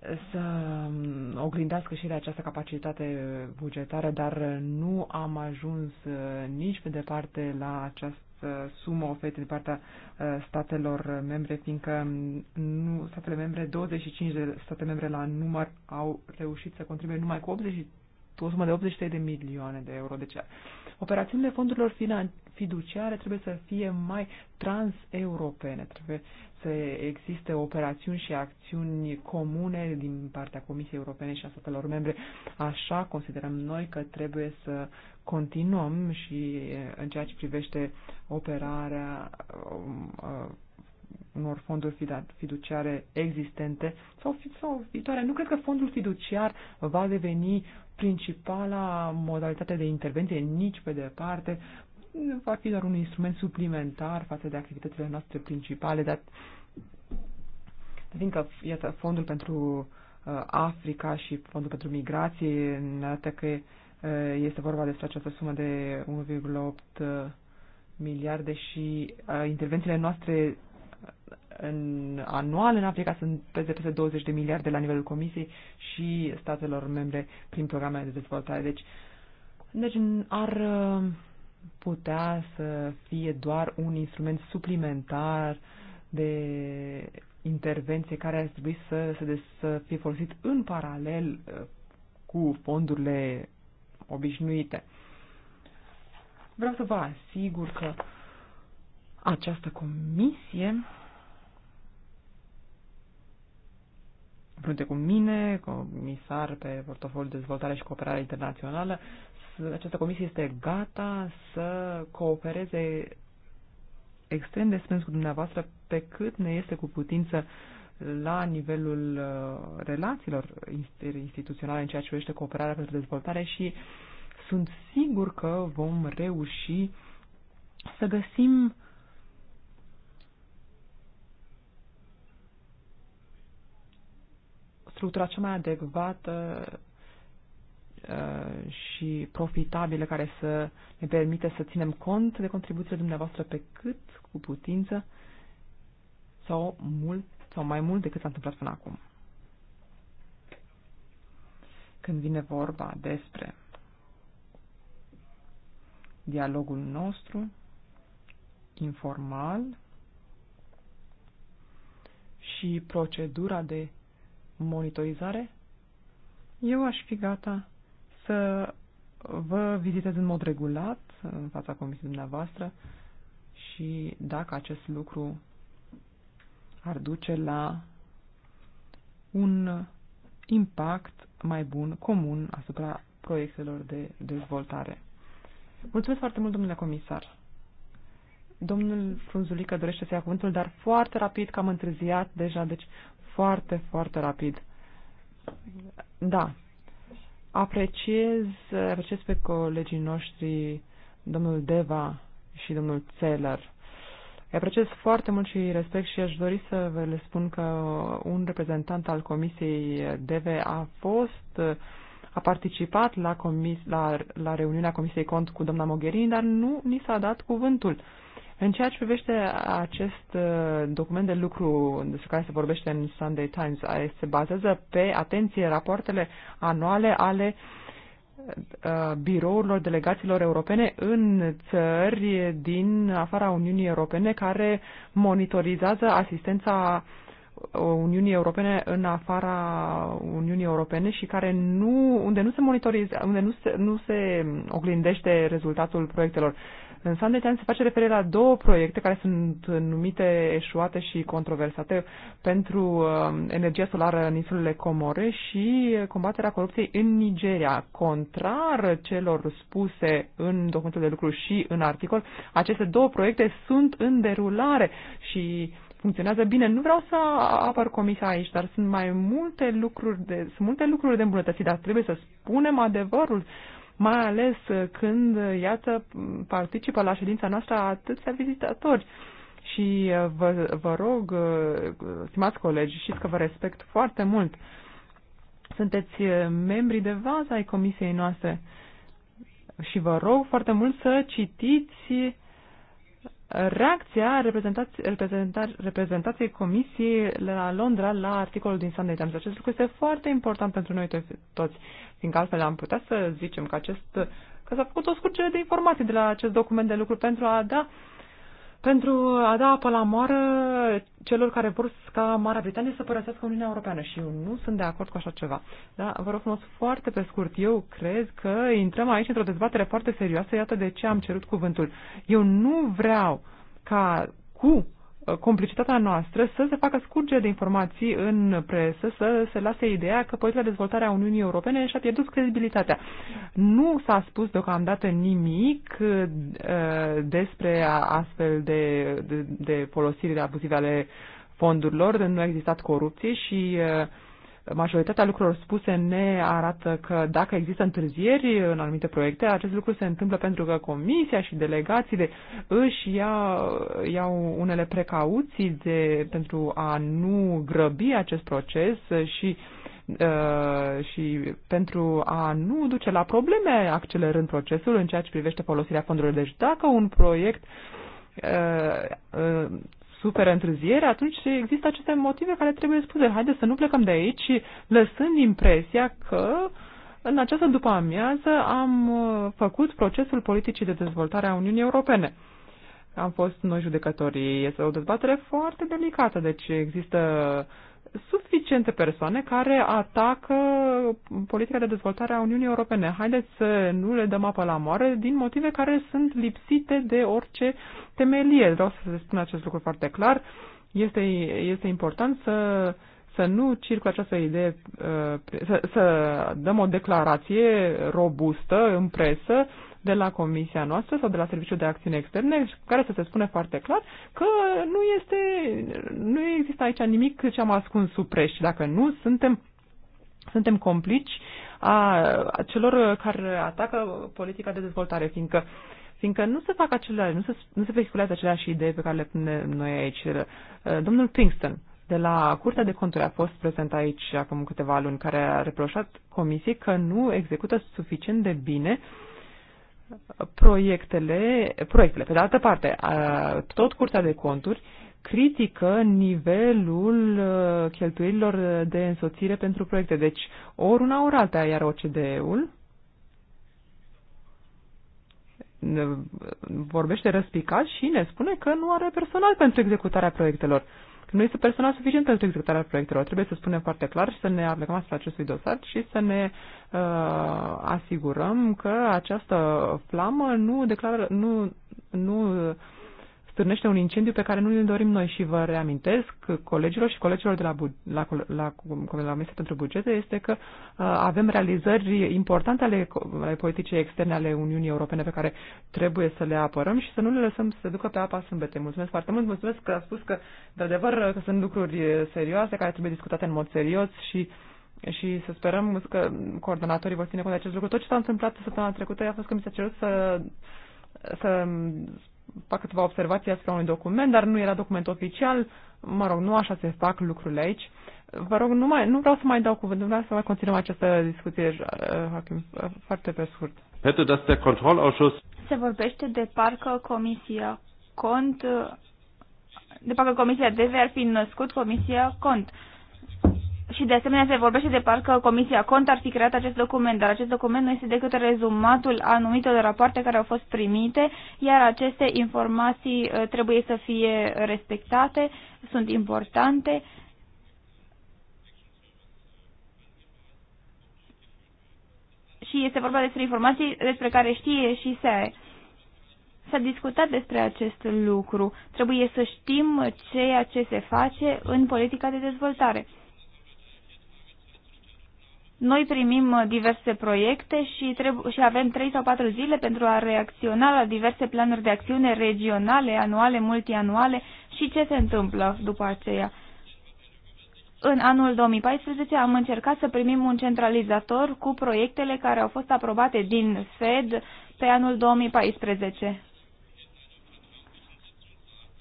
să um, oglindească și ele această capacitate bugetară, dar nu am ajuns uh, nici pe departe la această sumă oferită din partea uh, statelor membre, fiindcă um, nu, statele membre, 25 de state membre la număr au reușit să contribuie numai cu 80, o sumă de 83 de milioane de euro. Deci Operațiunile fondurilor fiduciare trebuie să fie mai transeuropene, trebuie să existe operațiuni și acțiuni comune din partea Comisiei Europene și a statelor membre. Așa considerăm noi că trebuie să continuăm și eh, în ceea ce privește operarea eh, unor fonduri fiduciare existente sau, sau viitoare. Nu cred că fondul fiduciar va deveni principala modalitate de intervenție, nici pe departe, va fi doar un instrument suplimentar față de activitățile noastre principale, dar fiindcă, iată, fondul pentru uh, Africa și fondul pentru migrație arată că uh, este vorba despre această sumă de 1,8 uh, miliarde și intervențiile noastre în, anual în Africa sunt peste, peste 20 de miliarde la nivelul Comisiei și statelor membre prin programele de dezvoltare. Deci, deci ar uh, putea să fie doar un instrument suplimentar de intervenție care ar trebui să, să, să fie folosit în paralel uh, cu fondurile obișnuite. Vreau să vă asigur că uh, această comisie împreună cu mine, comisar pe portofoliul de dezvoltare și cooperare internațională, această comisie este gata să coopereze extrem de strâns cu dumneavoastră pe cât ne este cu putință la nivelul uh, relațiilor instituționale în ceea ce privește cooperarea pentru dezvoltare și sunt sigur că vom reuși să găsim uh, structura cea mai adecvată uh, și profitabilă care să ne permite să ținem cont de contribuțiile dumneavoastră pe cât cu putință sau mult sau mai mult decât s-a întâmplat până acum. Când vine vorba despre dialogul nostru informal și procedura de monitorizare, eu aș fi gata să vă vizitez în mod regulat în fața comisiei dumneavoastră și dacă acest lucru ar duce la un impact mai bun, comun, asupra proiectelor de dezvoltare. Mulțumesc foarte mult, domnule comisar. Domnul Frunzulică dorește să ia cuvântul, dar foarte rapid, că am întârziat deja, deci foarte, foarte rapid. Da. Apreciez, apreciez pe colegii noștri, domnul Deva și domnul Țeler. Îi apreciez foarte mult și respect și aș dori să vă le spun că un reprezentant al Comisiei DEVE a fost, a participat la, comis, la, la reuniunea Comisiei Cont cu doamna Mogherini, dar nu ni s-a dat cuvântul. În ceea ce privește acest uh, document de lucru despre care se vorbește în Sunday Times, se bazează pe, atenție, rapoartele anuale ale uh, birourilor delegațiilor europene în țări din afara Uniunii Europene care monitorizează asistența Uniunii Europene în afara Uniunii Europene și care nu, unde nu se monitorizează, unde nu se, nu se oglindește rezultatul proiectelor. În Sandetean se face referire la două proiecte care sunt numite eșuate și controversate pentru um, energia solară în insulele Comore și combaterea corupției în Nigeria. Contrar celor spuse în documentul de lucru și în articol, aceste două proiecte sunt în derulare și funcționează bine. Nu vreau să apăr comisia aici, dar sunt mai multe lucruri de, sunt multe lucruri de îmbunătățit, dar trebuie să spunem adevărul. Uh, mai ales când, iată, participă la ședința noastră atâția vizitatori. Și uh, vă, vă rog, uh, stimați colegi, știți că vă respect foarte mult. Sunteți uh, membri de vază ai comisiei noastre și vă rog foarte mult să citiți reacția reprezentați, reprezenta, reprezentației Comisiei la Londra la articolul din Sunday Times. Acest lucru este foarte important pentru noi toți, fiindcă altfel am putea să zicem că acest că s-a făcut o scurgere de informații de la acest document de lucru pentru a da uh, pentru a da apă la moară celor care vor ca Marea Britanie să părăsească Uniunea Europeană și eu nu sunt de acord cu așa ceva. Da? Vă rog frumos, foarte pe scurt, eu cred că intrăm aici într-o dezbatere foarte serioasă, iată de ce am cerut cuvântul. Eu nu vreau ca cu Uh, complicitatea noastră să se facă scurgere de informații în presă, să se lase ideea că politica de dezvoltare a Uniunii Europene și-a pierdut credibilitatea. Nu s-a spus deocamdată nimic uh, despre astfel de, de, de folosiri abuzive ale fondurilor, nu a existat corupție și uh, majoritatea lucrurilor spuse ne arată că dacă există întârzieri în anumite proiecte, acest lucru se întâmplă pentru că comisia și delegațiile își ia, iau unele precauții de, pentru a nu grăbi acest proces și uh, și pentru a nu duce la probleme accelerând procesul în ceea ce privește folosirea fondurilor. Deci dacă un proiect uh, uh, suferă întârziere, atunci există aceste motive care trebuie spuse. Haideți să nu plecăm de aici, lăsând impresia că în această după-amiază am uh, făcut procesul politicii de dezvoltare a Uniunii Europene. Am fost noi judecătorii. Este o dezbatere foarte delicată, deci există uh, suficiente persoane care atacă politica de dezvoltare a Uniunii Europene. Haideți să nu le dăm apă la moare din motive care sunt lipsite de orice temelie. Vreau să se spun acest lucru foarte clar. Este, este important să, să nu circulă această idee, uh, să, să dăm o declarație robustă în presă de la comisia noastră sau de la Serviciul de Acțiune Externe, care să se spune foarte clar că nu este, nu există aici nimic ce am ascuns sub preș. Dacă nu, suntem suntem complici a, a celor care atacă politica de dezvoltare, fiindcă fiindcă nu se fac aceleași, nu se, nu se vehiculează aceleași idei pe care le punem noi aici. Uh, domnul Pinkston, de la Curtea de Conturi a fost prezent aici acum câteva luni, care a reproșat comisiei că nu execută suficient de bine uh, proiectele, proiectele. Pe de altă parte, tot Curtea de Conturi critică nivelul uh, cheltuielilor de însoțire pentru proiecte. Deci, ori una, ori alta, iar OCDE-ul vorbește răspicat și ne spune că nu are personal pentru executarea proiectelor. Exact. Nu este personal suficient pentru executarea proiectelor. Trebuie să spunem foarte clar și să ne aplicăm asupra acestui dosar și să ne uh, asigurăm că această flamă nu declară, nu, nu stârnește un incendiu pe care nu îl dorim noi și vă reamintesc colegilor și colegilor de la, la, la, la, la Comisia pentru Bugete este că uh, avem realizări importante ale, ale politicii externe ale Uniunii Europene pe care trebuie să le apărăm și să nu le lăsăm să se ducă pe apa sâmbete. Mulțumesc foarte mult, mulțumesc că a spus că, de adevăr, că sunt lucruri uh, serioase care trebuie discutate în mod serios și și să sperăm că coordonatorii vor ține cont de acest lucru. Tot ce s-a întâmplat săptămâna trecută a fost că mi s-a cerut să să fac câteva observații asupra unui document, dar nu era document oficial. Mă rog, nu așa se fac lucrurile aici. Vă rog, nu, mai, nu vreau să mai dau cuvântul, nu vreau să mai continuăm această discuție, uh, uh, foarte pe scurt. Hätte das controlul Se vorbește de parcă Comisia Cont, de parcă Comisia DV ar fi născut Comisia Cont și de asemenea se vorbește de parcă Comisia Cont ar fi creat acest document, dar acest document nu este decât rezumatul anumitor rapoarte care au fost primite, iar aceste informații uh, trebuie să fie respectate, sunt importante. Și este vorba despre informații despre care știe și se S-a discutat despre acest lucru. Trebuie să știm ceea ce se face în politica de dezvoltare. Noi primim uh, diverse proiecte și, și avem 3 sau 4 zile pentru a reacționa la diverse planuri de acțiune regionale, anuale, multianuale și ce se întâmplă după aceea. În anul 2014 am încercat să primim un centralizator cu proiectele care au fost aprobate din FED pe anul 2014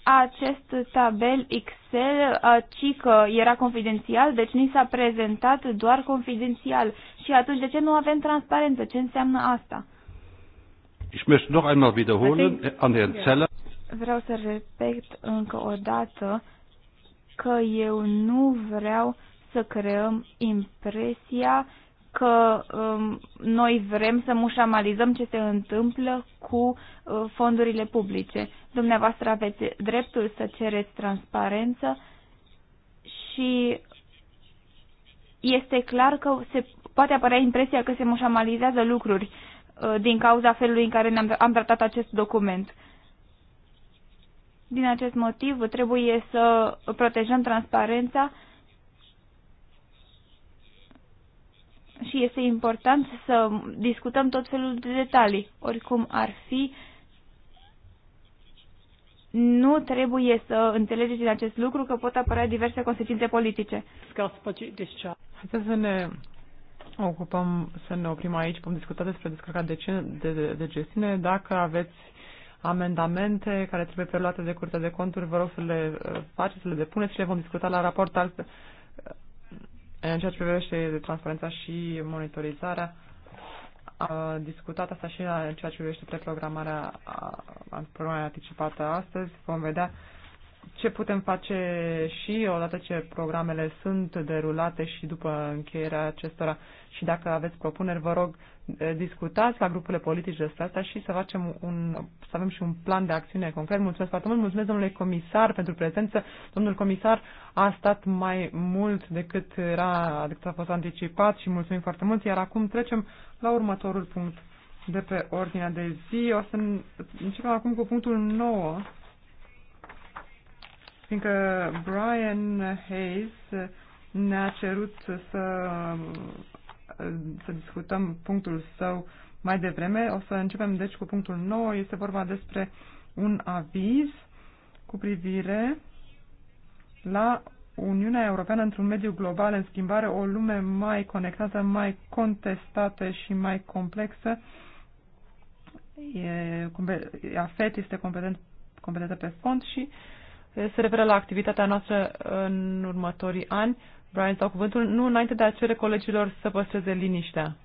acest tabel Excel, ci că era confidențial, deci ni s-a prezentat doar confidențial. Și atunci, de ce nu avem transparență? Ce înseamnă asta? Ich möchte noch einmal wiederholen äh, an Herrn Zeller. Vreau să repet încă o dată că eu nu vreau să creăm impresia că um, noi vrem să mușamalizăm ce se întâmplă cu uh, fondurile publice. Dumneavoastră aveți dreptul să cereți transparență și este clar că se poate apărea impresia că se mușamalizează lucruri uh, din cauza felului în care ne-am am tratat acest document. Din acest motiv trebuie să protejăm transparența uh, și este important să discutăm tot felul de detalii. Oricum ar fi, nu trebuie să înțelegeți din acest lucru că pot apărea diverse consecințe politice. Haideți să ne ocupăm, să ne oprim aici. Vom discuta despre descărcarea de, de, de, de gestiune. Dacă aveți amendamente care trebuie preluate de Curtea de Conturi, vă rog să le uh, faceți, să le depuneți și le vom discuta la raport altfel în ceea ce privește transparența și monitorizarea, a discutat asta și în ceea ce privește preprogramarea programarea anticipată astăzi. Vom vedea ce putem face și odată ce programele sunt derulate și după încheierea acestora și dacă aveți propuneri, vă rog discutați la grupurile politice despre asta și să facem un, să avem și un plan de acțiune concret. Mulțumesc foarte mult, mulțumesc domnule comisar pentru prezență. Domnul comisar a stat mai mult decât era, decât a fost anticipat și mulțumim foarte mult. Iar acum trecem la următorul punct de pe ordinea de zi. O să începem acum cu punctul 9 fiindcă Brian Hayes ne-a cerut să să discutăm punctul său mai devreme. O să începem deci cu punctul 9. Este vorba despre un aviz cu privire la Uniunea Europeană într-un mediu global în schimbare, o lume mai conectată, mai contestată și mai complexă. E, AFET este competent, competentă pe fond și se referă la activitatea noastră în următorii ani. Brian sau cuvântul, nu înainte de a cere colegilor să păstreze liniștea.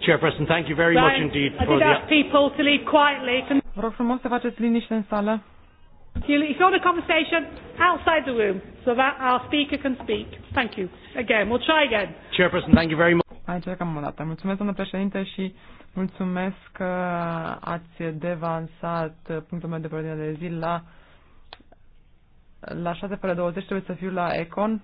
Chairperson, thank you very much indeed for the... people to leave quietly. Rog frumos să faceți liniște în sală. If you want a conversation outside the room so that our speaker can speak. Thank you. Again, we'll try again. Chairperson, thank you very much. Mai încercăm o dată. Mulțumesc, domnule președinte, și mulțumesc că ați devansat punctul meu de ordine de zi la la 6 fără 20 trebuie să fiu la Econ.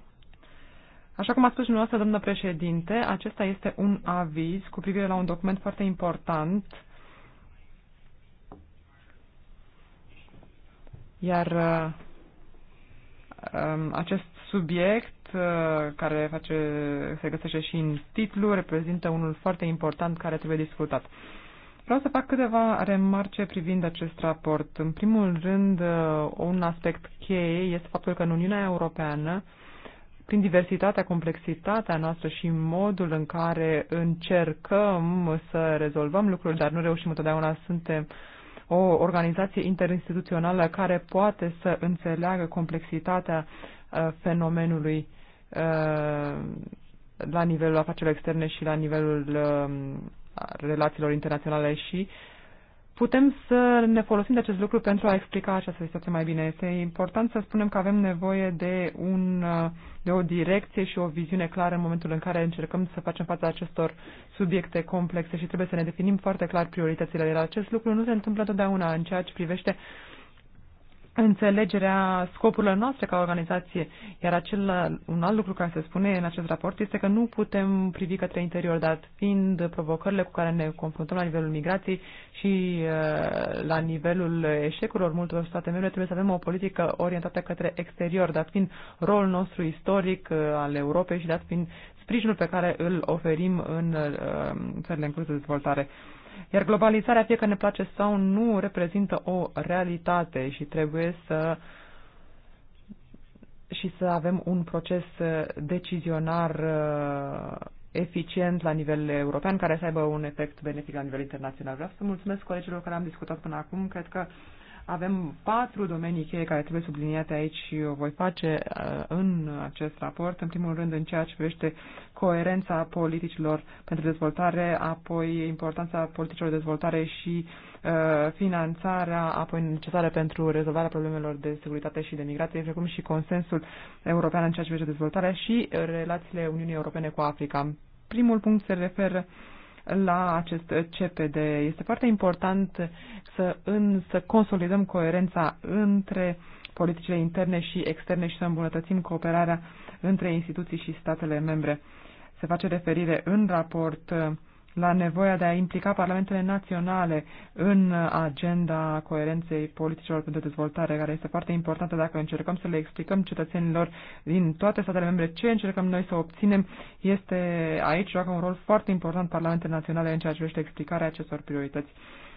Așa cum a spus dumneavoastră, domnul președinte, acesta este un aviz cu privire la un document foarte important. Iar uh, um, acest subiect, uh, care face, se găsește și în titlu, reprezintă unul foarte important care trebuie discutat. Vreau să fac câteva remarce privind acest raport. În primul rând, uh, un aspect cheie este faptul că în Uniunea Europeană, prin diversitatea, complexitatea noastră și modul în care încercăm să rezolvăm lucruri, dar nu reușim întotdeauna, suntem o organizație interinstituțională care poate să înțeleagă complexitatea uh, fenomenului uh, la nivelul afacerilor externe și la nivelul um, relațiilor internaționale și putem să ne folosim de acest lucru pentru a explica această situație mai bine. Este important să spunem că avem nevoie de, un, de o direcție și o viziune clară în momentul în care încercăm să facem fața acestor subiecte complexe și trebuie să ne definim foarte clar prioritățile. Iar acest lucru nu se întâmplă totdeauna în ceea ce privește uh, înțelegerea scopurilor noastre ca organizație. Iar acel, un alt lucru care se spune în acest raport este că nu putem privi către interior, dar fiind provocările cu care ne confruntăm la nivelul migrației și uh, la nivelul eșecurilor multor state membre, trebuie să avem o politică orientată către exterior, dat fiind rolul nostru istoric uh, al Europei și dat fiind sprijinul pe care îl oferim în uh, țările în curs de dezvoltare. Iar globalizarea, fie că ne place sau nu, reprezintă o realitate și trebuie să și să avem un proces decizionar uh, eficient la nivel european, care să aibă un efect benefic la nivel internațional. Vreau să mulțumesc colegilor care am discutat până acum. Cred că avem patru domenii cheie care trebuie subliniate aici și o voi face uh, în acest raport. În primul rând, în ceea ce privește coerența politicilor pentru dezvoltare, apoi importanța politicilor de dezvoltare și uh, finanțarea, apoi necesară pentru rezolvarea problemelor de securitate și de migrație, precum și consensul european în ceea ce privește dezvoltarea și relațiile Uniunii Europene cu Africa. Primul punct se referă la acest CPD. Este foarte important să, în, să consolidăm coerența între politicile interne și externe și să îmbunătățim cooperarea între instituții și statele membre. Se face referire în raport la nevoia de a implica parlamentele naționale în agenda coerenței politicilor pentru dezvoltare, care este foarte importantă dacă încercăm să le explicăm cetățenilor din toate statele membre ce încercăm noi să obținem, este aici joacă un rol foarte important parlamentele naționale în ceea ce privește explicarea acestor priorități.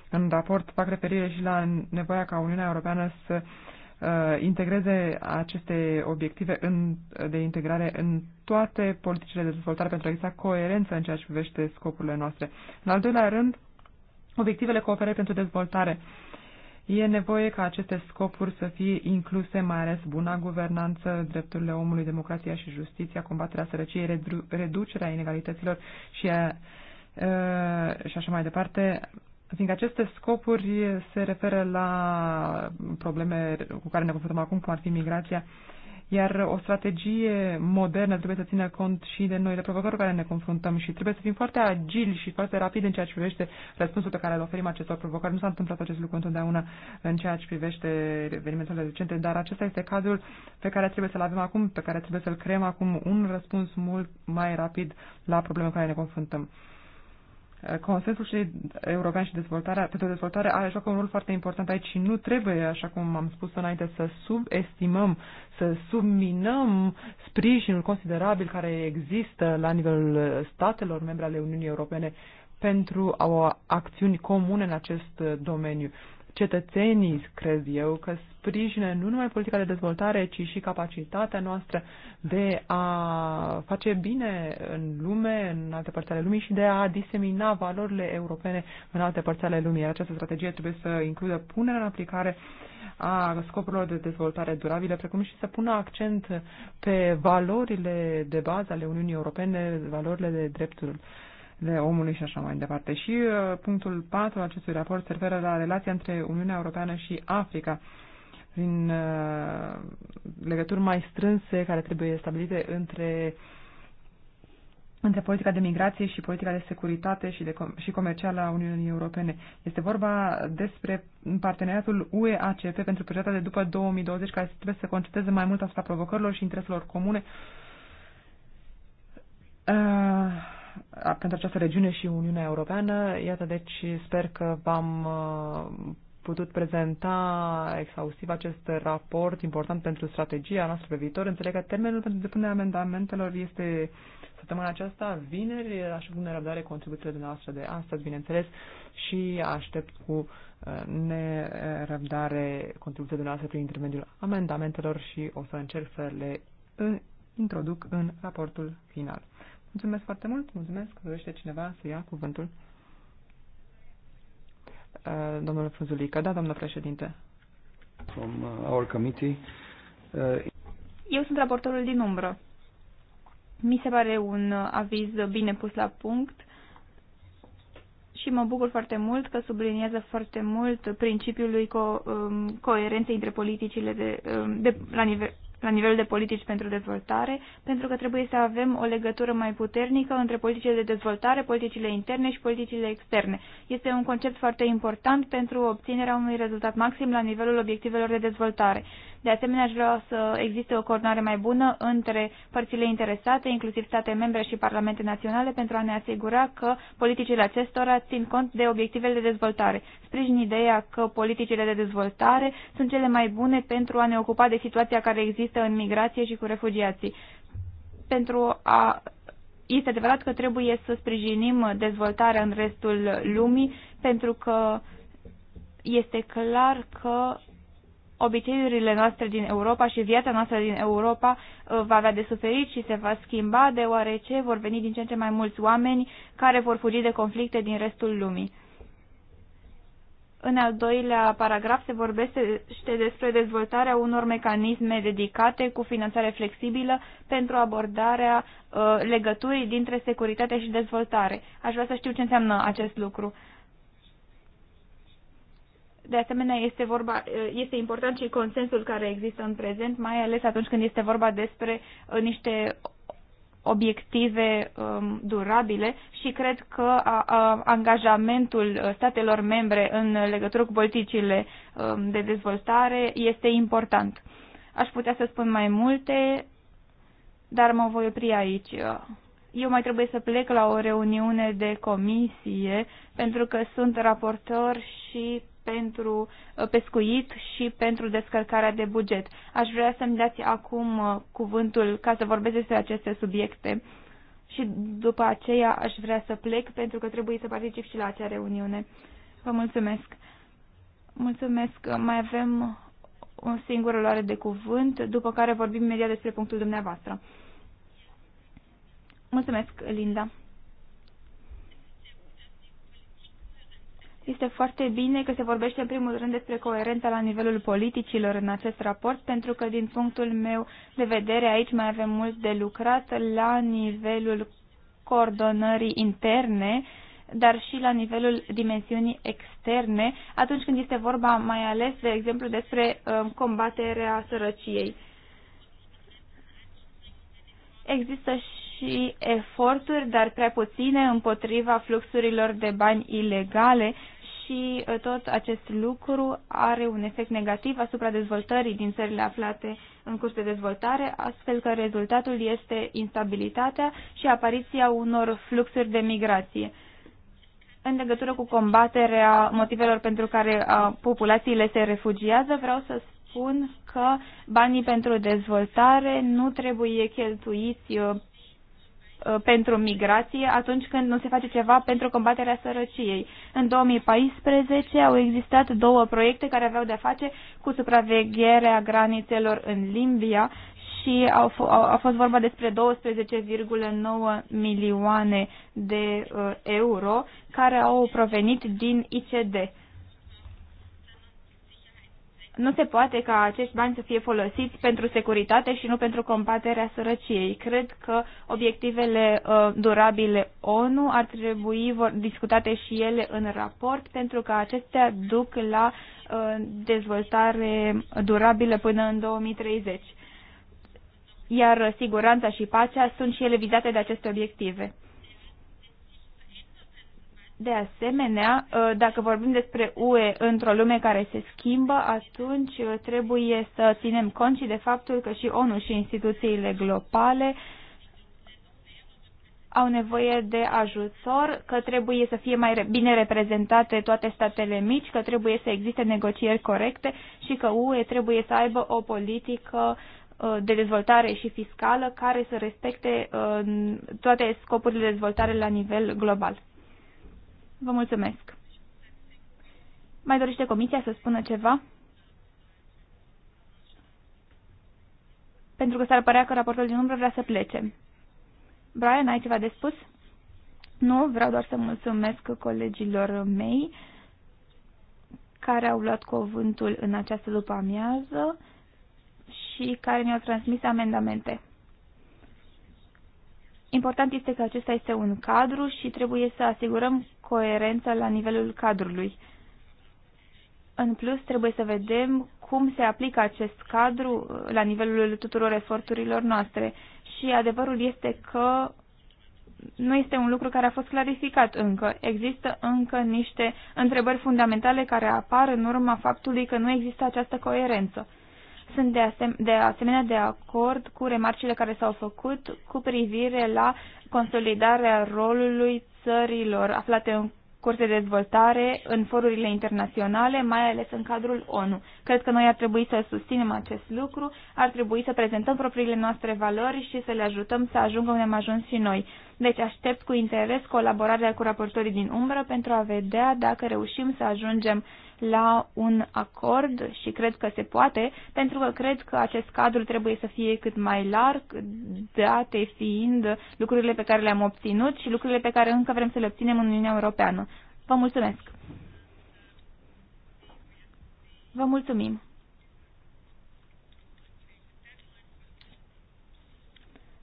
În raport fac referire și la nevoia ca Uniunea Europeană să uh, Uh, integreze aceste obiective în, de integrare în toate politicile de dezvoltare pentru a exista coerență în ceea ce privește scopurile noastre. În al doilea rând, obiectivele cooperării pentru dezvoltare. E nevoie ca aceste scopuri să fie incluse, mai ales buna guvernanță, drepturile omului, democrația și justiția, combaterea sărăciei, redu reducerea inegalităților și a uh, și așa mai departe, fiindcă aceste scopuri se referă la probleme cu care ne confruntăm acum, cum ar fi migrația, iar o strategie modernă trebuie să țină cont și de noile provocări cu care ne confruntăm și trebuie să fim foarte agili și foarte rapid în ceea ce privește răspunsul pe care îl oferim acestor provocări. Nu s-a întâmplat acest lucru întotdeauna în ceea ce privește evenimentele recente, dar acesta este cadrul pe care trebuie să-l avem acum, pe care trebuie să-l creăm acum, un răspuns mult mai rapid la problemele cu care ne confruntăm. Consensul și european și dezvoltarea, pentru dezvoltare are joacă un rol foarte important aici și nu trebuie, așa cum am spus înainte, să subestimăm, să subminăm sprijinul considerabil care există la nivelul statelor membre ale Uniunii Europene pentru acțiuni comune în acest domeniu cetățenii, cred eu, că sprijină nu numai politica de dezvoltare, ci și capacitatea noastră de a face bine în lume, în alte părți ale lumii și de a disemina valorile europene în alte părți ale lumii. Iar această strategie trebuie să includă punerea în aplicare a scopurilor de dezvoltare durabile, precum și să pună accent pe valorile de bază ale Uniunii Europene, valorile de drepturi de omului și așa mai departe. Și uh, punctul 4 acestui raport se referă la relația între Uniunea Europeană și Africa prin uh, legături mai strânse care trebuie stabilite între între politica de migrație și politica de securitate și, de com- și comercială a Uniunii Europene. Este vorba despre parteneriatul UE-ACP pentru perioada de după 2020, care trebuie să se concentreze mai mult asupra provocărilor și intereselor comune. Uh, pentru această regiune și Uniunea Europeană. Iată, deci sper că v-am putut prezenta exhaustiv acest raport important pentru strategia noastră pe viitor. Înțeleg că termenul pentru depunerea amendamentelor este săptămâna aceasta, vineri, cum ne răbdare contribuțiile dumneavoastră de astăzi, bineînțeles, și aștept cu nerăbdare contribuțiile dumneavoastră prin intermediul amendamentelor și o să încerc să le introduc în raportul final. Mulțumesc foarte mult, mulțumesc. Dorește cineva să ia cuvântul? Uh, domnule Frunzulică, da, doamnă președinte. From uh, our committee. Uh, Eu sunt raportorul din umbră. Mi se pare un aviz bine pus la punct și mă bucur foarte mult că subliniază foarte mult principiul lui co- um, coerenței între politicile de, um, de, la nivel, la nivel de politici pentru dezvoltare, pentru că trebuie să avem o legătură mai puternică între politicile de dezvoltare, politicile interne și politicile externe. Este un concept foarte important pentru obținerea unui rezultat maxim la nivelul obiectivelor de dezvoltare. De asemenea, aș vrea să existe o coordonare mai bună între părțile interesate, inclusiv state membre și parlamente naționale, pentru a ne asigura că politicile acestora țin cont de obiectivele de dezvoltare. Sprijin ideea că politicile de dezvoltare sunt cele mai bune pentru a ne ocupa de situația care există în migrație și cu refugiații. Pentru a este adevărat că trebuie să sprijinim dezvoltarea în restul lumii, pentru că este clar că obiceiurile noastre din Europa și viața noastră din Europa uh, va avea de suferit și se va schimba, deoarece vor veni din ce în ce mai mulți oameni care vor fugi de conflicte din restul lumii. În al doilea paragraf se vorbește despre dezvoltarea unor mecanisme dedicate cu finanțare flexibilă pentru abordarea uh, legăturii dintre securitate și dezvoltare. Aș vrea să știu ce înseamnă acest lucru. Uh, de asemenea, este, vorba, este important și consensul care există în prezent, mai ales atunci când este vorba despre uh, niște obiective um, durabile și cred că a, a, angajamentul uh, statelor membre în legătură cu politicile um, de dezvoltare este important. Aș putea să spun mai multe, dar mă voi opri aici eu mai trebuie să plec la o reuniune de comisie pentru că sunt raportor și pentru uh, pescuit și pentru descărcarea de buget. Aș vrea să-mi dați acum uh, cuvântul ca să vorbesc despre aceste subiecte și după aceea aș vrea să plec pentru că trebuie să particip și la acea reuniune. Vă mulțumesc. Mulțumesc. Mai avem o singură luare de cuvânt, după care vorbim imediat despre punctul dumneavoastră. Mulțumesc, Linda. Este foarte bine că se vorbește în primul rând despre coerența la nivelul politicilor în acest raport, pentru că din punctul meu de vedere aici mai avem mult de lucrat la nivelul coordonării interne, dar și la nivelul dimensiunii externe, atunci când este vorba mai ales, de exemplu, despre uh, combaterea sărăciei. Există și eforturi, dar prea puține împotriva fluxurilor de bani ilegale și uh, tot acest lucru are un efect negativ asupra dezvoltării din țările aflate în curs de dezvoltare, astfel că rezultatul este instabilitatea și apariția unor fluxuri de migrație. În legătură cu combaterea motivelor pentru care uh, populațiile se refugiază, vreau să spun că banii pentru dezvoltare nu trebuie cheltuiți uh, Uh, pentru migrație atunci când nu se face ceva pentru combaterea sărăciei. În 2014 au existat două proiecte care aveau de-a face cu supravegherea granițelor în Limbia și au f- a fost vorba despre 12,9 milioane de uh, euro care au provenit din ICD. Nu se poate ca acești bani să fie folosiți pentru securitate și nu pentru combaterea sărăciei. Cred că obiectivele uh, durabile ONU ar trebui vor, discutate și ele în raport, pentru că acestea duc la uh, dezvoltare durabilă până în 2030. Iar siguranța și pacea sunt și ele vizate de aceste obiective. De asemenea, ă, dacă vorbim despre UE într-o lume care se schimbă, atunci ă, trebuie să ținem cont și de faptul că și ONU și instituțiile globale au nevoie de ajutor, că trebuie să fie mai bine reprezentate toate statele mici, că trebuie să existe negocieri corecte și că UE trebuie să aibă o politică ă, de dezvoltare și fiscală care să respecte toate scopurile de dezvoltare la nivel global. Vă mulțumesc. Mai dorește comisia să spună ceva? Pentru că s-ar părea că raportul din umbră vrea să plece. Brian, ai ceva de spus? Nu, vreau doar să mulțumesc colegilor mei care au luat cuvântul în această după amiază și care mi-au transmis amendamente. Important este că acesta este un cadru și trebuie să asigurăm coerență la nivelul cadrului. În plus, trebuie să vedem cum se aplică acest cadru uh, la nivelul tuturor eforturilor noastre. Și adevărul este că nu este un lucru care a fost clarificat încă. Există încă niște întrebări fundamentale care apar în urma faptului că nu există această coerență. Sunt de, asem- de asemenea de acord cu remarcile care s-au făcut cu privire la consolidarea rolului țărilor aflate în curs de dezvoltare în forurile internaționale, mai ales în cadrul ONU. Cred că noi ar trebui să susținem acest lucru, ar trebui să prezentăm propriile noastre valori și să le ajutăm să ajungă unde am ajuns și noi. Deci aștept cu interes colaborarea cu raportorii din umbră pentru a vedea dacă reușim să ajungem la un acord și cred că se poate, pentru că cred că acest cadru trebuie să fie cât mai larg, date fiind lucrurile pe care le-am obținut și lucrurile pe care încă vrem să le obținem în Uniunea Europeană. Vă mulțumesc! Vă mulțumim!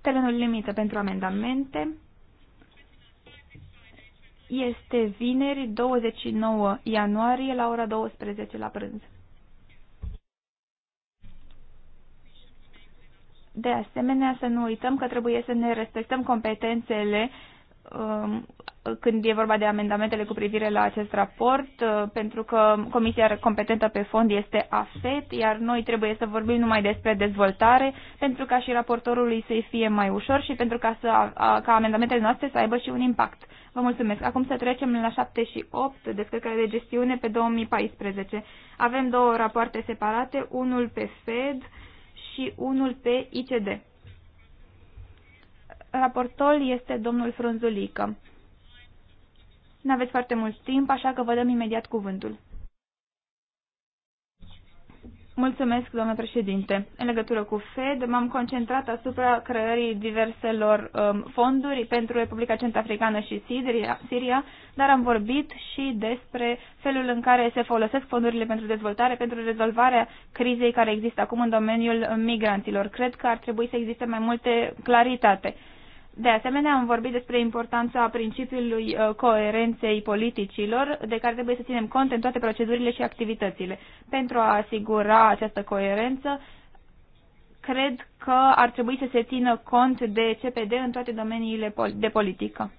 Termenul limită pentru amendamente este vineri 29 ianuarie la ora 12 la prânz. De asemenea, să nu uităm că trebuie să ne respectăm competențele um, când e vorba de amendamentele cu privire la acest raport, uh, pentru că comisia competentă pe fond este AFET, iar noi trebuie să vorbim numai despre dezvoltare, pentru ca și raportorului să-i fie mai ușor și pentru ca, să, ca amendamentele noastre să aibă și un impact. Vă mulțumesc. Acum să trecem la 7 și 8, descărcare de gestiune pe 2014. Avem două rapoarte separate, unul pe FED și unul pe ICD. Raportorul este domnul Frunzulică. Nu aveți foarte mult timp, așa că vă dăm imediat cuvântul. Mulțumesc, doamnă președinte. În legătură cu FED, m-am concentrat asupra creării diverselor um, fonduri pentru Republica Centrafricană și Siria, dar am vorbit și despre felul în care se folosesc fondurile pentru dezvoltare, pentru rezolvarea crizei care există acum în domeniul migranților. Cred că ar trebui să existe mai multe claritate. De asemenea, am vorbit despre importanța principiului uh, coerenței politicilor, de care trebuie să ținem cont în toate procedurile și activitățile. Pentru a asigura această coerență, cred că ar trebui să se țină cont de CPD în toate domeniile de politică.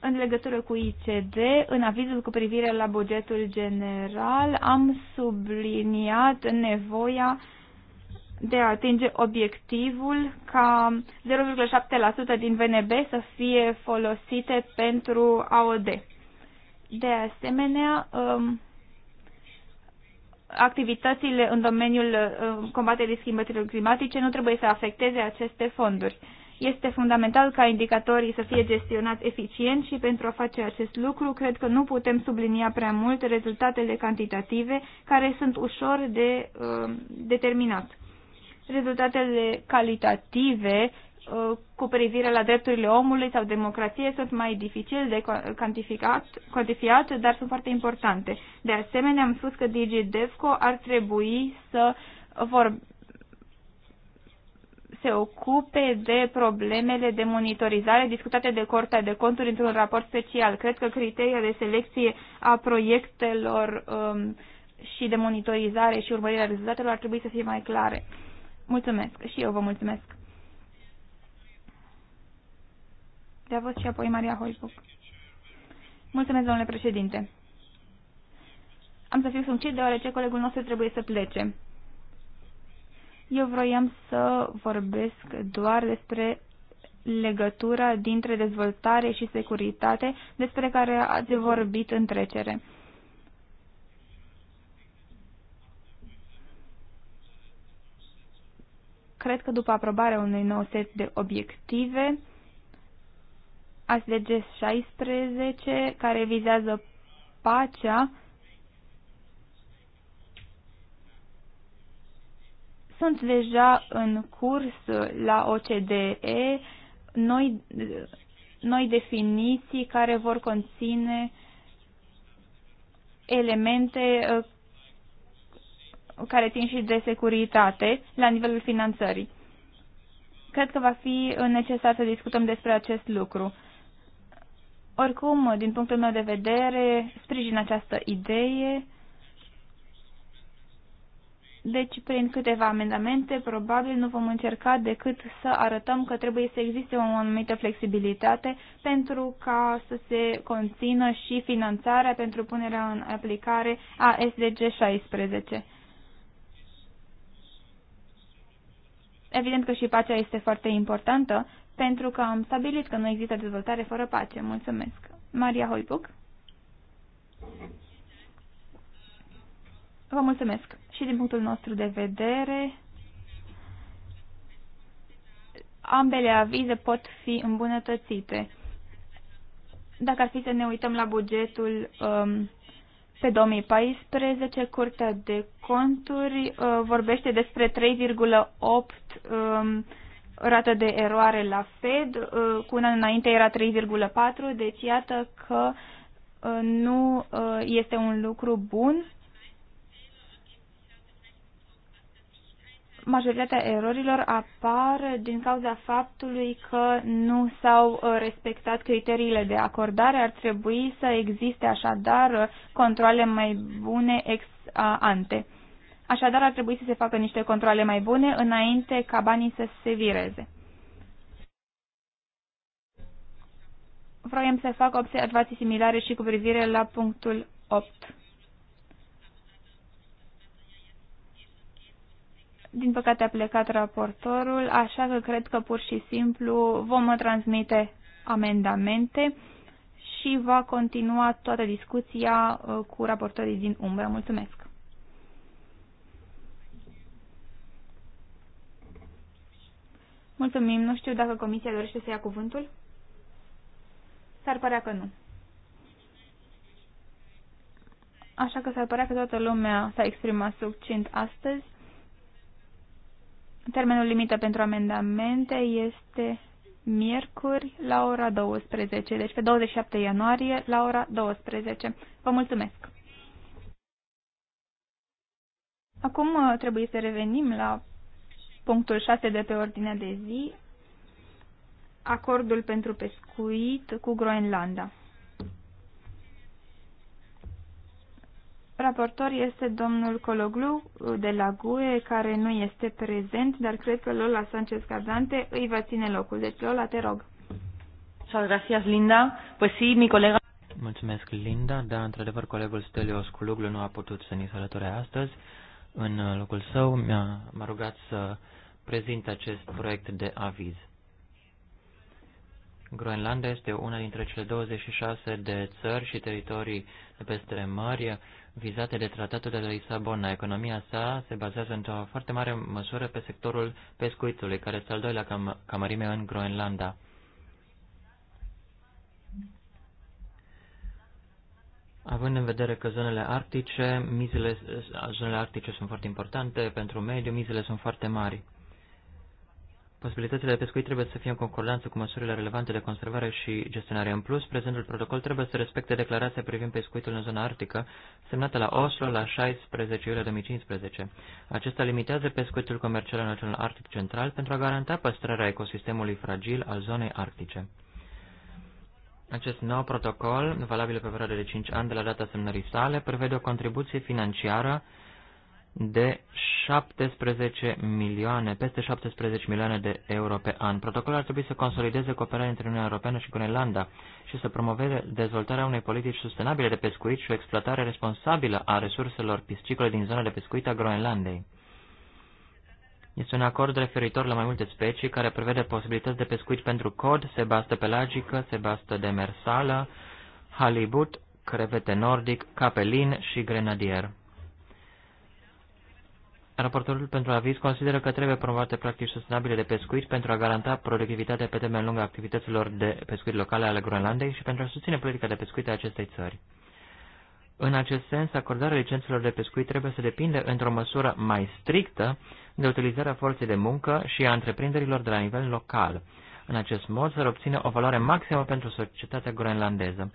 În legătură cu ICD, în avizul cu privire la bugetul general, am subliniat nevoia uh, de a atinge obiectivul ca 0,7% din VNB să fie folosite pentru AOD. De asemenea, um, activitățile în domeniul um, combaterii schimbărilor climatice nu trebuie să afecteze aceste fonduri. Este fundamental ca indicatorii să fie gestionați eficient și pentru a face acest lucru, cred că nu putem sublinia prea mult rezultatele cantitative care sunt ușor de uh, determinat rezultatele calitative uh, cu privire la drepturile omului sau democrație sunt mai dificil de cantificat, cuantificat, dar sunt foarte importante. De asemenea, am spus că DigiDevco ar trebui să vor se ocupe de problemele de monitorizare discutate de Cortea de Conturi într-un raport special. Cred că criteria de selecție a proiectelor um, și de monitorizare și urmărirea rezultatelor ar trebui să fie mai clare. Mulțumesc. Și eu vă mulțumesc. De-a și apoi Maria Holbuc. Mulțumesc, domnule președinte. Am să fiu suncit deoarece colegul nostru trebuie să plece. Eu vroiam să vorbesc doar despre legătura dintre dezvoltare și securitate despre care ați vorbit în trecere. Cred că după aprobarea unui nou set de obiective, lege 16, care vizează pacea, sunt deja în curs la OCDE noi, noi definiții care vor conține elemente care țin și de securitate la nivelul finanțării. Cred că va fi necesar să discutăm despre acest lucru. Oricum, din punctul meu de vedere, sprijin această idee. Deci, prin câteva amendamente, probabil nu vom încerca decât să arătăm că trebuie să existe o anumită flexibilitate pentru ca să se conțină și finanțarea pentru punerea în aplicare a SDG 16. Evident că și pacea este foarte importantă, pentru că am stabilit că nu există dezvoltare fără pace. Mulțumesc. Maria Hoibuc. Vă mulțumesc. Și din punctul nostru de vedere, ambele avize pot fi îmbunătățite. Dacă ar fi să ne uităm la bugetul um, pe 2014, Curtea de Conturi uh, vorbește despre 3,8 um, rată de eroare la Fed, uh, cu un an înainte era 3,4, deci iată că uh, nu este un lucru bun majoritatea erorilor apar din cauza faptului că nu s-au uh, respectat criteriile de acordare. Ar trebui să existe așadar uh, controle mai bune ex ante. Așadar, ar trebui să se facă niște controle mai bune înainte ca banii să se vireze. Vroiam să fac observații similare și cu privire la punctul 8. Din păcate a plecat raportorul, așa că cred că pur și simplu vom transmite amendamente și va continua toată discuția uh, cu raportorii din umbră. Mulțumesc! Mulțumim. Nu știu dacă comisia dorește să ia cuvântul. S-ar părea că nu. Așa că s-ar părea că toată lumea s-a exprimat succint astăzi. Termenul limită pentru amendamente este miercuri la ora 12, deci pe 27 ianuarie la ora 12. Vă mulțumesc! Acum uh, trebuie să revenim la punctul 6 de pe ordinea de zi, acordul pentru pescuit cu Groenlanda. Raportor este domnul Cologlu uh, de la GUE, care nu este prezent, dar cred că Lola Sanchez Cazante îi va ține locul. Deci, Lola, te rog. Muchas gracias, Linda. Pues sí, mi colega... Mulțumesc, Linda. Da, într-adevăr, colegul Stelios Cologlu nu a putut să ni se alăture astăzi. În uh, locul său m-a, m-a rugat să prezint acest proiect de aviz. Groenlanda este una dintre cele 26 de țări și teritorii de peste mări vizate de tratatul de la Lisabona. Economia sa se bazează într-o foarte mare măsură pe sectorul pescuitului, care este al doilea cam, camărime în Groenlanda. Având în vedere că zonele arctice, mizele, zonele arctice sunt foarte importante pentru mediu, mizele sunt foarte mari. Posibilitățile de pescuit trebuie să fie în concordanță cu măsurile relevante de conservare și gestionare. În plus, prezentul protocol trebuie să respecte declarația privind pescuitul în zona arctică, semnată la Oslo la 16 iulie 2015. Acesta limitează pescuitul comercial în Oceanul Arctic Central pentru a garanta păstrarea ecosistemului fragil al zonei arctice. Acest nou protocol, valabil pe perioada de 5 ani de la data semnării sale, prevede o contribuție financiară de 17 milioane, peste 17 milioane de euro pe an. Protocolul ar trebui să consolideze cooperarea între Uniunea Europeană și Groenlanda și să promoveze dezvoltarea unei politici sustenabile de pescuit și o exploatare responsabilă a resurselor piscicole din zona de pescuit a Groenlandei. Este un acord referitor la mai multe specii care prevede posibilități de pescuit pentru cod, sebastă pelagică, sebastă demersală, halibut, crevete nordic, capelin și grenadier. Raportorul pentru aviz consideră că trebuie promovate practici sustenabile de pescuit pentru a garanta productivitatea pe termen lung a activităților de pescuit locale ale Groenlandei și pentru a susține politica de pescuit a acestei țări. În acest sens, acordarea licențelor de pescuit trebuie să depinde într-o măsură mai strictă de utilizarea forței de muncă și a întreprinderilor de la nivel local. În acest mod, s-ar obține o valoare maximă pentru societatea groenlandeză.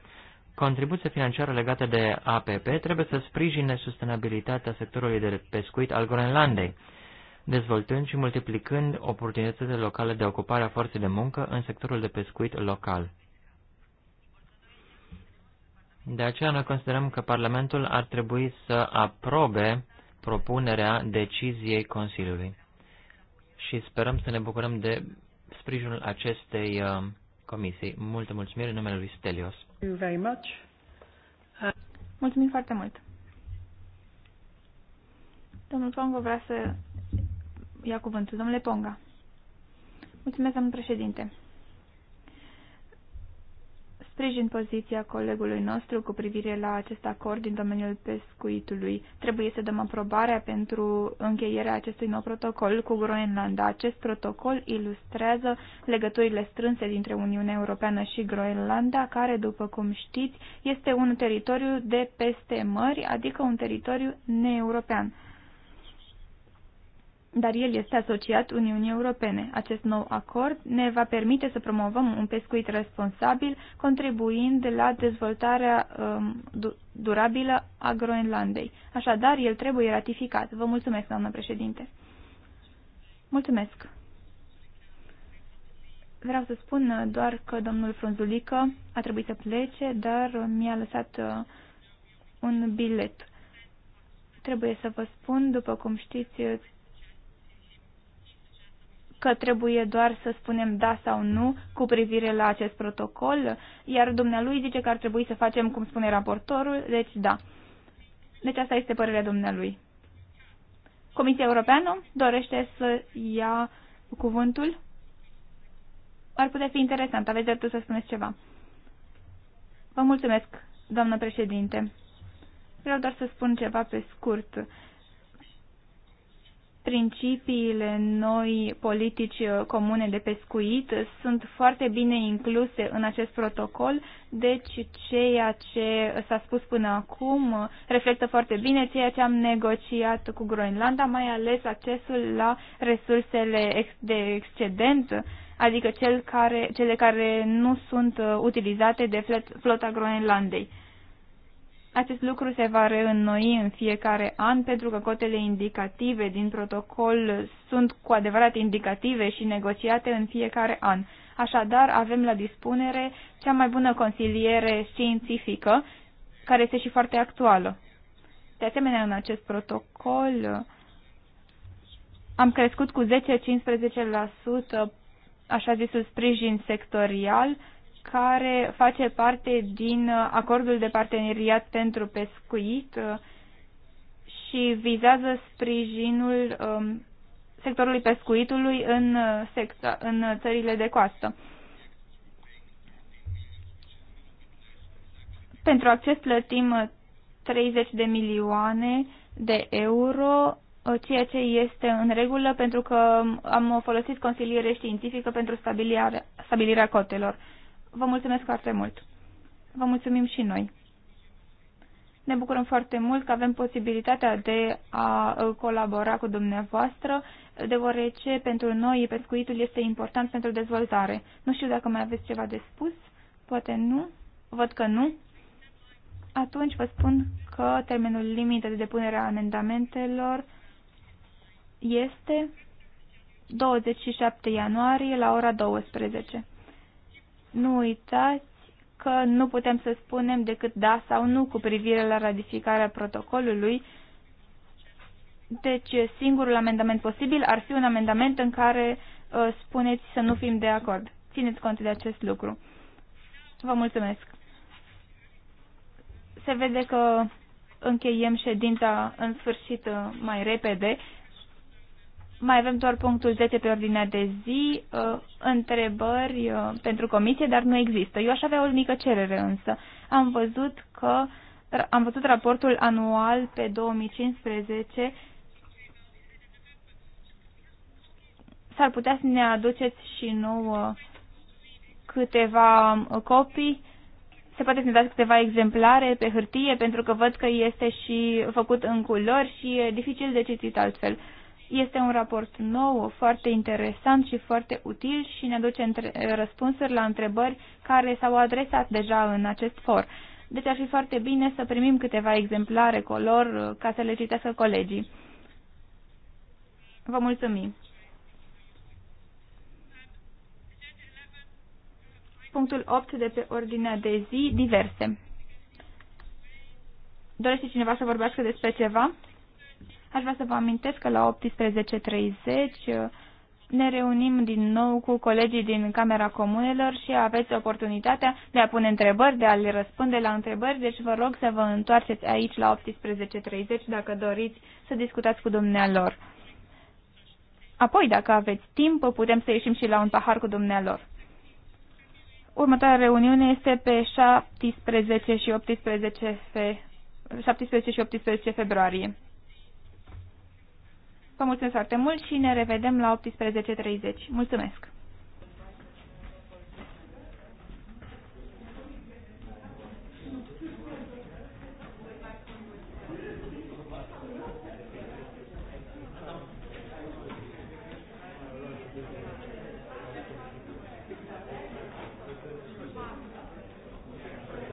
Contribuția financiară legată de APP trebuie să sprijine sustenabilitatea sectorului de pescuit al Groenlandei, dezvoltând și multiplicând oportunitățile locale de ocupare a forței de muncă în sectorul de pescuit local. De aceea noi considerăm că Parlamentul ar trebui să aprobe propunerea deciziei Consiliului și sperăm să ne bucurăm de sprijinul acestei uh, comisii. Multă mulțumire în numele lui Stelios you very much. Mulțumim foarte mult. Domnul Pongo vrea să ia cuvântul. Domnule Ponga. Mulțumesc, domnul președinte. Sprijin poziția colegului nostru cu privire la acest acord din domeniul pescuitului. Trebuie să dăm aprobarea pentru încheierea acestui nou protocol cu Groenlanda. Acest protocol ilustrează legăturile strânse dintre Uniunea Europeană și Groenlanda, care, după cum știți, este un teritoriu de peste mări, adică un teritoriu neeuropean dar el este asociat Uniunii Europene. Acest nou acord ne va permite să promovăm un pescuit responsabil, contribuind la dezvoltarea um, durabilă a Groenlandei. Așadar, el trebuie ratificat. Vă mulțumesc, doamnă președinte. Mulțumesc. Vreau să spun doar că domnul Frunzulică a trebuit să plece, dar mi-a lăsat uh, un bilet. Trebuie să vă spun, după cum știți, că trebuie doar să spunem da sau nu cu privire la acest protocol, iar dumnealui zice că ar trebui să facem cum spune raportorul, deci da. Deci asta este părerea dumnealui. Comisia Europeană dorește să ia cuvântul? Ar putea fi interesant, aveți dreptul să spuneți ceva. Vă mulțumesc, doamnă președinte. Vreau doar să spun ceva pe scurt principiile noi politici uh, comune de pescuit sunt foarte bine incluse în acest protocol, deci ceea ce s-a spus până acum uh, reflectă foarte bine ceea ce am negociat cu Groenlanda, mai ales accesul la resursele de excedent, adică cel care, cele care nu sunt uh, utilizate de flota Groenlandei. Acest lucru se va reînnoi în fiecare an pentru că cotele indicative din protocol sunt cu adevărat indicative și negociate în fiecare an. Așadar, avem la dispunere cea mai bună consiliere științifică, care este și foarte actuală. De asemenea, în acest protocol am crescut cu 10-15% așa zisul sprijin sectorial care face parte din uh, acordul de parteneriat pentru pescuit uh, și vizează sprijinul um, sectorului pescuitului în, uh, secta, da, în țările de coastă. Pentru acces plătim 30 de milioane de euro, ceea ce este în regulă pentru că um, am folosit consiliere științifică pentru stabilirea, stabilirea cotelor. Vă mulțumesc foarte mult. Vă mulțumim și noi. Ne bucurăm foarte mult că avem posibilitatea de a uh, colabora cu dumneavoastră, deoarece pentru noi pescuitul este important pentru dezvoltare. Nu știu dacă mai aveți ceva de spus, poate nu, văd că nu. Atunci vă spun că termenul limită de depunere a amendamentelor este 27 ianuarie la ora 12. Nu uitați că nu putem să spunem decât da sau nu cu privire la ratificarea protocolului. Deci singurul amendament posibil ar fi un amendament în care uh, spuneți să nu fim de acord. Țineți cont de acest lucru. Vă mulțumesc. Se vede că încheiem ședința în sfârșit uh, mai repede. Mai avem doar punctul 10 pe ordinea de zi, uh, întrebări uh, pentru comisie, dar nu există. Eu aș avea o mică cerere însă. Am văzut că am văzut raportul anual pe 2015 s-ar putea să ne aduceți și nouă câteva uh, copii. Se poate să ne dați câteva exemplare pe hârtie, pentru că văd că este și făcut în culori și e dificil de citit altfel. Este un raport nou, foarte interesant și foarte util și ne aduce răspunsuri la întrebări care s-au adresat deja în acest for. Deci ar fi foarte bine să primim câteva exemplare color uh, ca să le citească colegii. Vă mulțumim! Punctul 8 de pe ordinea de zi, diverse. Doresc cineva să vorbească despre ceva? Aș vrea să vă amintesc că la 18.30 ne reunim din nou cu colegii din Camera Comunelor și aveți oportunitatea de a pune întrebări, de a le răspunde la întrebări, deci vă rog să vă întoarceți aici la 18.30 dacă doriți să discutați cu dumnealor. Apoi, dacă aveți timp, putem să ieșim și la un pahar cu dumnealor. Următoarea reuniune este pe 17 și 18, fe... 17 și 18 februarie. Vă mulțumesc foarte mult și ne revedem la 18.30. Mulțumesc!